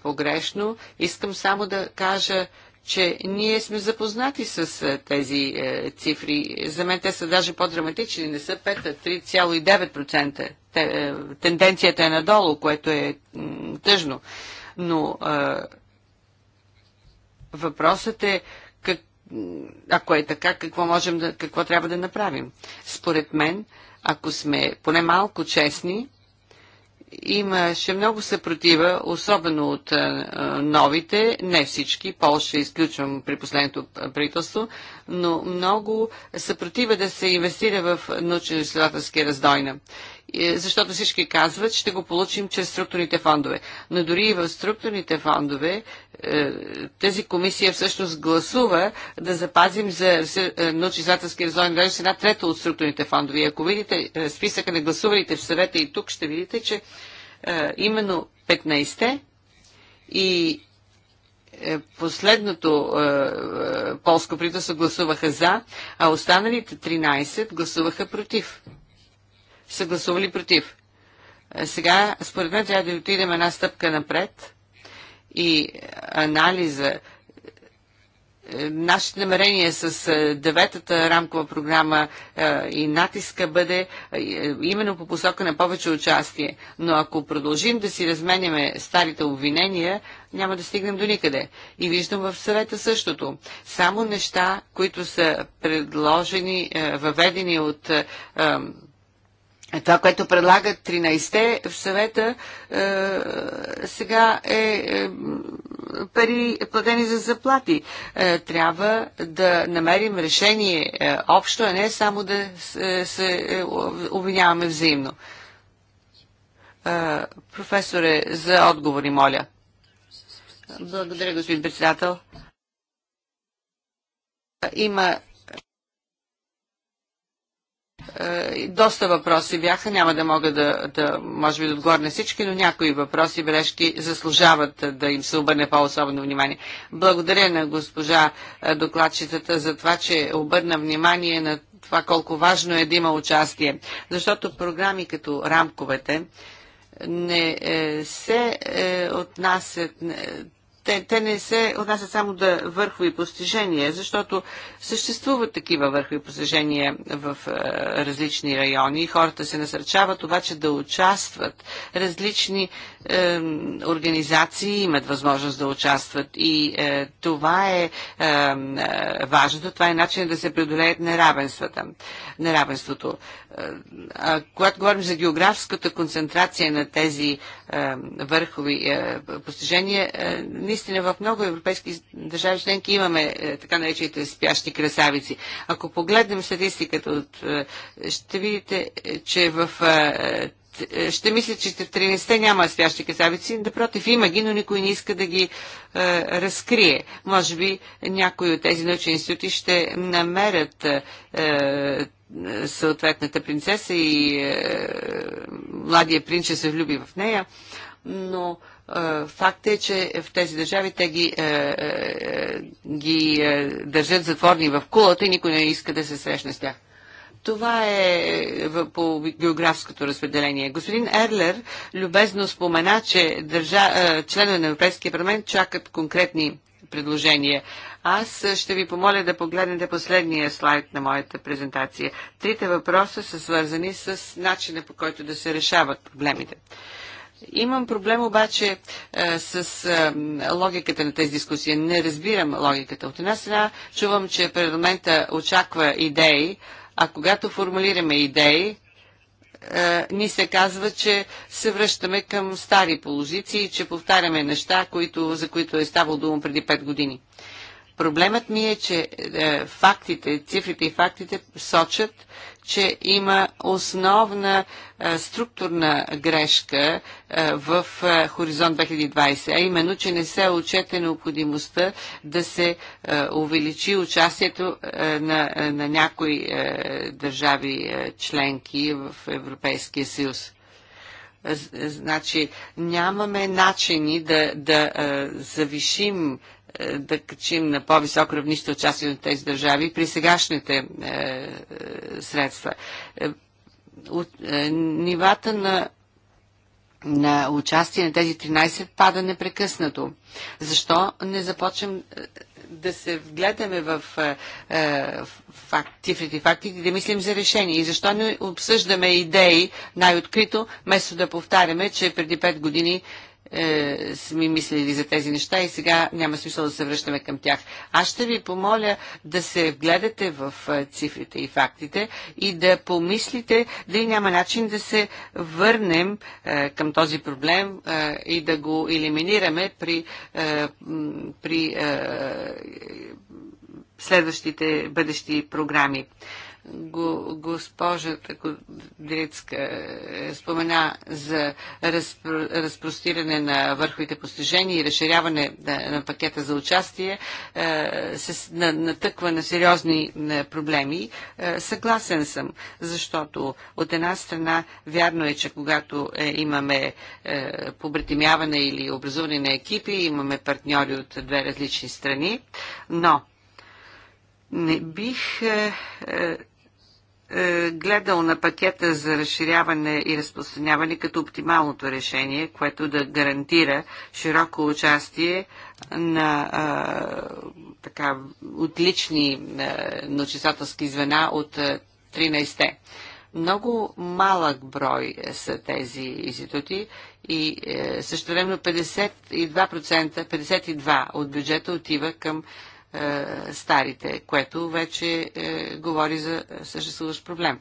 погрешно. Искам само да кажа, че ние сме запознати с е, тези е, цифри. За мен те са даже по-драматични. Не са 5, а 3,9%. Те, е, тенденцията е надолу, което е тъжно. Но е, въпросът е ако е така, какво можем да, какво трябва да направим? Според мен, ако сме поне малко честни, имаше много съпротива, особено от новите, не всички, Полша изключвам при последното правителство, но много съпротива да се инвестира в научно-изследователски раздойна. Е, защото всички казват, ще го получим чрез структурните фондове. Но дори и в структурните фондове е, тази комисия всъщност гласува да запазим за е, научно-изследователски развойни мрежи с една трета от структурните фондове. И ако видите списъка на гласувалите в съвета и тук, ще видите, че именно 15-те и последното полско правителство гласуваха за, а останалите 13 гласуваха против са гласували против. Е, сега, според мен, трябва да отидем една стъпка напред и анализа. Е, нашите намерения с е, деветата рамкова програма и натиска бъде именно по посока на повече участие. Но ако продължим да си разменяме старите обвинения, няма да стигнем до никъде. И виждам в съвета същото. Само неща, които са предложени, въведени от това, което предлагат 13-те в съвета, е, сега е, е пари платени за заплати. Е, трябва да намерим решение е, общо, а не само да е, се, се обвиняваме взаимно. Е, професоре, за отговори, моля. Благодаря, господин председател. Има е, доста въпроси бяха, няма да мога да, да може би да отговоря на всички, но някои въпроси, бележки заслужават да им се обърне по-особено внимание. Благодаря на госпожа е, докладчицата за това, че обърна внимание на това колко важно е да има участие. Защото програми като рамковете не е, се отнасят те, те не се отнасят само до да върхови постижения, защото съществуват такива върхови постижения в е, различни райони. Хората се насърчават обаче да участват. Различни е, организации имат възможност да участват и е, това е, е, важното. Това е начин да се преодолеят неравенствата. неравенството а, когато говорим за географската концентрация на тези а, е, върхови а, е, постижения, а, е, наистина в много европейски държави членки имаме а, така наречените спящи красавици. Ако погледнем статистиката, от, а, ще видите, че в а, ще мисля, че в 13-те няма спящи красавици. Напротив, има ги, но никой не иска да ги е, разкрие. Може би някои от тези научни институти ще намерят е, съответната принцеса и е, младия принц ще се влюби в нея, но е, факт е, че в тези държави те ги, е, е, ги е, държат затворни в кулата и никой не иска да се срещне с тях. Това е, е по географското разпределение. Господин Ерлер любезно спомена, че държа, е, членове на Европейския парламент чакат конкретни предложения аз ще ви помоля да погледнете последния слайд на моята презентация. Трите въпроса са свързани с начина по който да се решават проблемите. Имам проблем обаче е, с е, логиката на тези дискусии. Не разбирам логиката. От една страна чувам, че парламента очаква идеи, а когато формулираме идеи, е, ни се казва, че се връщаме към стари положиции, че повтаряме неща, които, за които е ставало дума преди 5 години. Е, Проблемът ми е, че е, фактите, цифрите и фактите сочат, че има основна е, структурна грешка е, в Хоризонт 2020, а именно, че не се отчете необходимостта да се увеличи участието на, на някои държави членки в Европейския съюз значи нямаме начини да, да завишим е, да качим на по-високо равнище участие на тези държави при сегашните е, е, средства. От, нивата на на участие на тези 13 пада непрекъснато. Защо не започнем да се вгледаме в е, факт, цифрите и фактите, да мислим за решение. И защо не обсъждаме идеи най-открито, вместо да повтаряме, че преди 5 години е, сме мислили за тези неща и сега няма смисъл да се връщаме към тях. Аз ще ви помоля да се вгледате в е, цифрите и фактите и да помислите дали няма начин да се върнем е, към този проблем е, и да го елиминираме при, е, при е, следващите бъдещи програми. Го, госпожата Дрецка е, спомена за разпро, разпростиране на върховите постижения и разширяване на, на пакета за участие е, се на, натъква на сериозни на проблеми. Е, съгласен съм, защото от една страна вярно е, че когато е, имаме е, побратимяване или образуване на екипи, имаме партньори от две различни страни, но не бих е, е, е, гледал на пакета за разширяване и разпространяване като оптималното решение, което да гарантира широко участие на а, е, така, отлични е, научисателски звена от 13-те. Много малък брой са тези институти и е, същевременно 52%, 52 от бюджета отива към е, старите, което вече е, говори за съществуващ проблем.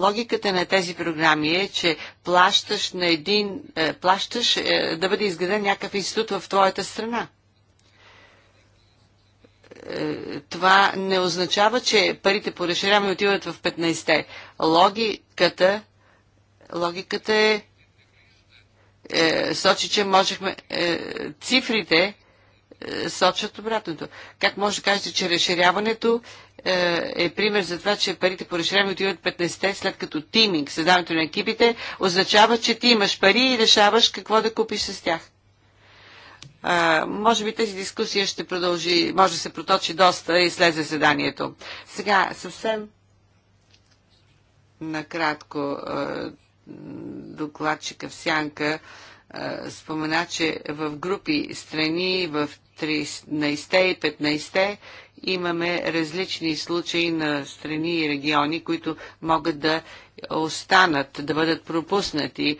Логиката на тези програми е, че плащаш на един, е, плащаш да бъде изграден някакъв институт в твоята страна. Е, това не означава, че парите по разширяване отиват в 15-те. Логиката, логиката е, е сочи, че можехме е, цифрите е, сочат обратното. Как може да кажете, че разширяването е, е пример за това, че парите по разширяване отиват 15-те, след като тиминг, създаването на екипите, означава, че ти имаш пари и решаваш какво да купиш с тях. А, може би тази дискусия ще продължи, може да се проточи доста и след заседанието. Сега съвсем накратко докладчика в Сянка спомена, че в групи страни, в 13-те и 15-те имаме различни случаи на страни и региони, които могат да останат, да бъдат пропуснати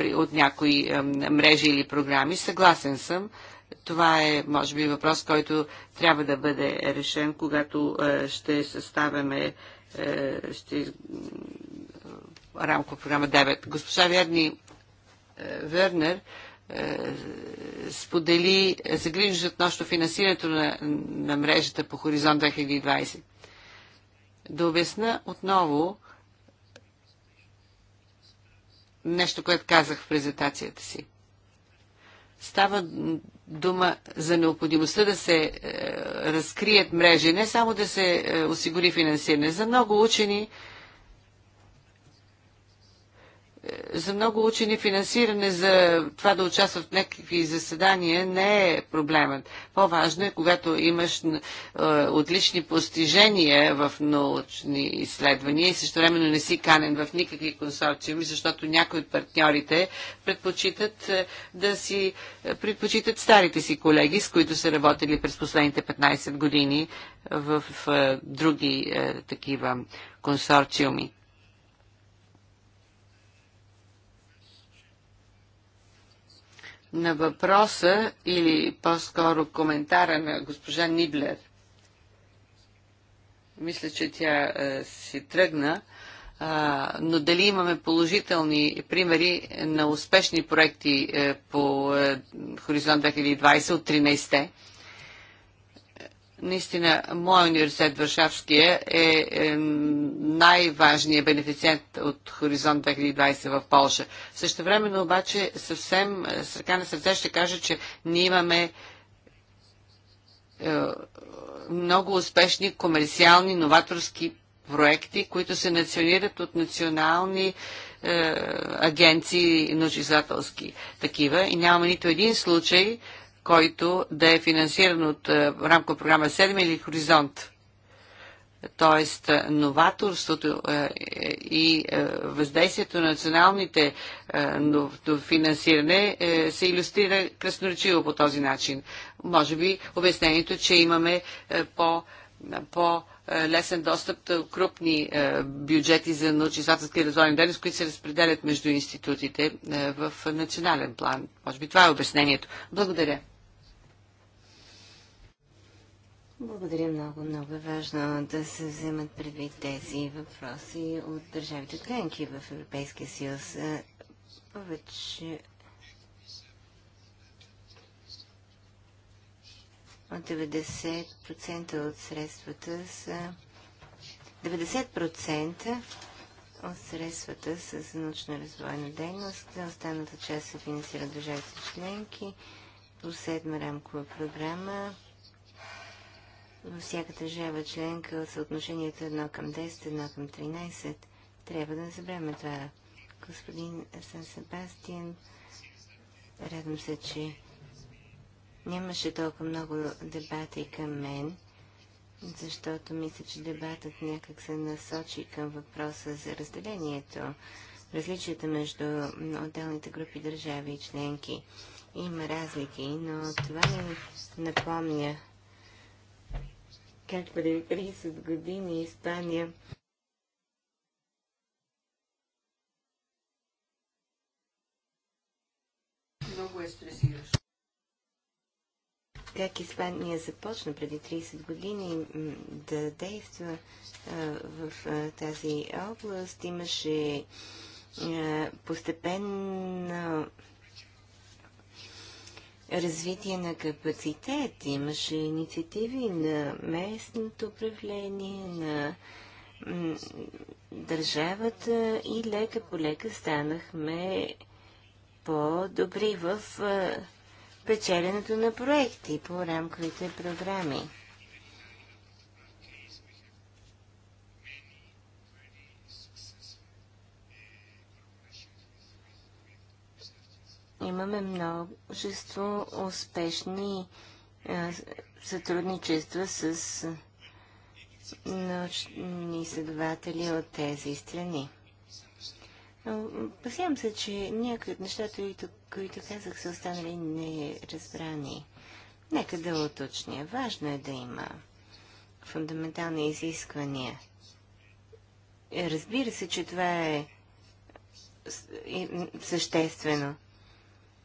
от някои мрежи или програми. Съгласен съм. Това е, може би, въпрос, който трябва да бъде решен, когато е, ще съставяме е, ще... Е, рамко програма 9. Госпожа Верни Вернер сподели загрижност относно финансирането на, на мрежата по Хоризонт 2020. Да обясна отново, нещо, което казах в презентацията си. Става дума за необходимостта да се е, разкрият мрежи, не само да се е, осигури финансиране. За много учени за много учени финансиране за това да участват в някакви заседания не е проблемът. По-важно е, когато имаш е, отлични постижения в научни изследвания и също времено не си канен в никакви консорциуми, защото някои от партньорите предпочитат е, да си е, предпочитат старите си колеги, с които са работили през последните 15 години в, в, е, в други е, такива консорциуми. на въпроса или по-скоро коментара на госпожа Ниблер. Мисля, че тя е, си тръгна, а, но дали имаме положителни примери на успешни проекти е, по е, Хоризонт 2020 от 13-те? Наистина, моят университет Варшавския е, е най-важният бенефициент от Хоризонт 2020 в Польша. Също времено обаче съвсем е, с ръка на сърце ще кажа, че ние имаме е, много успешни комерциални, новаторски проекти, които се национират от национални е, агенции, научизателски такива. И няма нито един случай, който да е финансиран от е, рамко програма 7 или Хоризонт. Тоест, е, новаторството е, и въздействието на националните финансиране се иллюстрира красноречиво по този начин. Може би обяснението, че имаме по, по лесен достъп до крупни бюджети за научно-изследователска и развойна дейност, които се разпределят между институтите в национален план. Може би това е обяснението. Благодаря. Благодаря много. Много е важно да се вземат предвид тези въпроси от държавите членки в Европейския съюз. Е, повече от 90% от средствата са 90% от средствата са за научна развойна дейност. Останата част се финансира държавите членки по седма рамкова програма във всяка държава членка от съотношението 1 към 10, 1 към 13. Трябва да не забравяме това. Господин Сан Себастиан, радвам се, че нямаше толкова много дебати към мен, защото мисля, че дебатът някак се насочи към въпроса за разделението, различията между отделните групи държави и членки. Има разлики, но това ми напомня как преди 30 години Испания Много е стресиращо. Как Испания започна преди 30 години да действа в тази област, имаше постепенно развитие на капацитет. Имаше инициативи на местното управление, на държавата и лека по лека станахме по-добри в печеленето на проекти по рамковите програми. имаме множество успешни сътрудничества с научни изследователи от тези страни. Опасявам се, че някои от нещата, които казах, са останали неразбрани. Нека да уточня. Важно е да има фундаментални изисквания. Разбира се, че това е съществено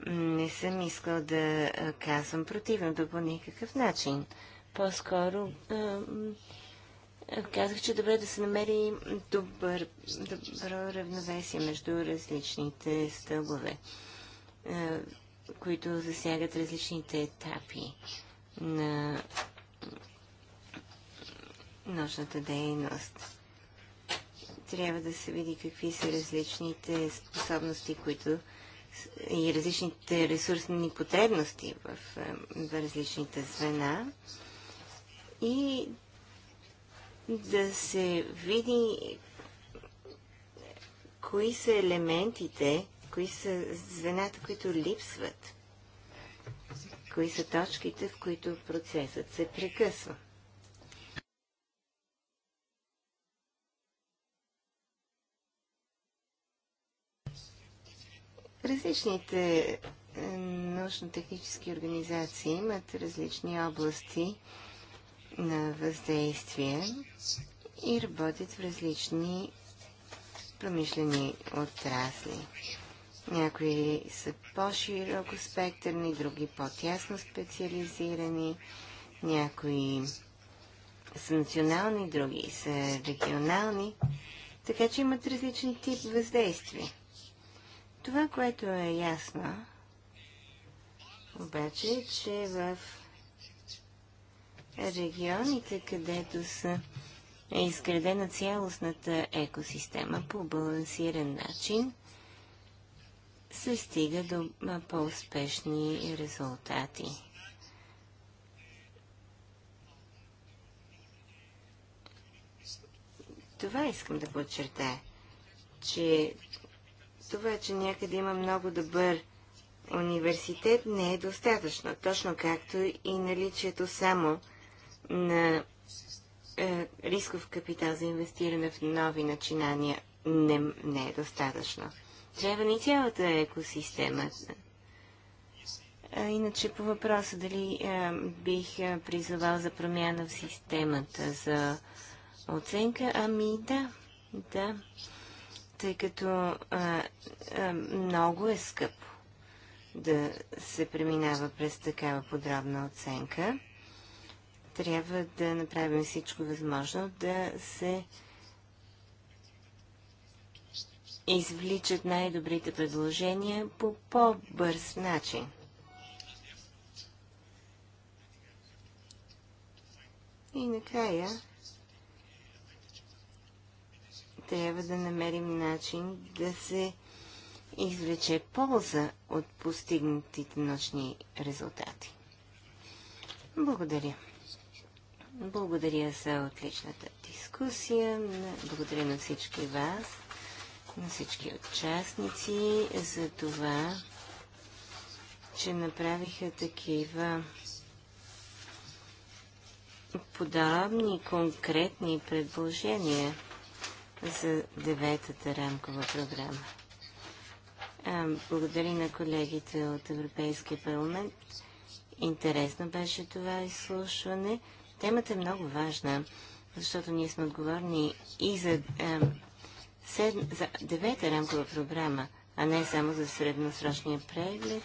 не съм искал да казвам противното по никакъв начин. По-скоро казах, че добре да се намери добър, добро равновесие между различните стълбове, които засягат различните етапи на нощната дейност. Трябва да се види какви са различните способности, които и различните ресурсни потребности в, е, в различните звена и да се види кои са елементите, кои са звената, които липсват, кои са точките, в които процесът се прекъсва. Различните е, научно-технически организации имат различни области на въздействие и работят в различни промишлени отрасли. Някои са по-широко спектърни, други по-тясно специализирани, някои са национални, други са регионални, така че имат различни тип въздействие. Това, което е ясно, обаче, е, че в регионите, където са е изградена цялостната екосистема по балансиран начин, се стига до по-успешни резултати. Това искам да подчертая, че това, че някъде има много добър университет, не е достатъчно. Точно както и наличието само на е, рисков капитал за инвестиране в нови начинания не, не е достатъчно. Трябва ни цялата екосистема. А, иначе по въпроса дали а, е, бих а, е, призовал за промяна в системата за оценка, ами да, да тъй като а, а, много е скъпо да се преминава през такава подробна оценка. Трябва да направим всичко възможно да се извличат най-добрите предложения по по-бърз начин. И накрая трябва да намерим начин да се извлече полза от постигнатите нощни резултати. Благодаря. Благодаря за отличната дискусия. Благодаря на всички вас, на всички участници за това, че направиха такива подробни, конкретни предложения за деветата рамкова програма. Благодаря на колегите от Европейския парламент. Интересно беше това изслушване. Темата е много важна, защото ние сме отговорни и за, е, за девета рамкова програма, а не само за средносрочния преглед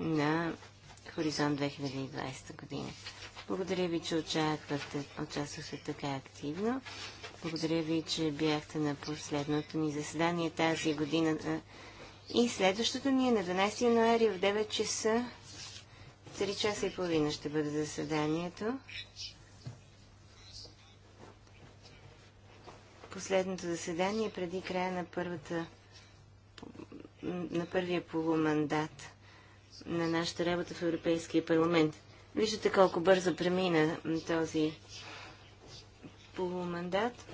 на Хоризонт 2020 година. Благодаря ви, че очаквахте, участвахте така активно. Благодаря ви, че бяхте на последното ни заседание тази година. И следващото ни е на 12 януари в 9 часа. 3 часа и половина ще бъде заседанието. Последното заседание е преди края на първата на първия полумандат на нашата работа в Европейския парламент. Виждате колко бързо премина този полумандат.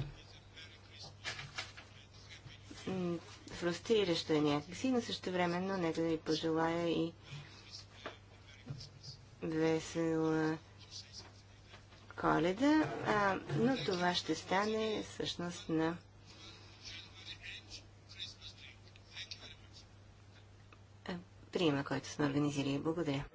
Фрустриращо е някакси, но също времено нека да ви пожелая и весела коледа, а, но това ще стане всъщност на приема, който сме организирали. Благодаря.